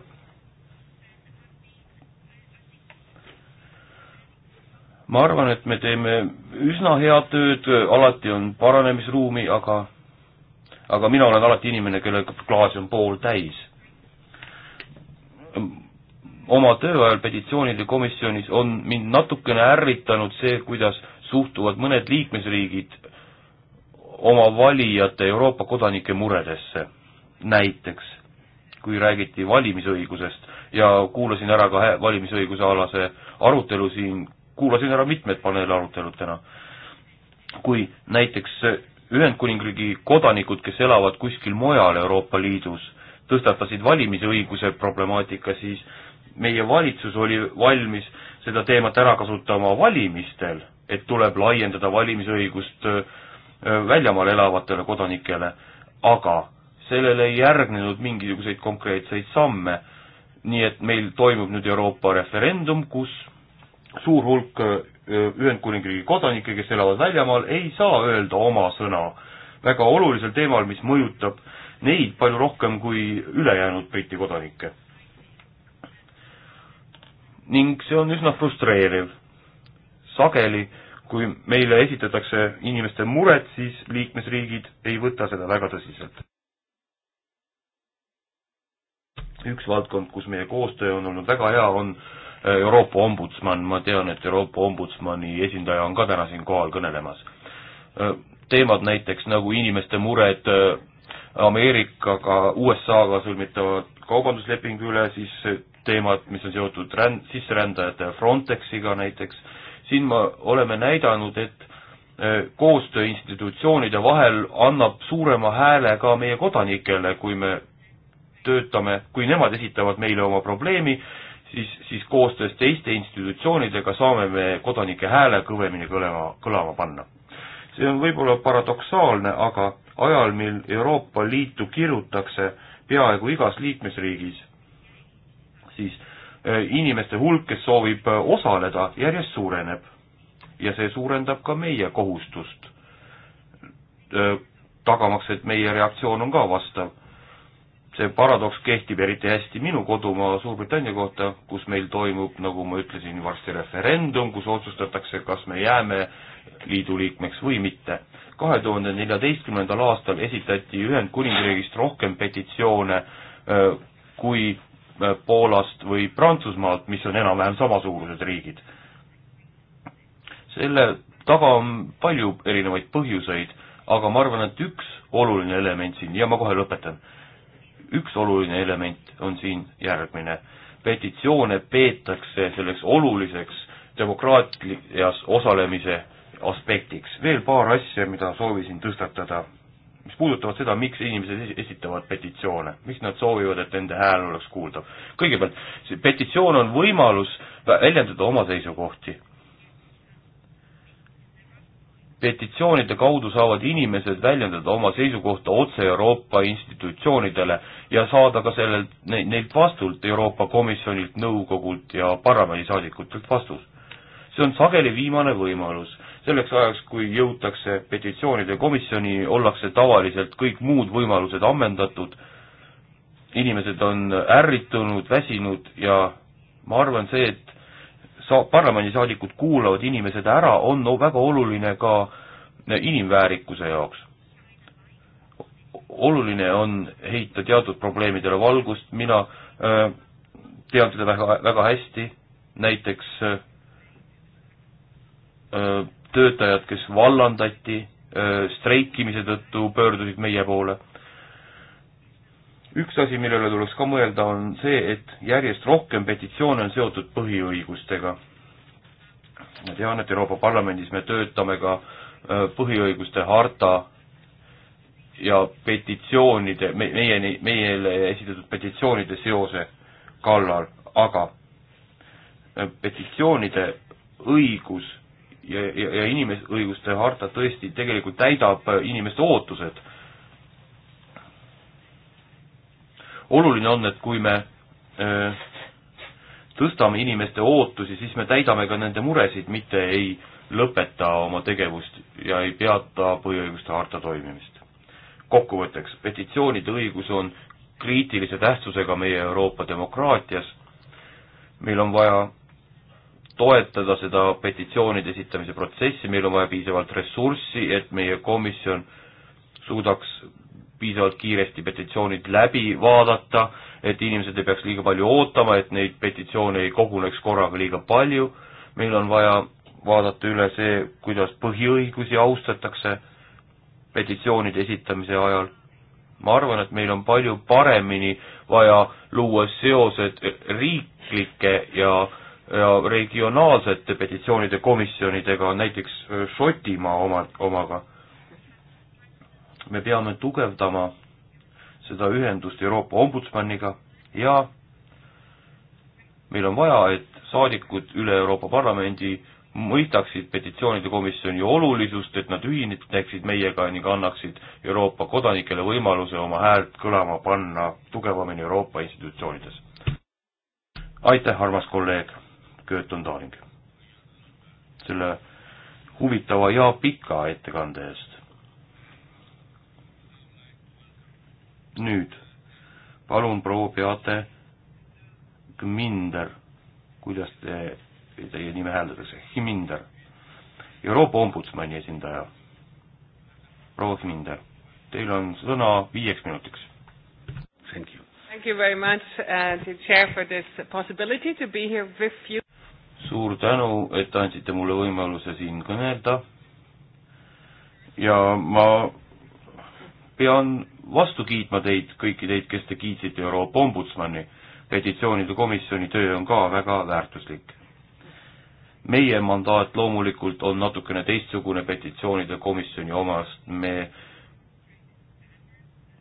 B: ma arvan, et me teeme üsna head tööd, alati on paranemisruumi, aga aga mina olen alati inimene, kelle klaas on pooltäis. oma töö ajal petitsioonide komisjonis on mind natukene ärritanud see, kuidas suhtuvad mõned liikmesriigid oma valijate, Euroopa kodanike muredesse. näiteks, kui räägiti valimisõigusest ja kuulasin ära ka valimisõiguse alase arutelu siin, kuulasin ära mitmed paneelarutelud täna. kui näiteks Ühendkuningriigi kodanikud, kes elavad kuskil mujal Euroopa Liidus, tõstatasid valimisõiguse problemaatika, siis meie valitsus oli valmis seda teemat ära kasutama valimistel, et tuleb laiendada valimisõigust äh, äh, väljamaal elavatele kodanikele, aga sellele ei järgnenud mingisuguseid konkreetseid samme. nii et meil toimub nüüd Euroopa referendum, kus suur hulk äh, Ühendkuningriigi kodanikke, kes elavad väljamaal, ei saa öelda oma sõna väga olulisel teemal, mis mõjutab neid palju rohkem kui ülejäänud Briti kodanikke. ning see on üsna frustreeriv. sageli, kui meile esitatakse inimeste mured, siis liikmesriigid ei võta seda väga tõsiselt. üks valdkond, kus meie koostöö on olnud väga hea, on äh, Euroopa ombudsman, ma tean, et Euroopa ombudsmani esindaja on ka täna siin kohal kõnelemas. teemad näiteks nagu inimeste mured äh, Ameerikaga, USA-ga sõlmitavad kaubanduslepingu üle, siis teemad, mis on seotud ränd-, sisserändajate Frontexiga näiteks, siin me oleme näidanud, et äh, koostöö institutsioonide vahel annab suurema hääle ka meie kodanikele, kui me töötame, kui nemad esitavad meile oma probleemi, siis, siis koostöös teiste institutsioonidega saame me kodanike hääle kõvemini kõlama, kõlama panna. see on võib-olla paradoksaalne, aga ajal, mil Euroopa Liitu kirutakse peaaegu igas liikmesriigis, siis eh, inimeste hulk, kes soovib eh, osaleda, järjest suureneb. ja see suurendab ka meie kohustust, eh, tagamaks, et meie reaktsioon on ka vastav see paradoks kehtib eriti hästi minu kodumaa Suurbritannia kohta, kus meil toimub, nagu ma ütlesin, varsti referendum, kus otsustatakse, kas me jääme liidu liikmeks või mitte. kahe tuhande neljateistkümnendal aastal esitati Ühendkuningriigist rohkem petitsioone kui Poolast või Prantsusmaalt, mis on enam-vähem samasugused riigid. selle taga on palju erinevaid põhjuseid, aga ma arvan, et üks oluline element siin, ja ma kohe lõpetan üks oluline element on siin järgmine. petitsioone peetakse selleks oluliseks demokraatias osalemise aspektiks. veel paar asja, mida soovisin tõstatada, mis puudutavad seda, miks inimesed esitavad petitsioone, miks nad soovivad, et nende hääl oleks kuuldav. kõigepealt, see petitsioon on võimalus väljendada oma seisukohti petitsioonide kaudu saavad inimesed väljendada oma seisukohta otse Euroopa institutsioonidele ja saada ka sellelt, neilt vastult Euroopa Komisjonilt, nõukogult ja parlamendisaadikutelt vastus. see on sageli viimane võimalus. selleks ajaks, kui jõutakse petitsioonide komisjoni, ollakse tavaliselt kõik muud võimalused ammendatud, inimesed on ärritunud, väsinud ja ma arvan, see, et sa-, parlamendisaadikud kuulavad inimesed ära, on no väga oluline ka inimväärikuse jaoks. oluline on heita teatud probleemidele valgust, mina öö, äh, tean seda väga, väga hästi, näiteks öö, äh, äh, töötajad, kes vallandati, streikimise tõttu pöördusid meie poole üks asi, millele tuleks ka mõelda, on see, et järjest rohkem petitsioone on seotud põhiõigustega. ma tean, et Euroopa Parlamendis me töötame ka äh, põhiõiguste harta ja petitsioonide, meieni, meile esitatud petitsioonide seose kallal, aga äh, petitsioonide õigus ja, ja, ja inimesõiguste harta tõesti tegelikult täidab äh, inimeste ootused oluline on, et kui me öö, äh, tõstame inimeste ootusi, siis me täidame ka nende muresid, mitte ei lõpeta oma tegevust ja ei peata põhiõiguste harta toimimist. kokkuvõtteks, petitsioonide õigus on kriitilise tähtsusega meie Euroopa demokraatias, meil on vaja toetada seda petitsioonide esitamise protsessi, meil on vaja piisavalt ressurssi, et meie komisjon suudaks piisavalt kiiresti petitsioonid läbi vaadata, et inimesed ei peaks liiga palju ootama, et neid petitsioone ei koguneks korraga liiga palju, meil on vaja vaadata üle see, kuidas põhiõigusi austatakse petitsioonide esitamise ajal. ma arvan, et meil on palju paremini vaja luua seosed riiklike ja, ja regionaalsete petitsioonide komisjonidega, näiteks Šotimaa oma, omaga me peame tugevdama seda ühendust Euroopa ombudsmaniga ja meil on vaja, et saadikud üle Euroopa Parlamendi mõistaksid petitsioonide komisjoni olulisust, et nad ühineksid meiega ning annaksid Euroopa kodanikele võimaluse oma häält kõlama panna tugevamini Euroopa institutsioonides. aitäh, armas kolleeg Götton Taaling, selle huvitava ja pika ettekande eest. nüüd palun proua Beate Gminder, kuidas te, teie nime hääldatakse, Gminder, Euroopa ombudsmani esindaja. proua Gminder, teil on sõna viieks minutiks.
C: Thank you. Thank you very much uh, the chair for this possibility to be here with you.
B: suur tänu, et andsite mulle võimaluse siin kõnelda. ja ma pean vastu kiitma teid, kõiki teid, kes te kiitsite Euroopa Ombudsmani. petitsioonide komisjoni töö on ka väga väärtuslik. meie mandaat loomulikult on natukene teistsugune petitsioonide komisjoni omast, me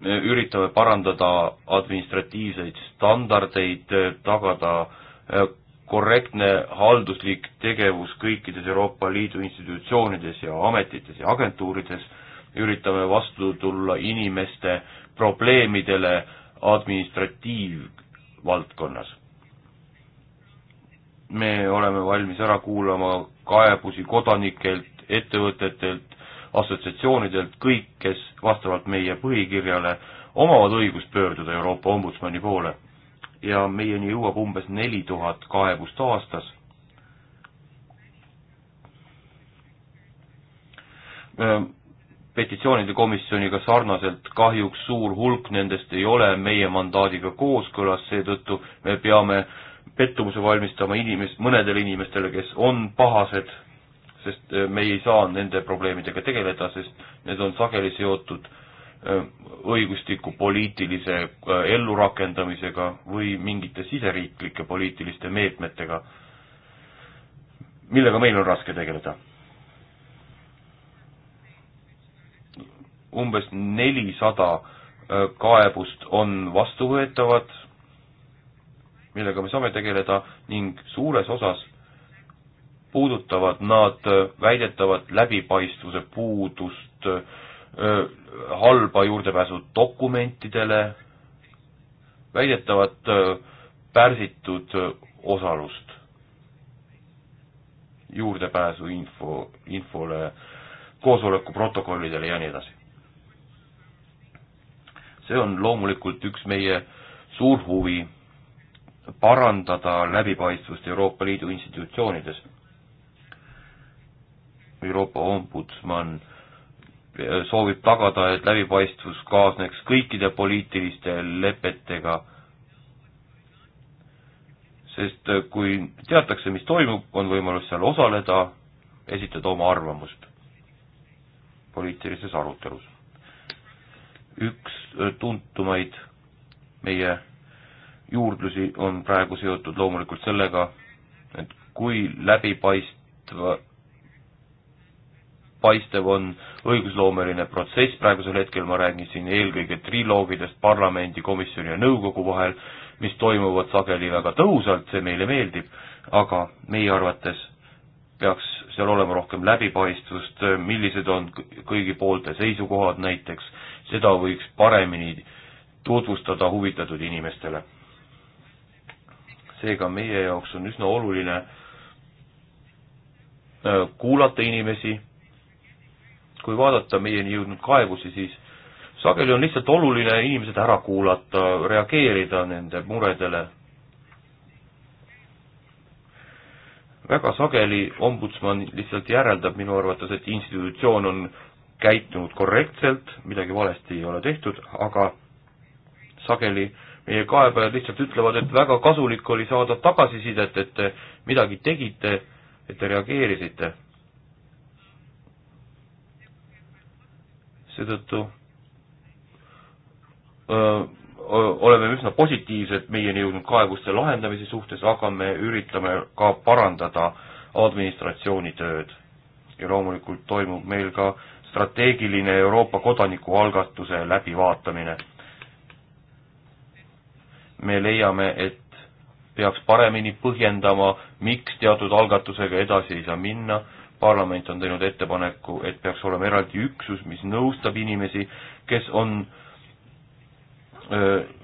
B: me üritame parandada administratiivseid standardeid, tagada äh, korrektne halduslik tegevus kõikides Euroopa Liidu institutsioonides ja ametites ja agentuurides üritame vastu tulla inimeste probleemidele administratiivvaldkonnas. me oleme valmis ära kuulama kaebusi kodanikelt, ettevõtetelt, assotsiatsioonidelt, kõik, kes vastavalt meie põhikirjale omavad õigust pöörduda Euroopa Ombudsmani poole. ja meieni jõuab umbes neli tuhat kaebust aastas, ehm, petitsioonide komisjoniga sarnaselt kahjuks suur hulk nendest ei ole meie mandaadiga kooskõlas, seetõttu me peame pettumuse valmistama inimes-, mõnedele inimestele, kes on pahased, sest äh, me ei saa nende probleemidega tegeleda, sest need on sageli seotud äh, õigustiku poliitilise äh, ellurakendamisega või mingite siseriiklike poliitiliste meetmetega, millega meil on raske tegeleda umbes nelisada kaebust on vastuvõetavad, millega me saame tegeleda ning suures osas puudutavad nad väidetavat läbipaistvuse puudust, halba juurdepääsu dokumentidele, väidetavat pärsitud osalust, juurdepääsu info, infole, koosoleku protokollidele ja nii edasi see on loomulikult üks meie suur huvi, parandada läbipaistvust Euroopa Liidu institutsioonides. Euroopa ombudsman soovib tagada, et läbipaistvus kaasneks kõikide poliitiliste lepetega, sest kui teatakse, mis toimub, on võimalus seal osaleda, esitada oma arvamust poliitilises arutelus üks tuntumaid meie juurdlusi on praegu seotud loomulikult sellega, et kui läbipaistva, paistev on õigusloomeline protsess, praegusel hetkel ma räägin siin eelkõige triloogidest parlamendi, komisjoni ja nõukogu vahel, mis toimuvad sageli väga tõhusalt, see meile meeldib, aga meie arvates peaks seal olema rohkem läbipaistvust, millised on kõigi poolte seisukohad näiteks, seda võiks paremini tutvustada huvitatud inimestele. seega meie jaoks on üsna oluline äh, kuulata inimesi, kui vaadata meieni jõudnud kaebusi, siis sageli on lihtsalt oluline inimesed ära kuulata, reageerida nende muredele väga sageli ombudsman lihtsalt järeldab minu arvates, et institutsioon on käitunud korrektselt, midagi valesti ei ole tehtud, aga sageli meie kaebajad lihtsalt ütlevad, et väga kasulik oli saada tagasisidet, et te midagi tegite, et te reageerisite. seetõttu öö, äh, oleme üsna positiivsed meieni jõudnud kaebuste lahendamise suhtes, aga me üritame ka parandada administratsiooni tööd. ja loomulikult toimub meil ka strateegiline Euroopa kodanikualgatuse läbivaatamine. me leiame, et peaks paremini põhjendama, miks teatud algatusega edasi ei saa minna, parlament on teinud ettepaneku, et peaks olema eraldi üksus, mis nõustab inimesi, kes on äh,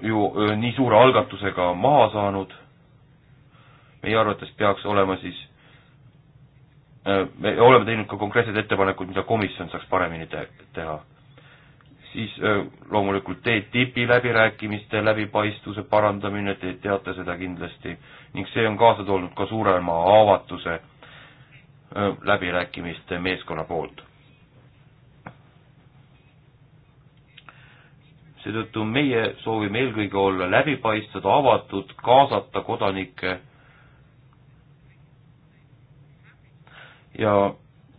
B: ju nii suure algatusega maha saanud, meie arvates peaks olema siis, me oleme teinud ka konkreetsed ettepanekud, mida komisjon saaks paremini te-, teha. siis loomulikult TTIP-i läbirääkimiste läbipaistvuse parandamine, te teate seda kindlasti, ning see on kaasa toonud ka suurema avatuse läbirääkimiste meeskonna poolt seetõttu meie soovime eelkõige olla läbipaistvad, avatud, kaasata kodanikke ja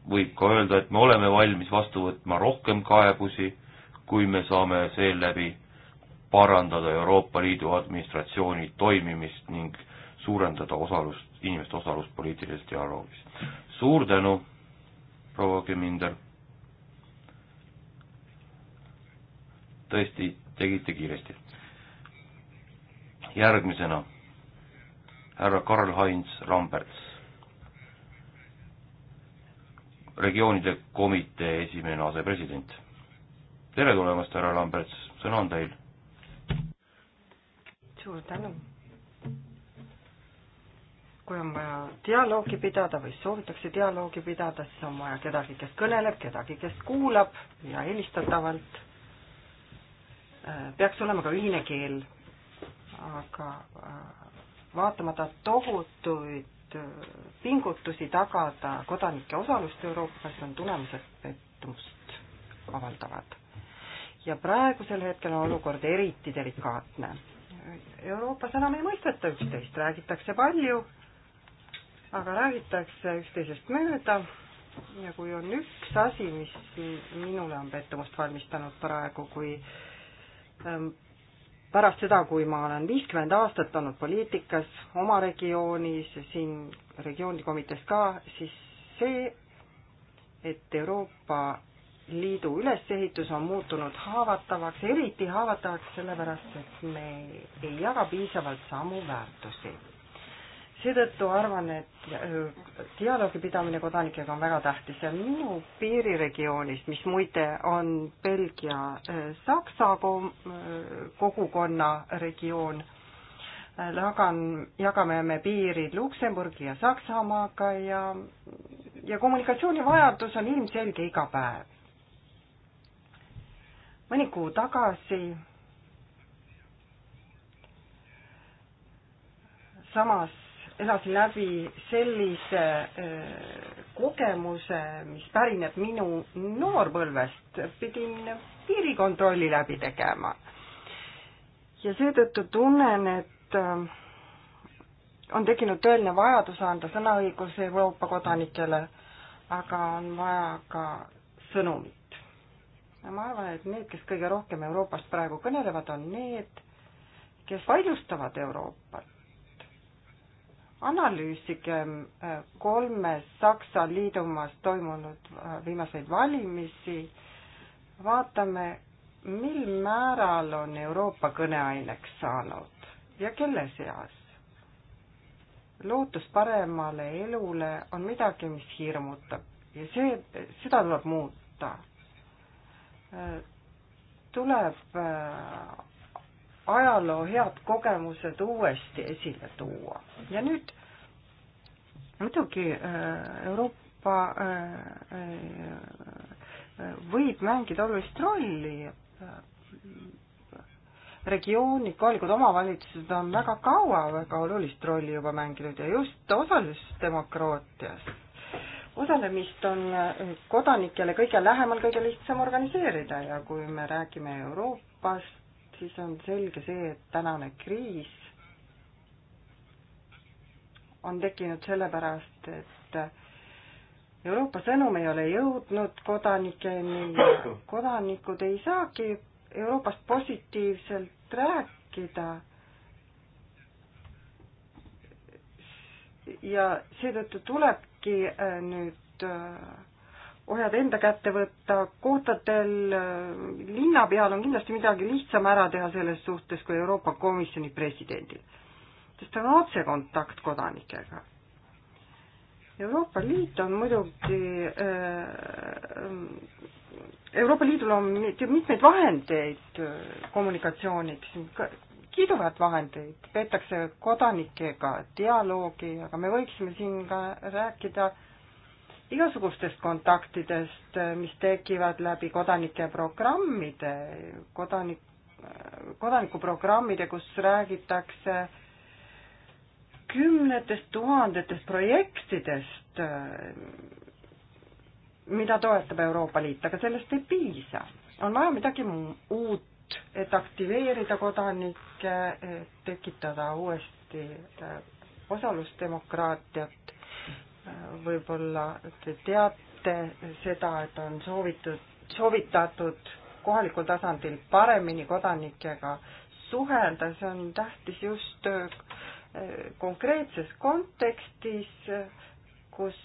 B: võib ka öelda, et me oleme valmis vastu võtma rohkem kaebusi, kui me saame seeläbi parandada Euroopa Liidu administratsiooni toimimist ning suurendada osalust, inimeste osalust poliitilises dialoogis. suur tänu, proua Keminder! tõesti tegite kiiresti. järgmisena härra Karl-Heinz Lamberts, regioonide komitee esimene asepresident. tere tulemast, härra Lamberts, sõna on teil.
C: suur tänu. kui on vaja dialoogi pidada või soovitakse dialoogi pidada, siis on vaja kedagi, kes kõneleb, kedagi, kes kuulab ja helistatavalt peaks olema ka ühine keel, aga äh, vaatamata tohutuid äh, pingutusi tagada kodanike osalust Euroopas, on tulemused pettumust avaldavad. ja praegusel hetkel on olukord eriti delikaatne. Euroopas enam ei mõisteta üksteist, räägitakse palju, aga räägitakse üksteisest mööda ja kui on üks asi, mis minule on pettumust valmistanud praegu, kui äh, Ehm, pärast seda, kui ma olen viiskümmend aastat olnud poliitikas oma regioonis ja siin regioonikomitees ka, siis see, et Euroopa Liidu ülesehitus on muutunud haavatavaks, eriti haavatavaks sellepärast, et me ei jaga piisavalt samu väärtusi seetõttu arvan, et äh, dialoogi pidamine kodanikega on väga tähtis ja minu piiriregioonis, mis muide on Belgia äh, saksa äh, kogukonna regioon, jagan, jagame me piiri Luksemburgi ja Saksamaaga ja, ja kommunikatsioonivajadus on ilmselge iga päev. mõni kuu tagasi samas elasin läbi sellise äh, kogemuse, mis pärineb minu noorpõlvest, pidin piirikontrolli läbi tegema. ja seetõttu tunnen, et äh, on tekkinud tõeline vajadus anda sõnaõigus Euroopa kodanikele, aga on vaja ka sõnumit. ja ma arvan, et need, kes kõige rohkem Euroopast praegu kõnelevad, on need, kes vaidlustavad Euroopat analüüsigem äh, kolmes Saksa liidumaas toimunud äh, viimaseid valimisi, vaatame, mil määral on Euroopa kõneaineks saanud ja kelle seas. lootus paremale elule on midagi, mis hirmutab ja see, seda tuleb muuta. Äh, tuleb ajaloo head kogemused uuesti esile tuua. ja nüüd muidugi äh, Euroopa äh, äh, võib mängida olulist rolli. regioonid, kohalikud omavalitsused on väga kaua väga olulist rolli juba mänginud ja just osalusdemokraatias osalemist on kodanikele kõige lähemal kõige lihtsam organiseerida ja kui me räägime Euroopast, siis on selge see, et tänane kriis on tekkinud sellepärast, et Euroopa sõnum ei ole jõudnud kodanikeni ja kodanikud ei saagi Euroopast positiivselt rääkida. ja seetõttu tulebki äh, nüüd äh, ohjad enda kätte võtta, kohtadel äh, linnapeal on kindlasti midagi lihtsam ära teha selles suhtes kui Euroopa Komisjoni presidendil, sest tal on otsekontakt kodanikega. Euroopa Liit on muidugi äh, Euroopa Liidul on mitmeid vahendeid äh, kommunikatsiooniks, kiiduvad vahendeid, peetakse kodanikega dialoogi, aga me võiksime siin ka rääkida igasugustest kontaktidest, mis tekivad läbi kodanike programmide, kodanik, kodanikuprogrammide, kus räägitakse kümnetest tuhandetest projektidest, mida toetab Euroopa Liit, aga sellest ei piisa. on vaja midagi uut, et aktiveerida kodanikke, tekitada uuesti äh, osalusdemokraatiat võib-olla te teate seda, et on soovitud, soovitatud kohalikul tasandil paremini kodanikega suhelda, see on tähtis just eh, konkreetses kontekstis, kus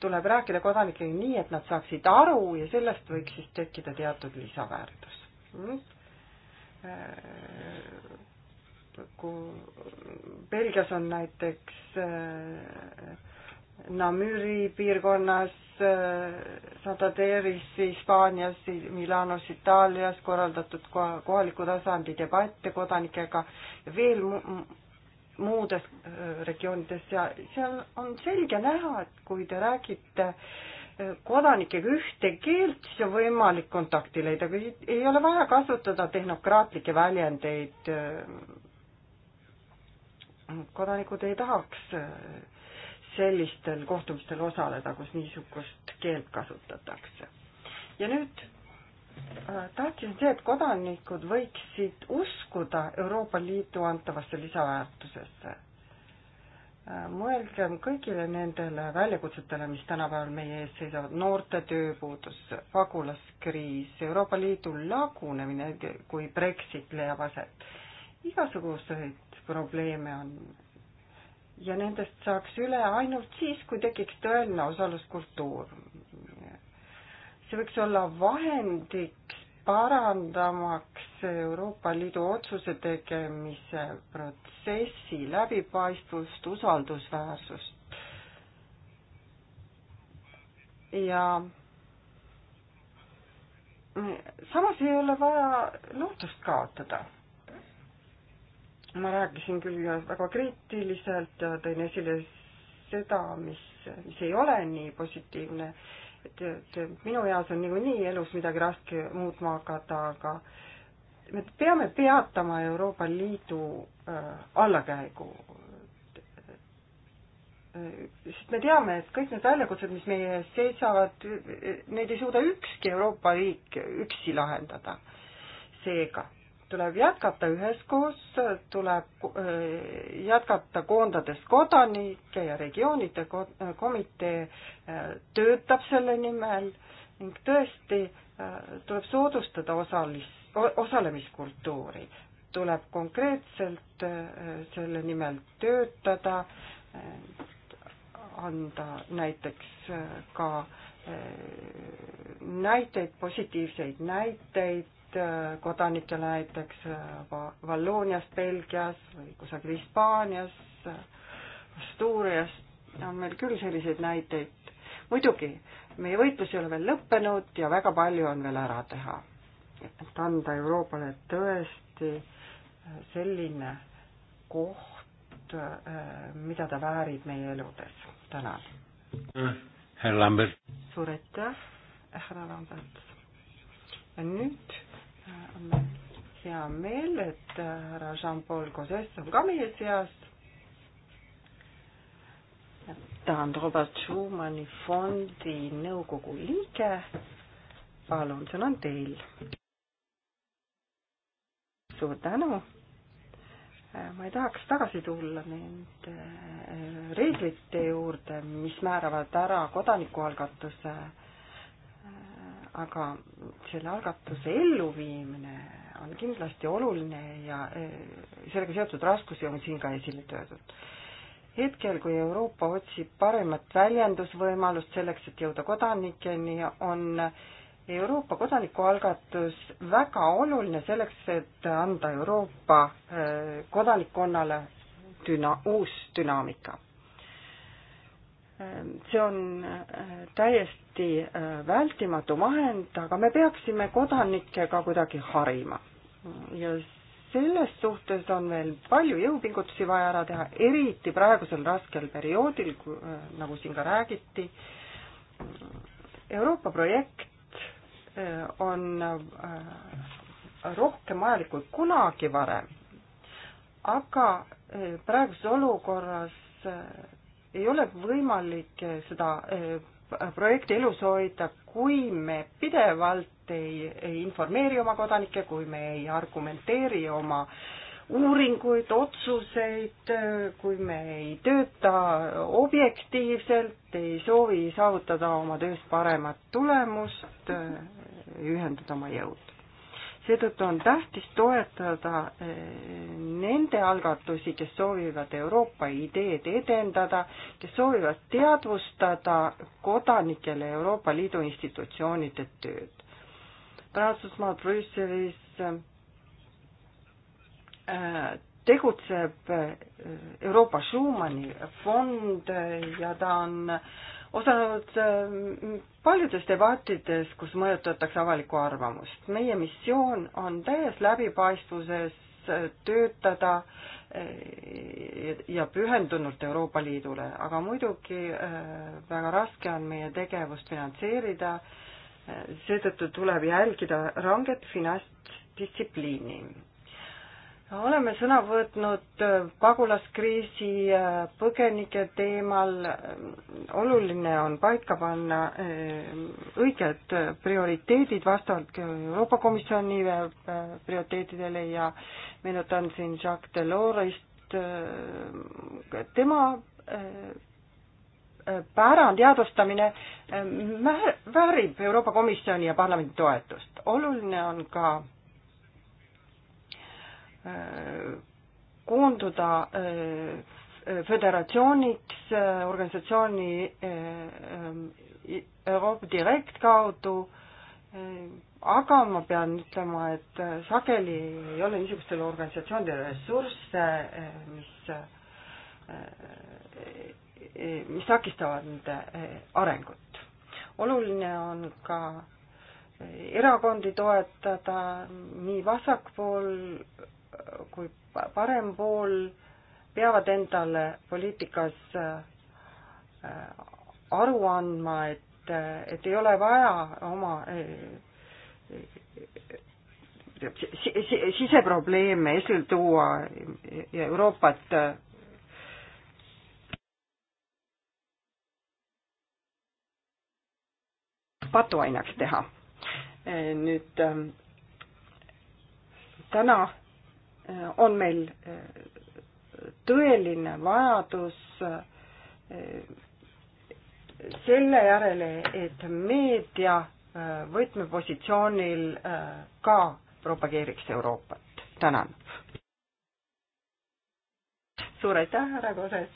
C: tuleb rääkida kodanikega nii, et nad saaksid aru ja sellest võiks siis tekkida teatud lisaväärtus. Eh, kui Belgias on näiteks äh, Namüri piirkonnas, eh, Santanderis, Hispaanias, Milanos, Itaalias korraldatud kohaliku tasandi debatte kodanikega ja veel muudes eh, regioonides ja seal on selge näha, et kui te räägite eh, kodanikega ühte keelt, siis on võimalik kontakti leida, kui ei ole vaja kasutada tehnokraatlikke väljendeid. kodanikud ei tahaks sellistel kohtumistel osaleda, kus niisugust keelt kasutatakse. ja nüüd tähtis on see, et kodanikud võiksid uskuda Euroopa Liidu antavasse lisaväärtusesse. Äh, mõelgem kõigile nendele väljakutsetele, mis tänapäeval meie ees seisavad, noorte tööpuudus, pagulaskriis, Euroopa Liidu lagunemine, kui Brexit leiab aset. igasuguseid probleeme on ja nendest saaks üle ainult siis, kui tekiks tõeline osaluskultuur. see võiks olla vahendiks parandamaks Euroopa Liidu otsuse tegemise protsessi läbipaistvust, usaldusväärsust. ja samas ei ole vaja lootust kaotada ma rääkisin küll väga kriitiliselt ja tõin esile seda, mis, mis ei ole nii positiivne, et, et minu eas on niikuinii elus midagi raske muutma hakata, aga me peame peatama Euroopa Liidu äh, allakäigu sest me teame, et kõik need väljakutsed, mis meie ees seisavad, neid ei suuda ükski Euroopa riik üksi lahendada. seega tuleb jätkata üheskoos, tuleb äh, jätkata koondades kodanike ja regioonide komitee äh, töötab selle nimel ning tõesti äh, tuleb soodustada osalis, osalemiskultuuri, tuleb konkreetselt selle nimel töötada, anda näiteks ka näiteid, positiivseid näiteid, Äh, kodanikele näiteks äh, Valloonias, Belgias või kusagil Hispaanias, äh, Asturias on meil küll selliseid näiteid. muidugi, meie võitlus ei ole veel lõppenud ja väga palju on veel ära teha. et anda Euroopale tõesti selline koht, mida ta väärib meie eludes. tänan.
B: härra Lambert.
C: suur aitäh, härra Lambert. ja nüüd Äh, hea meel, et äh, härra Jean-Paul Gauzes on ka meie seas. ta on Robert Schumanni fondi nõukogu liige. palun, sõna on teil. suur tänu äh, ma ei tahaks tagasi tulla nende reeglite juurde, mis määravad ära kodanikualgatuse aga selle algatuse elluviimine on kindlasti oluline ja eh, sellega seotud raskusi on siin ka esile toodud. hetkel, kui Euroopa otsib paremat väljendusvõimalust selleks, et jõuda kodanikeni, on Euroopa kodanikualgatus väga oluline selleks, et anda Euroopa eh, kodanikkonnale düna-, uus dünaamika Ehm, see on eh, täiesti eh, vältimatu vahend, aga me peaksime kodanikke ka kuidagi harima. ja selles suhtes on veel palju jõupingutusi vaja ära teha, eriti praegusel raskel perioodil, eh, nagu siin ka räägiti. Euroopa projekt on rohkem vajalik kui kunagi varem, aga praeguses olukorras ei ole võimalik eh, seda eh, projekti elus hoida, kui me pidevalt ei, ei informeeri oma kodanikke, kui me ei argumenteeri oma uuringuid, otsuseid, eh, kui me ei tööta objektiivselt, ei soovi saavutada oma töös paremat tulemust, ühendada oma jõud seetõttu on tähtis toetada eh, nende algatusi, kes soovivad Euroopa ideed edendada, kes soovivad teadvustada kodanikele Euroopa Liidu institutsioonide tööd. Prantsusmaa Brüsselis eh, tegutseb eh, Euroopa Schumanni fond ja ta on osanud paljudes debattides, kus mõjutatakse avalikku arvamust. meie missioon on täies läbipaistvuses töötada eh, ja pühendunult Euroopa Liidule, aga muidugi eh, väga raske on meie tegevust finantseerida, eh, seetõttu tuleb jälgida ranget finantsdistsipliini oleme sõna võtnud äh, pagulaskriisi äh, põgenike teemal. oluline on paika panna äh, õiged prioriteedid vastavalt Euroopa Komisjoni prioriteetidele ja meenutan siin Jacques Delorsist, tema pärand jäädvustamine väärib Euroopa Komisjoni ja parlamendi toetust. oluline on ka koonduda äh, äh, föderatsiooniks äh, organisatsiooni Euroopa Direct kaudu, aga ma pean ütlema, et sageli ei ole niisugustel organisatsioonidel ressursse, mis, mis takistavad nende arengut. oluline on ka erakondi toetada, nii vasakpool kui parem pool peavad endale poliitikas äh, aru andma, et, et ei ole vaja oma äh, siseprobleeme esile tuua ja Euroopat äh, patuainaks teha. nüüd ähm, täna Äh, on meil äh, tõeline vajadus äh, selle järele, et meedia võtmepositsioonil ka propageeriks Euroopat. tänan. suur aitäh, härra Kores.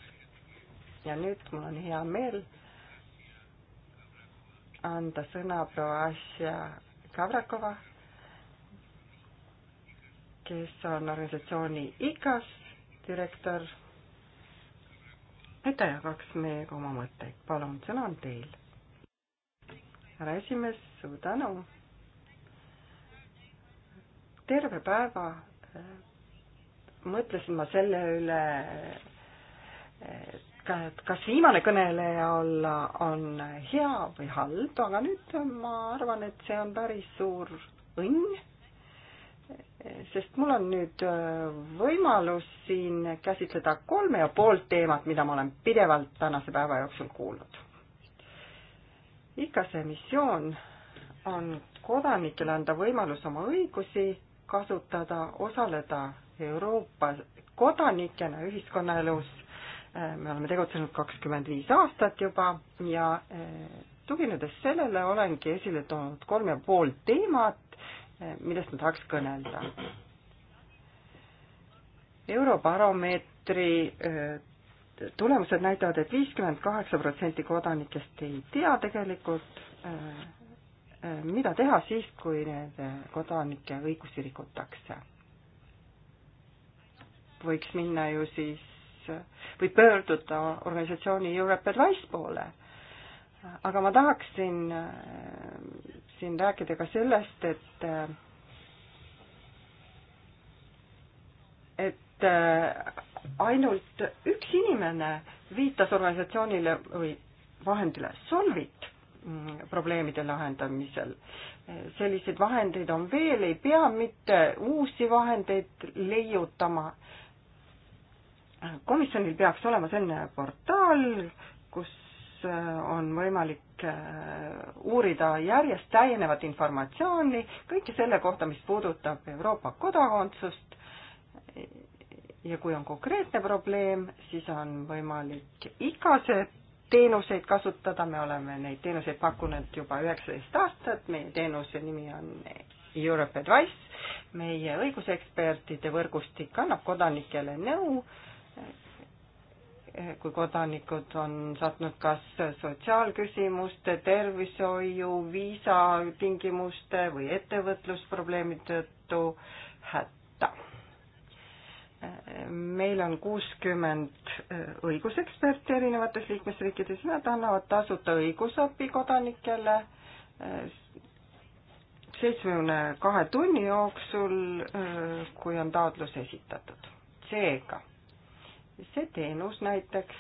C: ja nüüd mul on hea meel anda sõna proua Asja Kavrakova kes on organisatsiooni IKAS direktor, et ta jagaks meiega oma mõtteid. palun, sõna on teil. härra esimees, suur tänu. terve päeva äh, mõtlesin ma selle üle, et kas viimane kõneleja olla on hea või halb, aga nüüd ma arvan, et see on päris suur õnn sest mul on nüüd äh, võimalus siin käsitleda kolme ja poolt teemat, mida ma olen pidevalt tänase päeva jooksul kuulnud. ikka see missioon on kodanikele anda võimalus oma õigusi kasutada, osaleda Euroopa kodanikena ühiskonnaelus. Äh, me oleme tegutsenud kakskümmend viis aastat juba ja äh, tuginedes sellele olengi esile toonud kolm ja pool teemat, millest ma tahaks kõnelda. eurobaromeetri äh, tulemused näitavad et, et viiskümmend kaheksa protsenti kodanikest ei tea tegelikult, äh, äh, mida teha siis, kui nende kodanike õigusi rikutakse. võiks minna ju siis või pöörduda organisatsiooni Europe Advice poole. aga ma tahaksin tahaksin rääkida ka sellest, et et äh, ainult üks inimene viitas organisatsioonile või vahendile Solvit mm, probleemide lahendamisel. selliseid vahendeid on veel, ei pea mitte uusi vahendeid leiutama. komisjonil peaks olema selline portaal, kus Äh, on võimalik äh, uurida järjest täienevat informatsiooni kõike selle kohta, mis puudutab Euroopa kodakondsust. ja kui on konkreetne probleem, siis on võimalik igase teenuseid kasutada, me oleme neid teenuseid pakkunud juba üheksateist aastat, meie teenuse nimi on Europe Advice, meie õigusekspertide võrgustik annab kodanikele nõu no, kui kodanikud on sattunud kas sotsiaalküsimuste, tervishoiu, viisatingimuste või ettevõtlusprobleemi tõttu hätta. meil on kuuskümmend äh, õiguseksperti erinevates liikmesriikides, nad annavad tasuta õigusabi kodanikele äh, seitsmekümne kahe tunni jooksul, äh, kui on taotlus esitatud. seega see teenus näiteks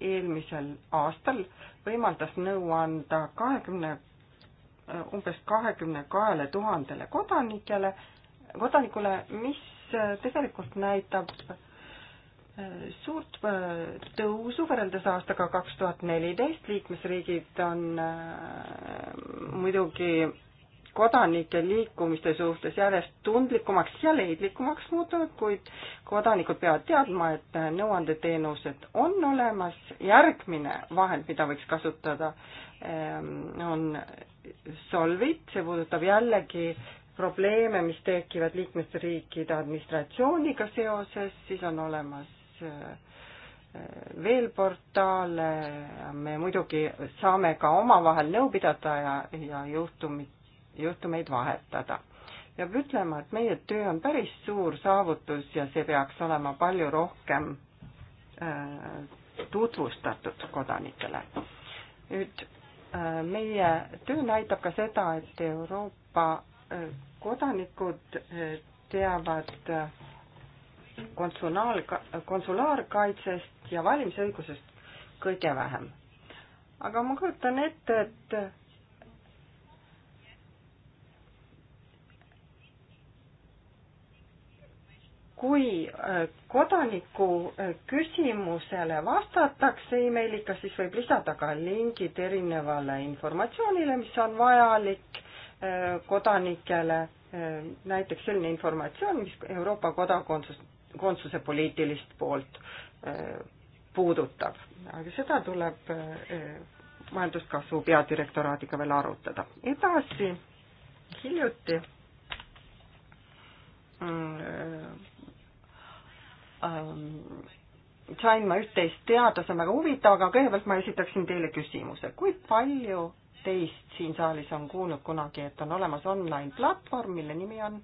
C: eelmisel aastal võimaldas nõu anda kahekümne, umbes kahekümne kahele tuhandele kodanikele, kodanikule, mis tegelikult näitab äh, suurt äh, tõusu võrreldes aastaga kaks tuhat neliteist, liikmesriigid on äh, muidugi kodanike liikumiste suhtes järjest tundlikumaks ja leidlikumaks muutunud, kuid kodanikud peavad teadma, et nõuandeteenused on olemas. järgmine vahend, mida võiks kasutada, ehm, on Solvit, see puudutab jällegi probleeme, mis tekivad liikmesriikide administratsiooniga seoses, siis on olemas ehm, veel portaale, me muidugi saame ka omavahel nõu pidada ja, ja juhtumit juhtumeid vahetada. peab ütlema, et meie töö on päris suur saavutus ja see peaks olema palju rohkem äh, tutvustatud kodanikele. nüüd äh, meie töö näitab ka seda, et Euroopa äh, kodanikud teavad konsulaal, konsulaarkaitsest ja valimisõigusest kõige vähem. aga ma kujutan ette, et kui äh, kodaniku äh, küsimusele vastatakse emailiga, siis võib lisada ka lingid erinevale informatsioonile, mis on vajalik äh, kodanikele, näiteks selline informatsioon, mis Euroopa kodakondsus, kondsuse poliitilist poolt puudutab, aga seda tuleb majanduskasvu peadirektoraadiga veel arutada. edasi, hiljuti mm, ähm, sain ma üht-teist teada, see on väga huvitav, aga kõigepealt ma esitaksin teile küsimuse, kui palju teist siin saalis on kuulnud kunagi, et on olemas online platvorm, mille nimi on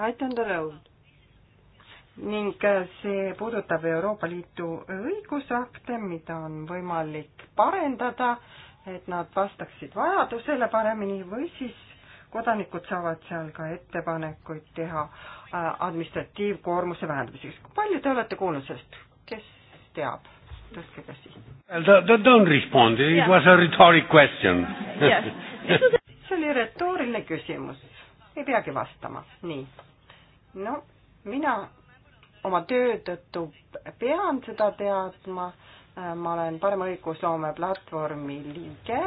C: Light on the Road ning äh, see puudutab Euroopa Liidu õigusakte, mida on võimalik parendada, et nad vastaksid vajadusele paremini või siis kodanikud saavad seal ka ettepanekuid teha äh, administratiivkoormuse vähendamiseks. palju te olete kuulnud sellest, kes teab? tõstke käsi.
B: Don't respond, it was a rhetoric question
C: see oli retooriline küsimus, ei peagi vastama, nii. no mina oma töö tõttu pean seda teadma, äh, ma olen parema õigusloome platvormi liige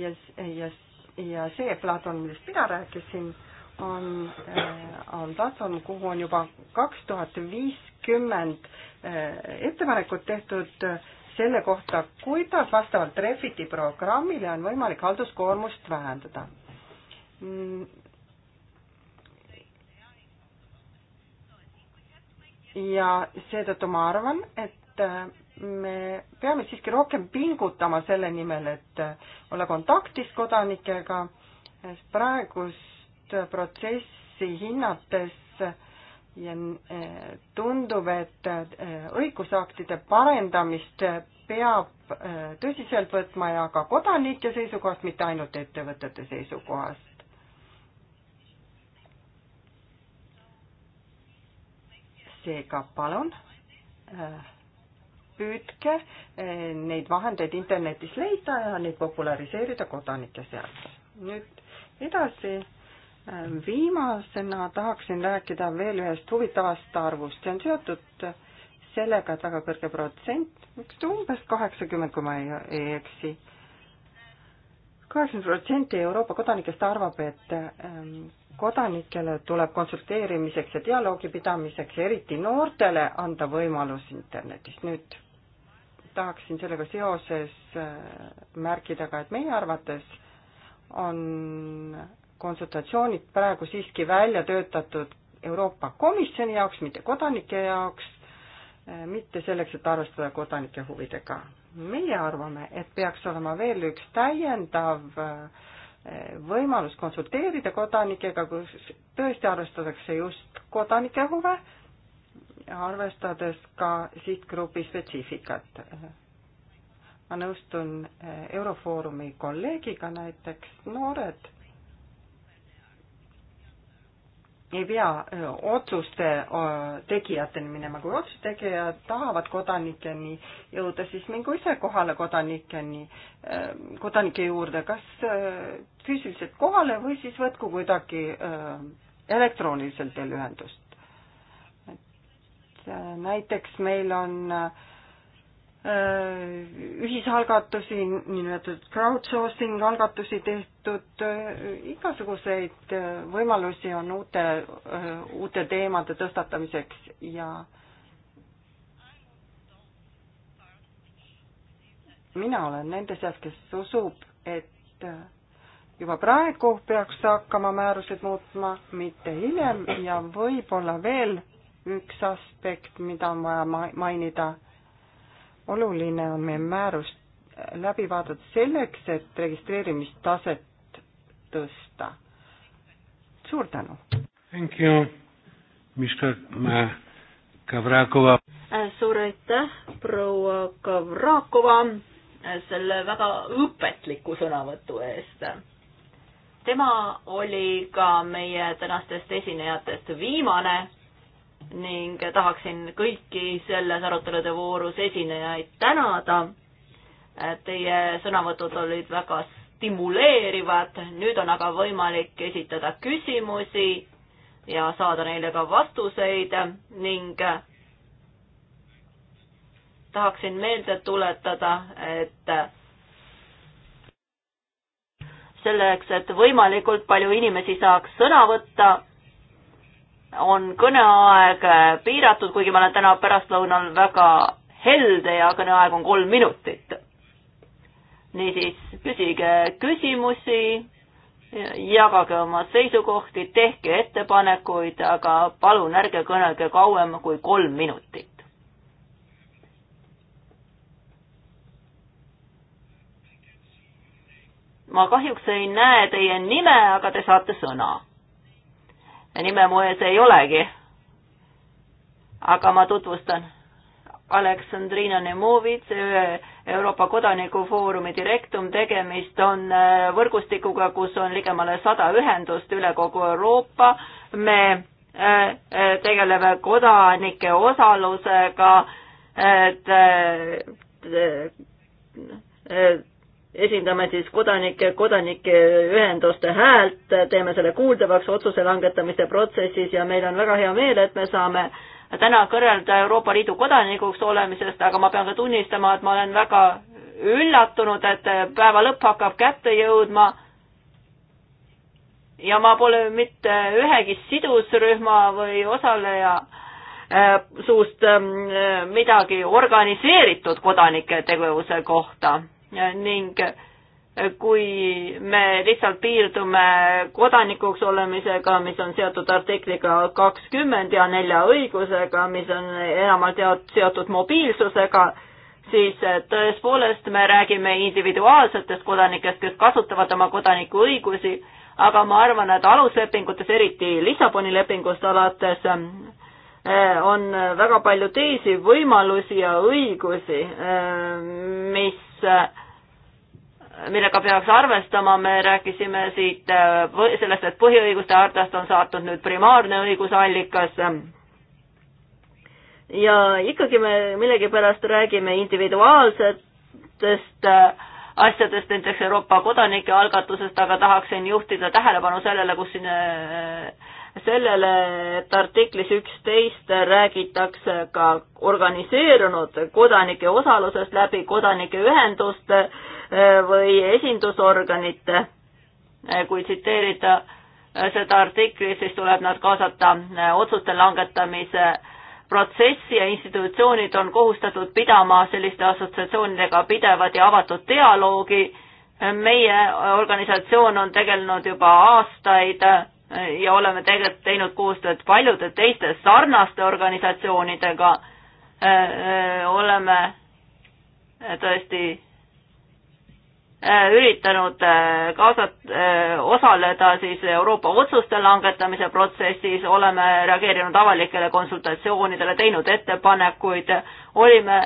C: ja, ja ja see platvorm, millest mina rääkisin, on, äh, on platvorm, kuhu on juba kaks tuhat viiskümmend äh, ettepanekut tehtud äh, selle kohta, kuidas vastavalt Refiti programmile on võimalik halduskoormust vähendada. Mm. ja seetõttu ma arvan, et me peame siiski rohkem pingutama selle nimel, et olla kontaktis kodanikega, sest praegust protsessi hinnates ja eh, tundub, et eh, õigusaktide parendamist peab eh, tõsiselt võtma ja ka kodanike seisukohast, mitte ainult ettevõtete seisukohast. seega palun äh, püüdke eh, neid vahendeid internetis leida ja neid populariseerida kodanike seas. nüüd edasi, eh, viimasena tahaksin rääkida veel ühest huvitavast arvust, see on seotud sellega, et väga kõrge protsent, üks umbes kaheksakümmend, kui ma ei, ei eksi, kaheksakümmend protsenti Euroopa kodanikest arvab, et ehm, kodanikele tuleb konsulteerimiseks ja dialoogi pidamiseks, eriti noortele, anda võimalus internetis. nüüd tahaksin sellega seoses äh, märkida ka, et meie arvates on konsultatsioonid praegu siiski välja töötatud Euroopa Komisjoni jaoks, mitte kodanike jaoks, äh, mitte selleks, et arvestada kodanike huvidega. meie arvame, et peaks olema veel üks täiendav äh, võimalus konsulteerida kodanikega, kus tõesti arvestatakse just kodanike huve arvestades ka sihtgrupi spetsiifikat. ma nõustun eh, Eurofoorumi kolleegiga näiteks, noored ei pea eh, otsuste eh, tegijateni minema, kui otsuse tegijad tahavad kodanikeni jõuda, siis mingu ise kohale kodanikeni, kodanike juurde, kas füüsiliselt kohale või siis võtku kuidagi elektroonilisel teel ühendust näiteks meil on äh, ühisalgatusi, niinimetatud crowdsourcing algatusi tehtud, igasuguseid äh, võimalusi on uute, äh, uute teemade tõstatamiseks ja mina olen nende seas, kes usub, et juba praegu peaks hakkama määrused muutma, mitte hiljem ja võib-olla veel üks aspekt, mida on vaja mainida. oluline on meie määrus läbi vaadata selleks, et registreerimistaset tõsta. suur tänu!
B: Thank you, Mr äh, Kavrakova.
A: Äh, suur aitäh, proua Kavrakova, äh, selle väga õpetliku sõnavõtu eest tema oli ka meie tänastest esinejatest viimane ning tahaksin kõiki selles arutelude voorus esinejaid tänada. Teie sõnavõtud olid väga stimuleerivad, nüüd on aga võimalik esitada küsimusi ja saada neile ka vastuseid ning tahaksin meelde tuletada, et selleks, et võimalikult palju inimesi saaks sõna võtta, on kõneaeg piiratud, kuigi ma olen täna pärastlõunal väga helde ja kõneaeg on kolm minutit. niisiis, küsige küsimusi, jagage oma seisukohti, tehke ettepanekuid, aga palun ärge kõnelge kauem kui kolm minutit. ma kahjuks ei näe teie nime, aga te saate sõna nime mu ees ei olegi. aga ma tutvustan. Aleksandrina Nemovitš, Euroopa Kodanikufoorumi direktum, tegemist on äh, võrgustikuga, kus on ligemale sada ühendust üle kogu Euroopa. me äh, äh, tegeleme kodanike osalusega, et esindame siis kodanike, kodanike ühenduste häält, teeme selle kuuldavaks otsuse langetamise protsessis ja meil on väga hea meel, et me saame täna kõrvelda Euroopa Liidu kodanikuks olemisest, aga ma pean ka tunnistama, et ma olen väga üllatunud, et päeva lõpp hakkab kätte jõudma. ja ma pole mitte ühegi sidusrühma või osaleja äh, suust ähm, midagi organiseeritud kodanike tegevuse kohta ning kui me lihtsalt piirdume kodanikuks olemisega, mis on seotud artikliga kakskümmend ja nelja õigusega, mis on enamalt seotud mobiilsusega, siis tõepoolest me räägime individuaalsetest kodanikest, kes kasutavad oma kodanikuõigusi, aga ma arvan, et aluslepingutes, eriti Lissaboni lepingust alates, on väga palju teisi võimalusi ja õigusi, mis millega peaks arvestama, me rääkisime siit äh, sellest, et põhiõiguste hartast on saatnud nüüd primaarne õigusallikas. ja ikkagi me millegipärast räägime individuaalsetest äh, asjadest, näiteks Euroopa kodanike algatusest, aga tahaksin juhtida tähelepanu sellele, kus siin äh, sellele, et artiklis üksteist räägitakse ka organiseerunud kodanike osalusest läbi kodanike ühenduste äh, Eh, või esindusorganite, eh, kui tsiteerida eh, seda artiklit, siis tuleb nad kaasata otsuste langetamise protsessi ja institutsioonid on kohustatud pidama selliste assotsiatsioonidega pidevat ja avatud dialoogi. meie organisatsioon on tegelenud juba aastaid ja oleme tegelikult teinud koostööd paljude teiste sarnaste organisatsioonidega. oleme tõesti Äh, üritanud äh, kaasat-, äh, osaleda siis Euroopa otsuste langetamise protsessis, oleme reageerinud avalikele konsultatsioonidele, teinud ettepanekuid, olime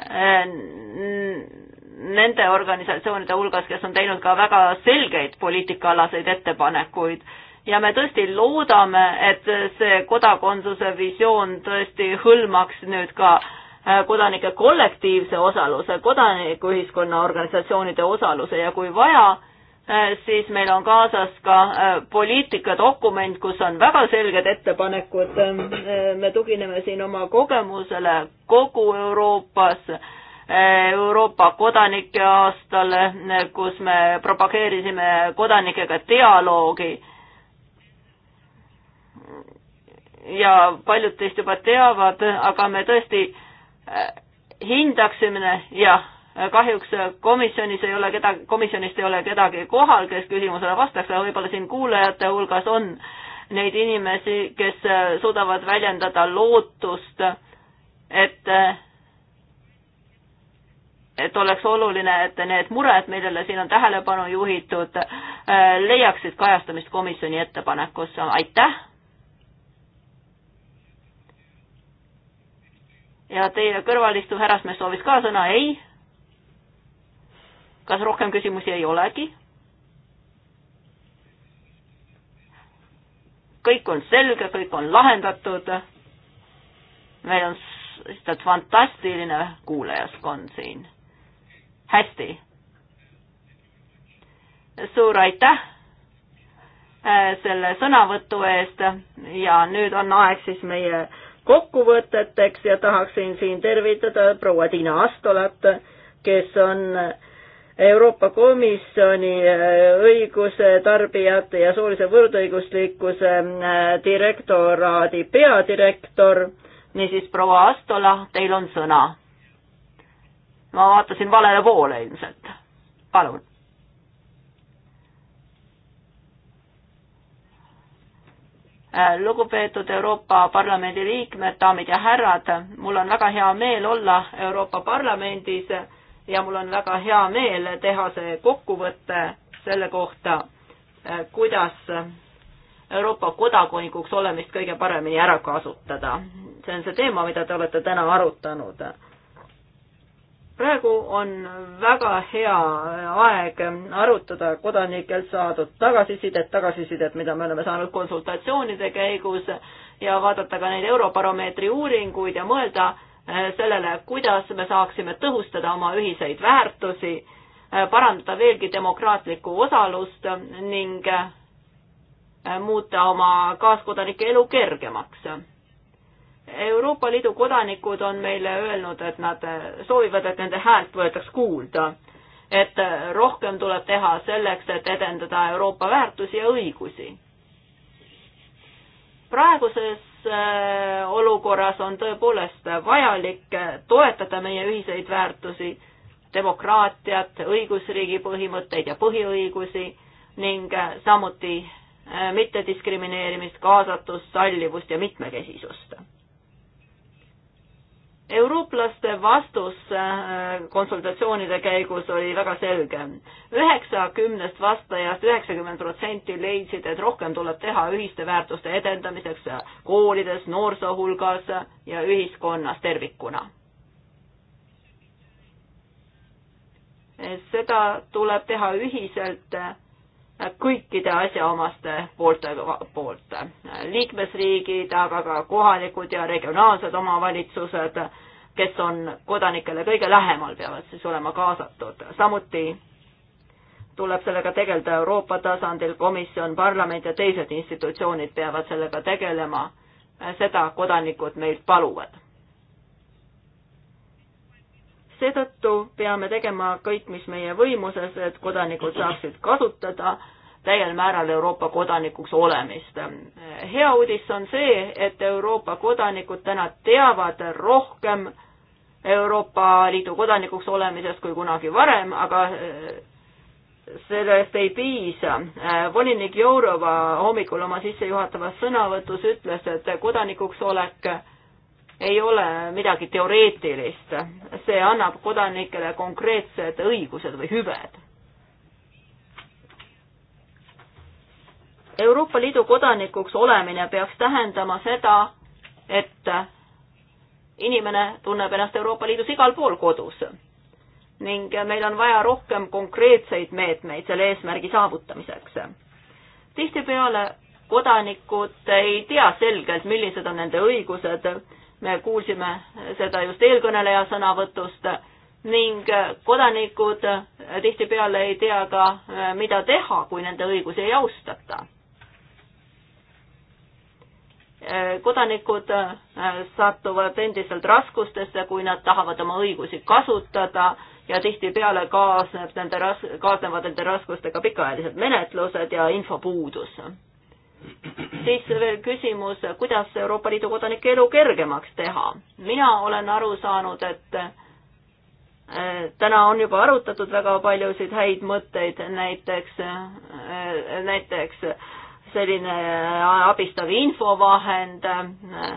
A: nende organisatsioonide hulgas, kes on teinud ka väga selgeid poliitikaalaseid ettepanekuid ja me tõesti loodame, et see kodakondsuse visioon tõesti hõlmaks nüüd ka äh, Äh, kodanike kollektiivse osaluse, kodanikuühiskonna organisatsioonide osaluse ja kui vaja, äh, siis meil on kaasas ka äh, poliitikadokument, kus on väga selged ettepanekud. me tugineme siin oma kogemusele kogu Euroopas, Euroopa kodanike aastale, kus me propageerisime kodanikega dialoogi. ja paljud teist juba teavad, aga me tõesti hindaksime, jah, kahjuks komisjonis ei ole keda, komisjonist ei ole kedagi kohal, kes küsimusele vastaks, aga võib-olla siin kuulajate hulgas on neid inimesi, kes suudavad väljendada lootust, et et oleks oluline, et need mured, millele siin on tähelepanu juhitud, leiaksid kajastamist komisjoni ettepanekusse, aitäh! ja teie kõrval istuv härrasmees soovis ka sõna, ei. kas rohkem küsimusi ei olegi? kõik on selge, kõik on lahendatud. meil on lihtsalt fantastiline kuulajaskond siin. hästi. suur aitäh äh, selle sõnavõtu eest ja nüüd on aeg siis meie kokkuvõteteks ja tahaksin siin tervitada proua Tiina Astolat, kes on Euroopa Komisjoni äh, õiguse, tarbijate ja soolise võrdõiguslikkuse äh, direktoraadi peadirektor. niisiis, proua Astola, teil on sõna. ma vaatasin valele poole ilmselt. palun. Äh, lugupeetud Euroopa Parlamendi liikmed, daamid ja härrad, mul on väga hea meel olla Euroopa Parlamendis ja mul on väga hea meel teha see kokkuvõte selle kohta, äh, kuidas Euroopa kodanikuks olemist kõige paremini ära kasutada. see on see teema, mida te olete täna arutanud praegu on väga hea aeg arutada kodanikelt saadud tagasisidet, tagasisidet, mida me oleme saanud konsultatsioonide käigus ja vaadata ka neid Eurobaromeetri uuringuid ja mõelda eh, sellele, kuidas me saaksime tõhustada oma ühiseid väärtusi, eh, parandada veelgi demokraatlikku osalust ning eh, muuta oma kaaskodanike elu kergemaks Euroopa Liidu kodanikud on meile öelnud, et nad soovivad, et nende häält võetaks kuulda, et rohkem tuleb teha selleks, et edendada Euroopa väärtusi ja õigusi. praeguses äh, olukorras on tõepoolest vajalik toetada meie ühiseid väärtusi, demokraatiat, õigusriigi põhimõtteid ja põhiõigusi ning äh, samuti äh, mittediskrimineerimist, kaasatust, sallivust ja mitmekesisust eurooplaste vastus äh, konsultatsioonide käigus oli väga selge. üheksakümnest vastajast üheksakümmend protsenti leidsid, et rohkem tuleb teha ühiste väärtuste edendamiseks koolides, noorsoo hulgas ja ühiskonnas tervikuna. seda tuleb teha ühiselt kõikide asjaomaste poolte poolt. liikmesriigid, aga ka kohalikud ja regionaalsed omavalitsused, kes on kodanikele kõige lähemal, peavad siis olema kaasatud. samuti tuleb sellega tegeleda Euroopa tasandil, komisjon, parlament ja teised institutsioonid peavad sellega tegelema. seda kodanikud meilt paluvad seetõttu peame tegema kõik, mis meie võimuses, et kodanikud saaksid kasutada täiel määral Euroopa kodanikuks olemist. hea uudis on see, et Euroopa kodanikud täna teavad rohkem Euroopa Liidu kodanikuks olemisest kui kunagi varem, aga eh, sellest ei piisa. Eh, volinik Jourova hommikul oma sissejuhatavas sõnavõtus ütles, et kodanikuks olek ei ole midagi teoreetilist, see annab kodanikele konkreetsed õigused või hüved. Euroopa Liidu kodanikuks olemine peaks tähendama seda, et inimene tunneb ennast Euroopa Liidus igal pool kodus ning meil on vaja rohkem konkreetseid meetmeid selle eesmärgi saavutamiseks. tihtipeale kodanikud ei tea selgelt, millised on nende õigused me kuulsime seda just eelkõneleja sõnavõtust ning kodanikud tihtipeale ei tea ka, mida teha, kui nende õigusi ei austata. kodanikud satuvad endiselt raskustesse, kui nad tahavad oma õigusi kasutada ja tihtipeale kaasneb nende ras-, kaasnevad nende raskustega pikaajalised menetlused ja infopuudus siis veel küsimus, kuidas Euroopa Liidu kodanike elu kergemaks teha. mina olen aru saanud, et eh, täna on juba arutatud väga paljusid häid mõtteid, näiteks, eh, näiteks selline abistav infovahend, eh,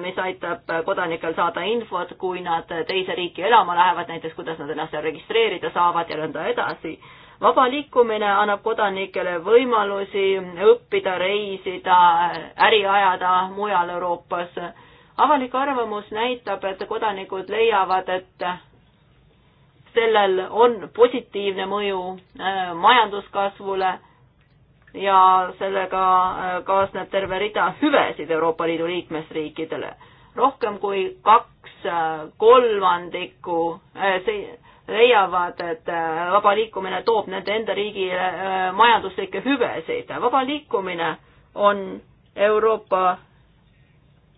A: mis aitab kodanikel saada infot, kui nad teise riiki elama lähevad, näiteks kuidas nad ennast seal registreerida saavad ja nõnda edasi vaba liikumine annab kodanikele võimalusi õppida, reisida, äri ajada mujal Euroopas. avalik arvamus näitab, et kodanikud leiavad, et sellel on positiivne mõju äh, majanduskasvule ja sellega äh, kaasneb terve rida hüvesid Euroopa Liidu liikmesriikidele. rohkem kui kaks äh, kolmandikku see leiavad, et äh, vaba liikumine toob nende enda riigi äh, majanduslikke hüvesid. vaba liikumine on Euroopa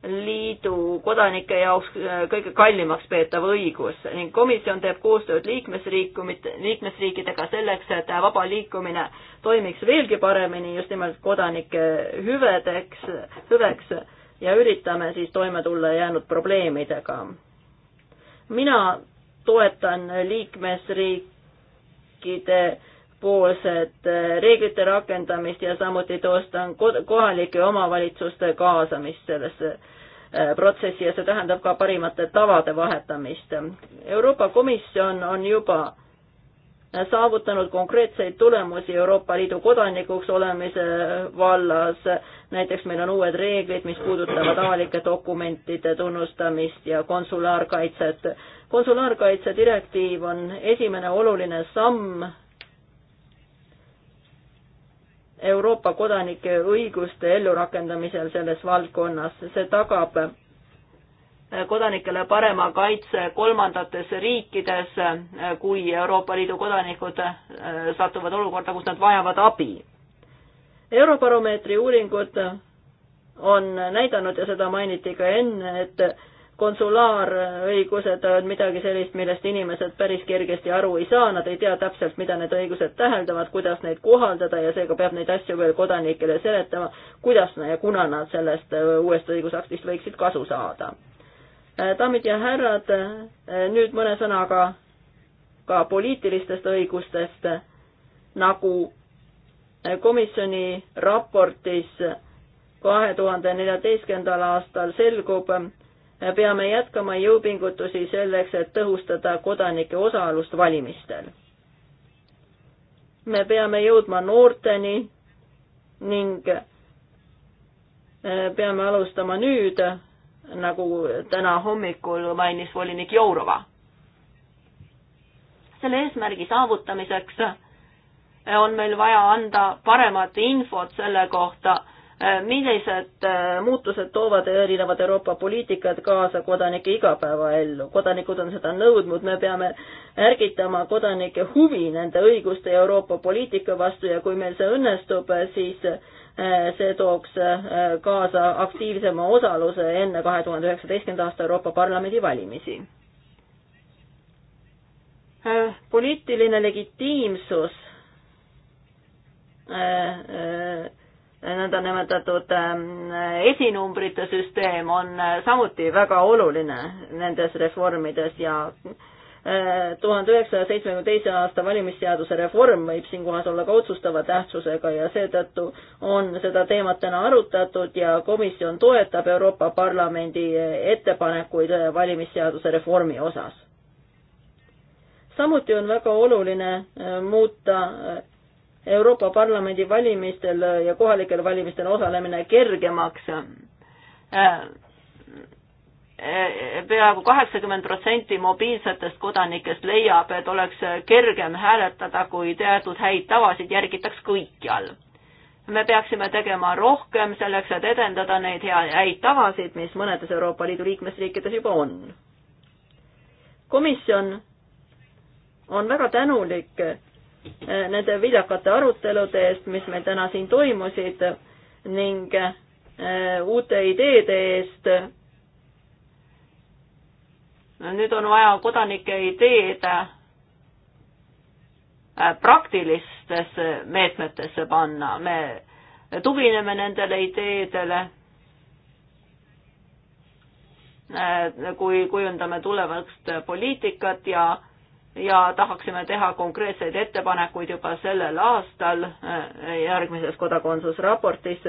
A: Liidu kodanike jaoks äh, kõige kallimaks peetav õigus ning komisjon teeb koostööd liikmesriikidega selleks, et vaba liikumine toimiks veelgi paremini just nimelt kodanike hüvedeks, hüveks ja üritame siis toime tulla jäänud probleemidega. mina toetan liikmesriikide poolset reeglite rakendamist ja samuti toestan kohalike omavalitsuste kaasamist sellesse äh, protsessi ja see tähendab ka parimate tavade vahetamist. Euroopa Komisjon on juba saavutanud konkreetseid tulemusi Euroopa Liidu kodanikuks olemise vallas, näiteks meil on uued reeglid, mis puudutavad avalike dokumentide tunnustamist ja konsulaarkaitset konsulaarkaitse direktiiv on esimene oluline samm Euroopa kodanike õiguste ellurakendamisel selles valdkonnas. see tagab kodanikele parema kaitse kolmandates riikides, kui Euroopa Liidu kodanikud äh, satuvad olukorda, kus nad vajavad abi. Eurobaromeetri uuringud on näidanud ja seda mainiti ka enne, et konsulaarõigused on midagi sellist, millest inimesed päris kergesti aru ei saa, nad ei tea täpselt, mida need õigused täheldavad, kuidas neid kohaldada ja seega peab neid asju veel kodanikele seletama, kuidas ja kuna nad sellest äh, uuest õigusaktist võiksid kasu saada. Äh, daamid ja härrad, äh, nüüd mõne sõnaga ka poliitilistest õigustest, nagu komisjoni raportis kahe tuhande neljateistkümnendal aastal selgub, peame jätkama jõupingutusi selleks, et tõhustada kodanike osalust valimistel. me peame jõudma noorteni ning eh, peame alustama nüüd, nagu täna hommikul mainis volinik Jourova. selle eesmärgi saavutamiseks on meil vaja anda paremat infot selle kohta, Äh, millised äh, muutused toovad erinevad Euroopa poliitikad kaasa kodanike igapäevaellu. kodanikud on seda nõudnud, me peame ärgitama kodanike huvi nende õiguste Euroopa poliitika vastu ja kui meil see õnnestub, siis äh, see tooks kaasa aktiivsema osaluse enne kahe tuhande üheksateistkümnenda aasta Euroopa Parlamendi valimisi. poliitiline legitiimsus äh, äh, nõndanimetatud ähm, esinumbrite süsteem on äh, samuti väga oluline nendes reformides ja äh, tuhande üheksasaja seitsmekümne teise aasta valimisseaduse reform võib siinkohas olla ka otsustava tähtsusega ja seetõttu on seda teemat täna arutatud ja komisjon toetab Euroopa Parlamendi äh, ettepanekuid valimisseaduse reformi osas. samuti on väga oluline muuta Euroopa Parlamendi valimistel ja kohalikel valimistel osalemine kergemaks. peaaegu kaheksakümmend protsenti mobiilsetest kodanikest leiab, et oleks kergem hääletada, kui teatud häid tavasid järgitaks kõikjal. me peaksime tegema rohkem selleks, et edendada neid hea, häid tavasid, mis mõnedes Euroopa Liidu liikmesriikides juba on. komisjon on väga tänulik Äh, nende viljakate arutelude eest, mis meil täna siin toimusid ning äh, uute ideede eest. nüüd on vaja kodanike ideed äh, praktilistesse meetmetesse panna, me tugineme nendele ideedele kui kujundame tulevast poliitikat ja ja tahaksime teha konkreetseid ettepanekuid juba sellel aastal eh, järgmises kodakondsusraportis.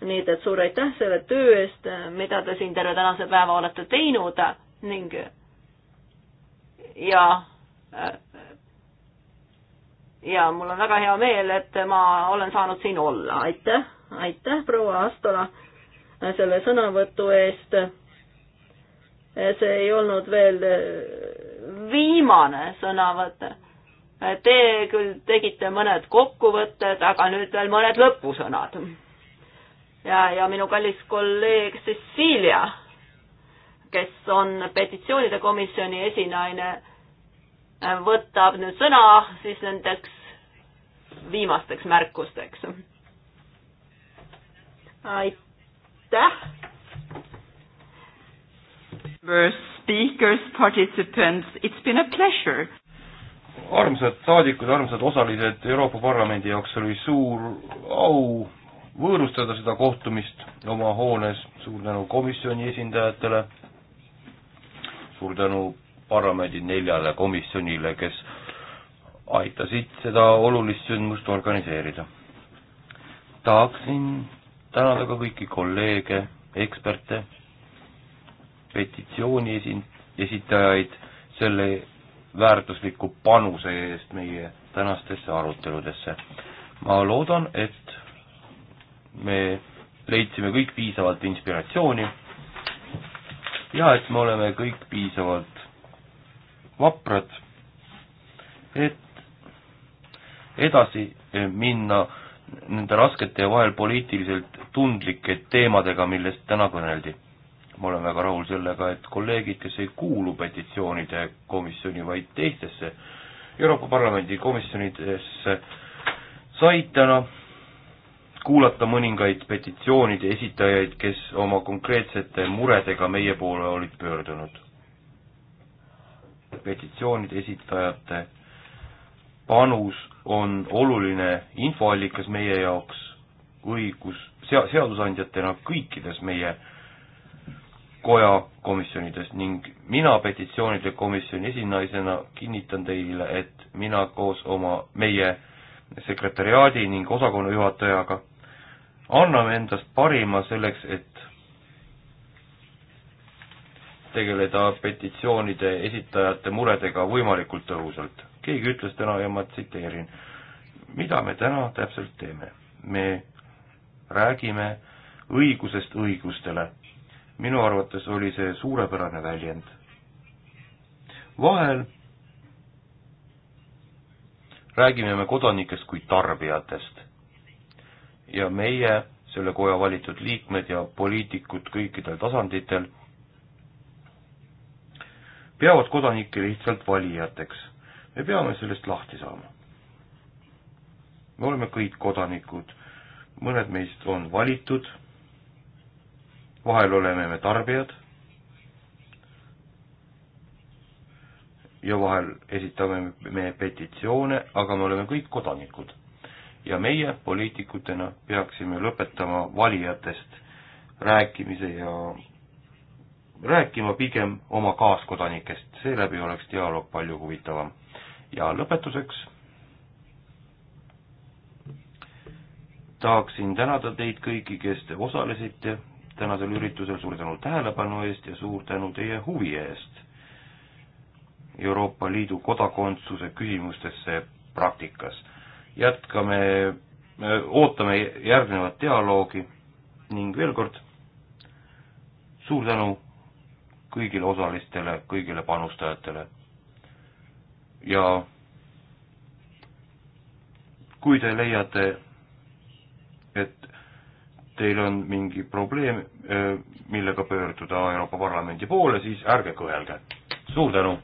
A: nii et suur aitäh selle töö eest, mida te siin terve tänase päeva olete teinud ning ja eh, ja mul on väga hea meel, et ma olen saanud siin olla, aitäh, aitäh, proua Astola selle sõnavõtu eest. Eh, see ei olnud veel viimane sõnavõtt. Te küll tegite mõned kokkuvõtted, aga nüüd veel mõned lõpusõnad. ja, ja minu kallis kolleeg Cecilia, kes on petitsioonide komisjoni esinaine, võtab nüüd sõna siis nendeks viimasteks märkusteks. aitäh.
C: Verse speakers, participants, it's been a pleasure.
B: armsad saadikud, armsad osalised, Euroopa Parlamendi jaoks oli suur au võõrustada seda kohtumist oma hoones, suur tänu komisjoni esindajatele, suur tänu parlamendi neljale komisjonile, kes aitasid seda olulist sündmust organiseerida. tahaksin tänada ka kõiki kolleege, eksperte, petitsiooni esin-, esitajaid selle väärtusliku panuse eest meie tänastesse aruteludesse. ma loodan, et me leidsime kõik piisavalt inspiratsiooni ja et me oleme kõik piisavalt vaprad, et edasi minna nende raskete ja vahel poliitiliselt tundlike teemadega, millest täna kõneldi ma olen väga rahul sellega, et kolleegid, kes ei kuulu petitsioonide komisjoni, vaid teistesse Euroopa Parlamendi komisjonidesse, said täna kuulata mõningaid petitsioonide esitajaid, kes oma konkreetsete muredega meie poole olid pöördunud. petitsioonide esitajate panus on oluline infoallikas meie jaoks õigus, sea-, seadusandjatena kõikides meie koja komisjonides ning mina petitsioonide komisjoni esinaisena kinnitan teile, et mina koos oma, meie sekretäriaadi ning osakonna juhatajaga anname endast parima selleks, et tegeleda petitsioonide esitajate muredega võimalikult tõhusalt. keegi ütles täna ja ma tsiteerin, mida me täna täpselt teeme? me räägime õigusest õigustele minu arvates oli see suurepärane väljend. vahel räägime me kodanikest kui tarbijatest ja meie, selle koja valitud liikmed ja poliitikud kõikidel tasanditel, peavad kodanikke lihtsalt valijateks. me peame sellest lahti saama. me oleme kõik kodanikud, mõned meist on valitud vahel oleme me tarbijad ja vahel esitame me petitsioone, aga me oleme kõik kodanikud. ja meie poliitikutena peaksime lõpetama valijatest rääkimise ja rääkima pigem oma kaaskodanikest, seeläbi oleks dialoog palju huvitavam. ja lõpetuseks tahaksin tänada teid kõiki, kes te osalesite tänasel üritusel, suur tänu tähelepanu eest ja suur tänu teie huvi eest Euroopa Liidu kodakondsuse küsimustesse praktikas. jätkame, äh, ootame järgnevat dialoogi ning veel kord suur tänu kõigile osalistele, kõigile panustajatele ja kui te leiate, et teil on mingi probleem, äh, millega pöörduda Euroopa Parlamendi poole, siis ärge kõhelge. suur tänu!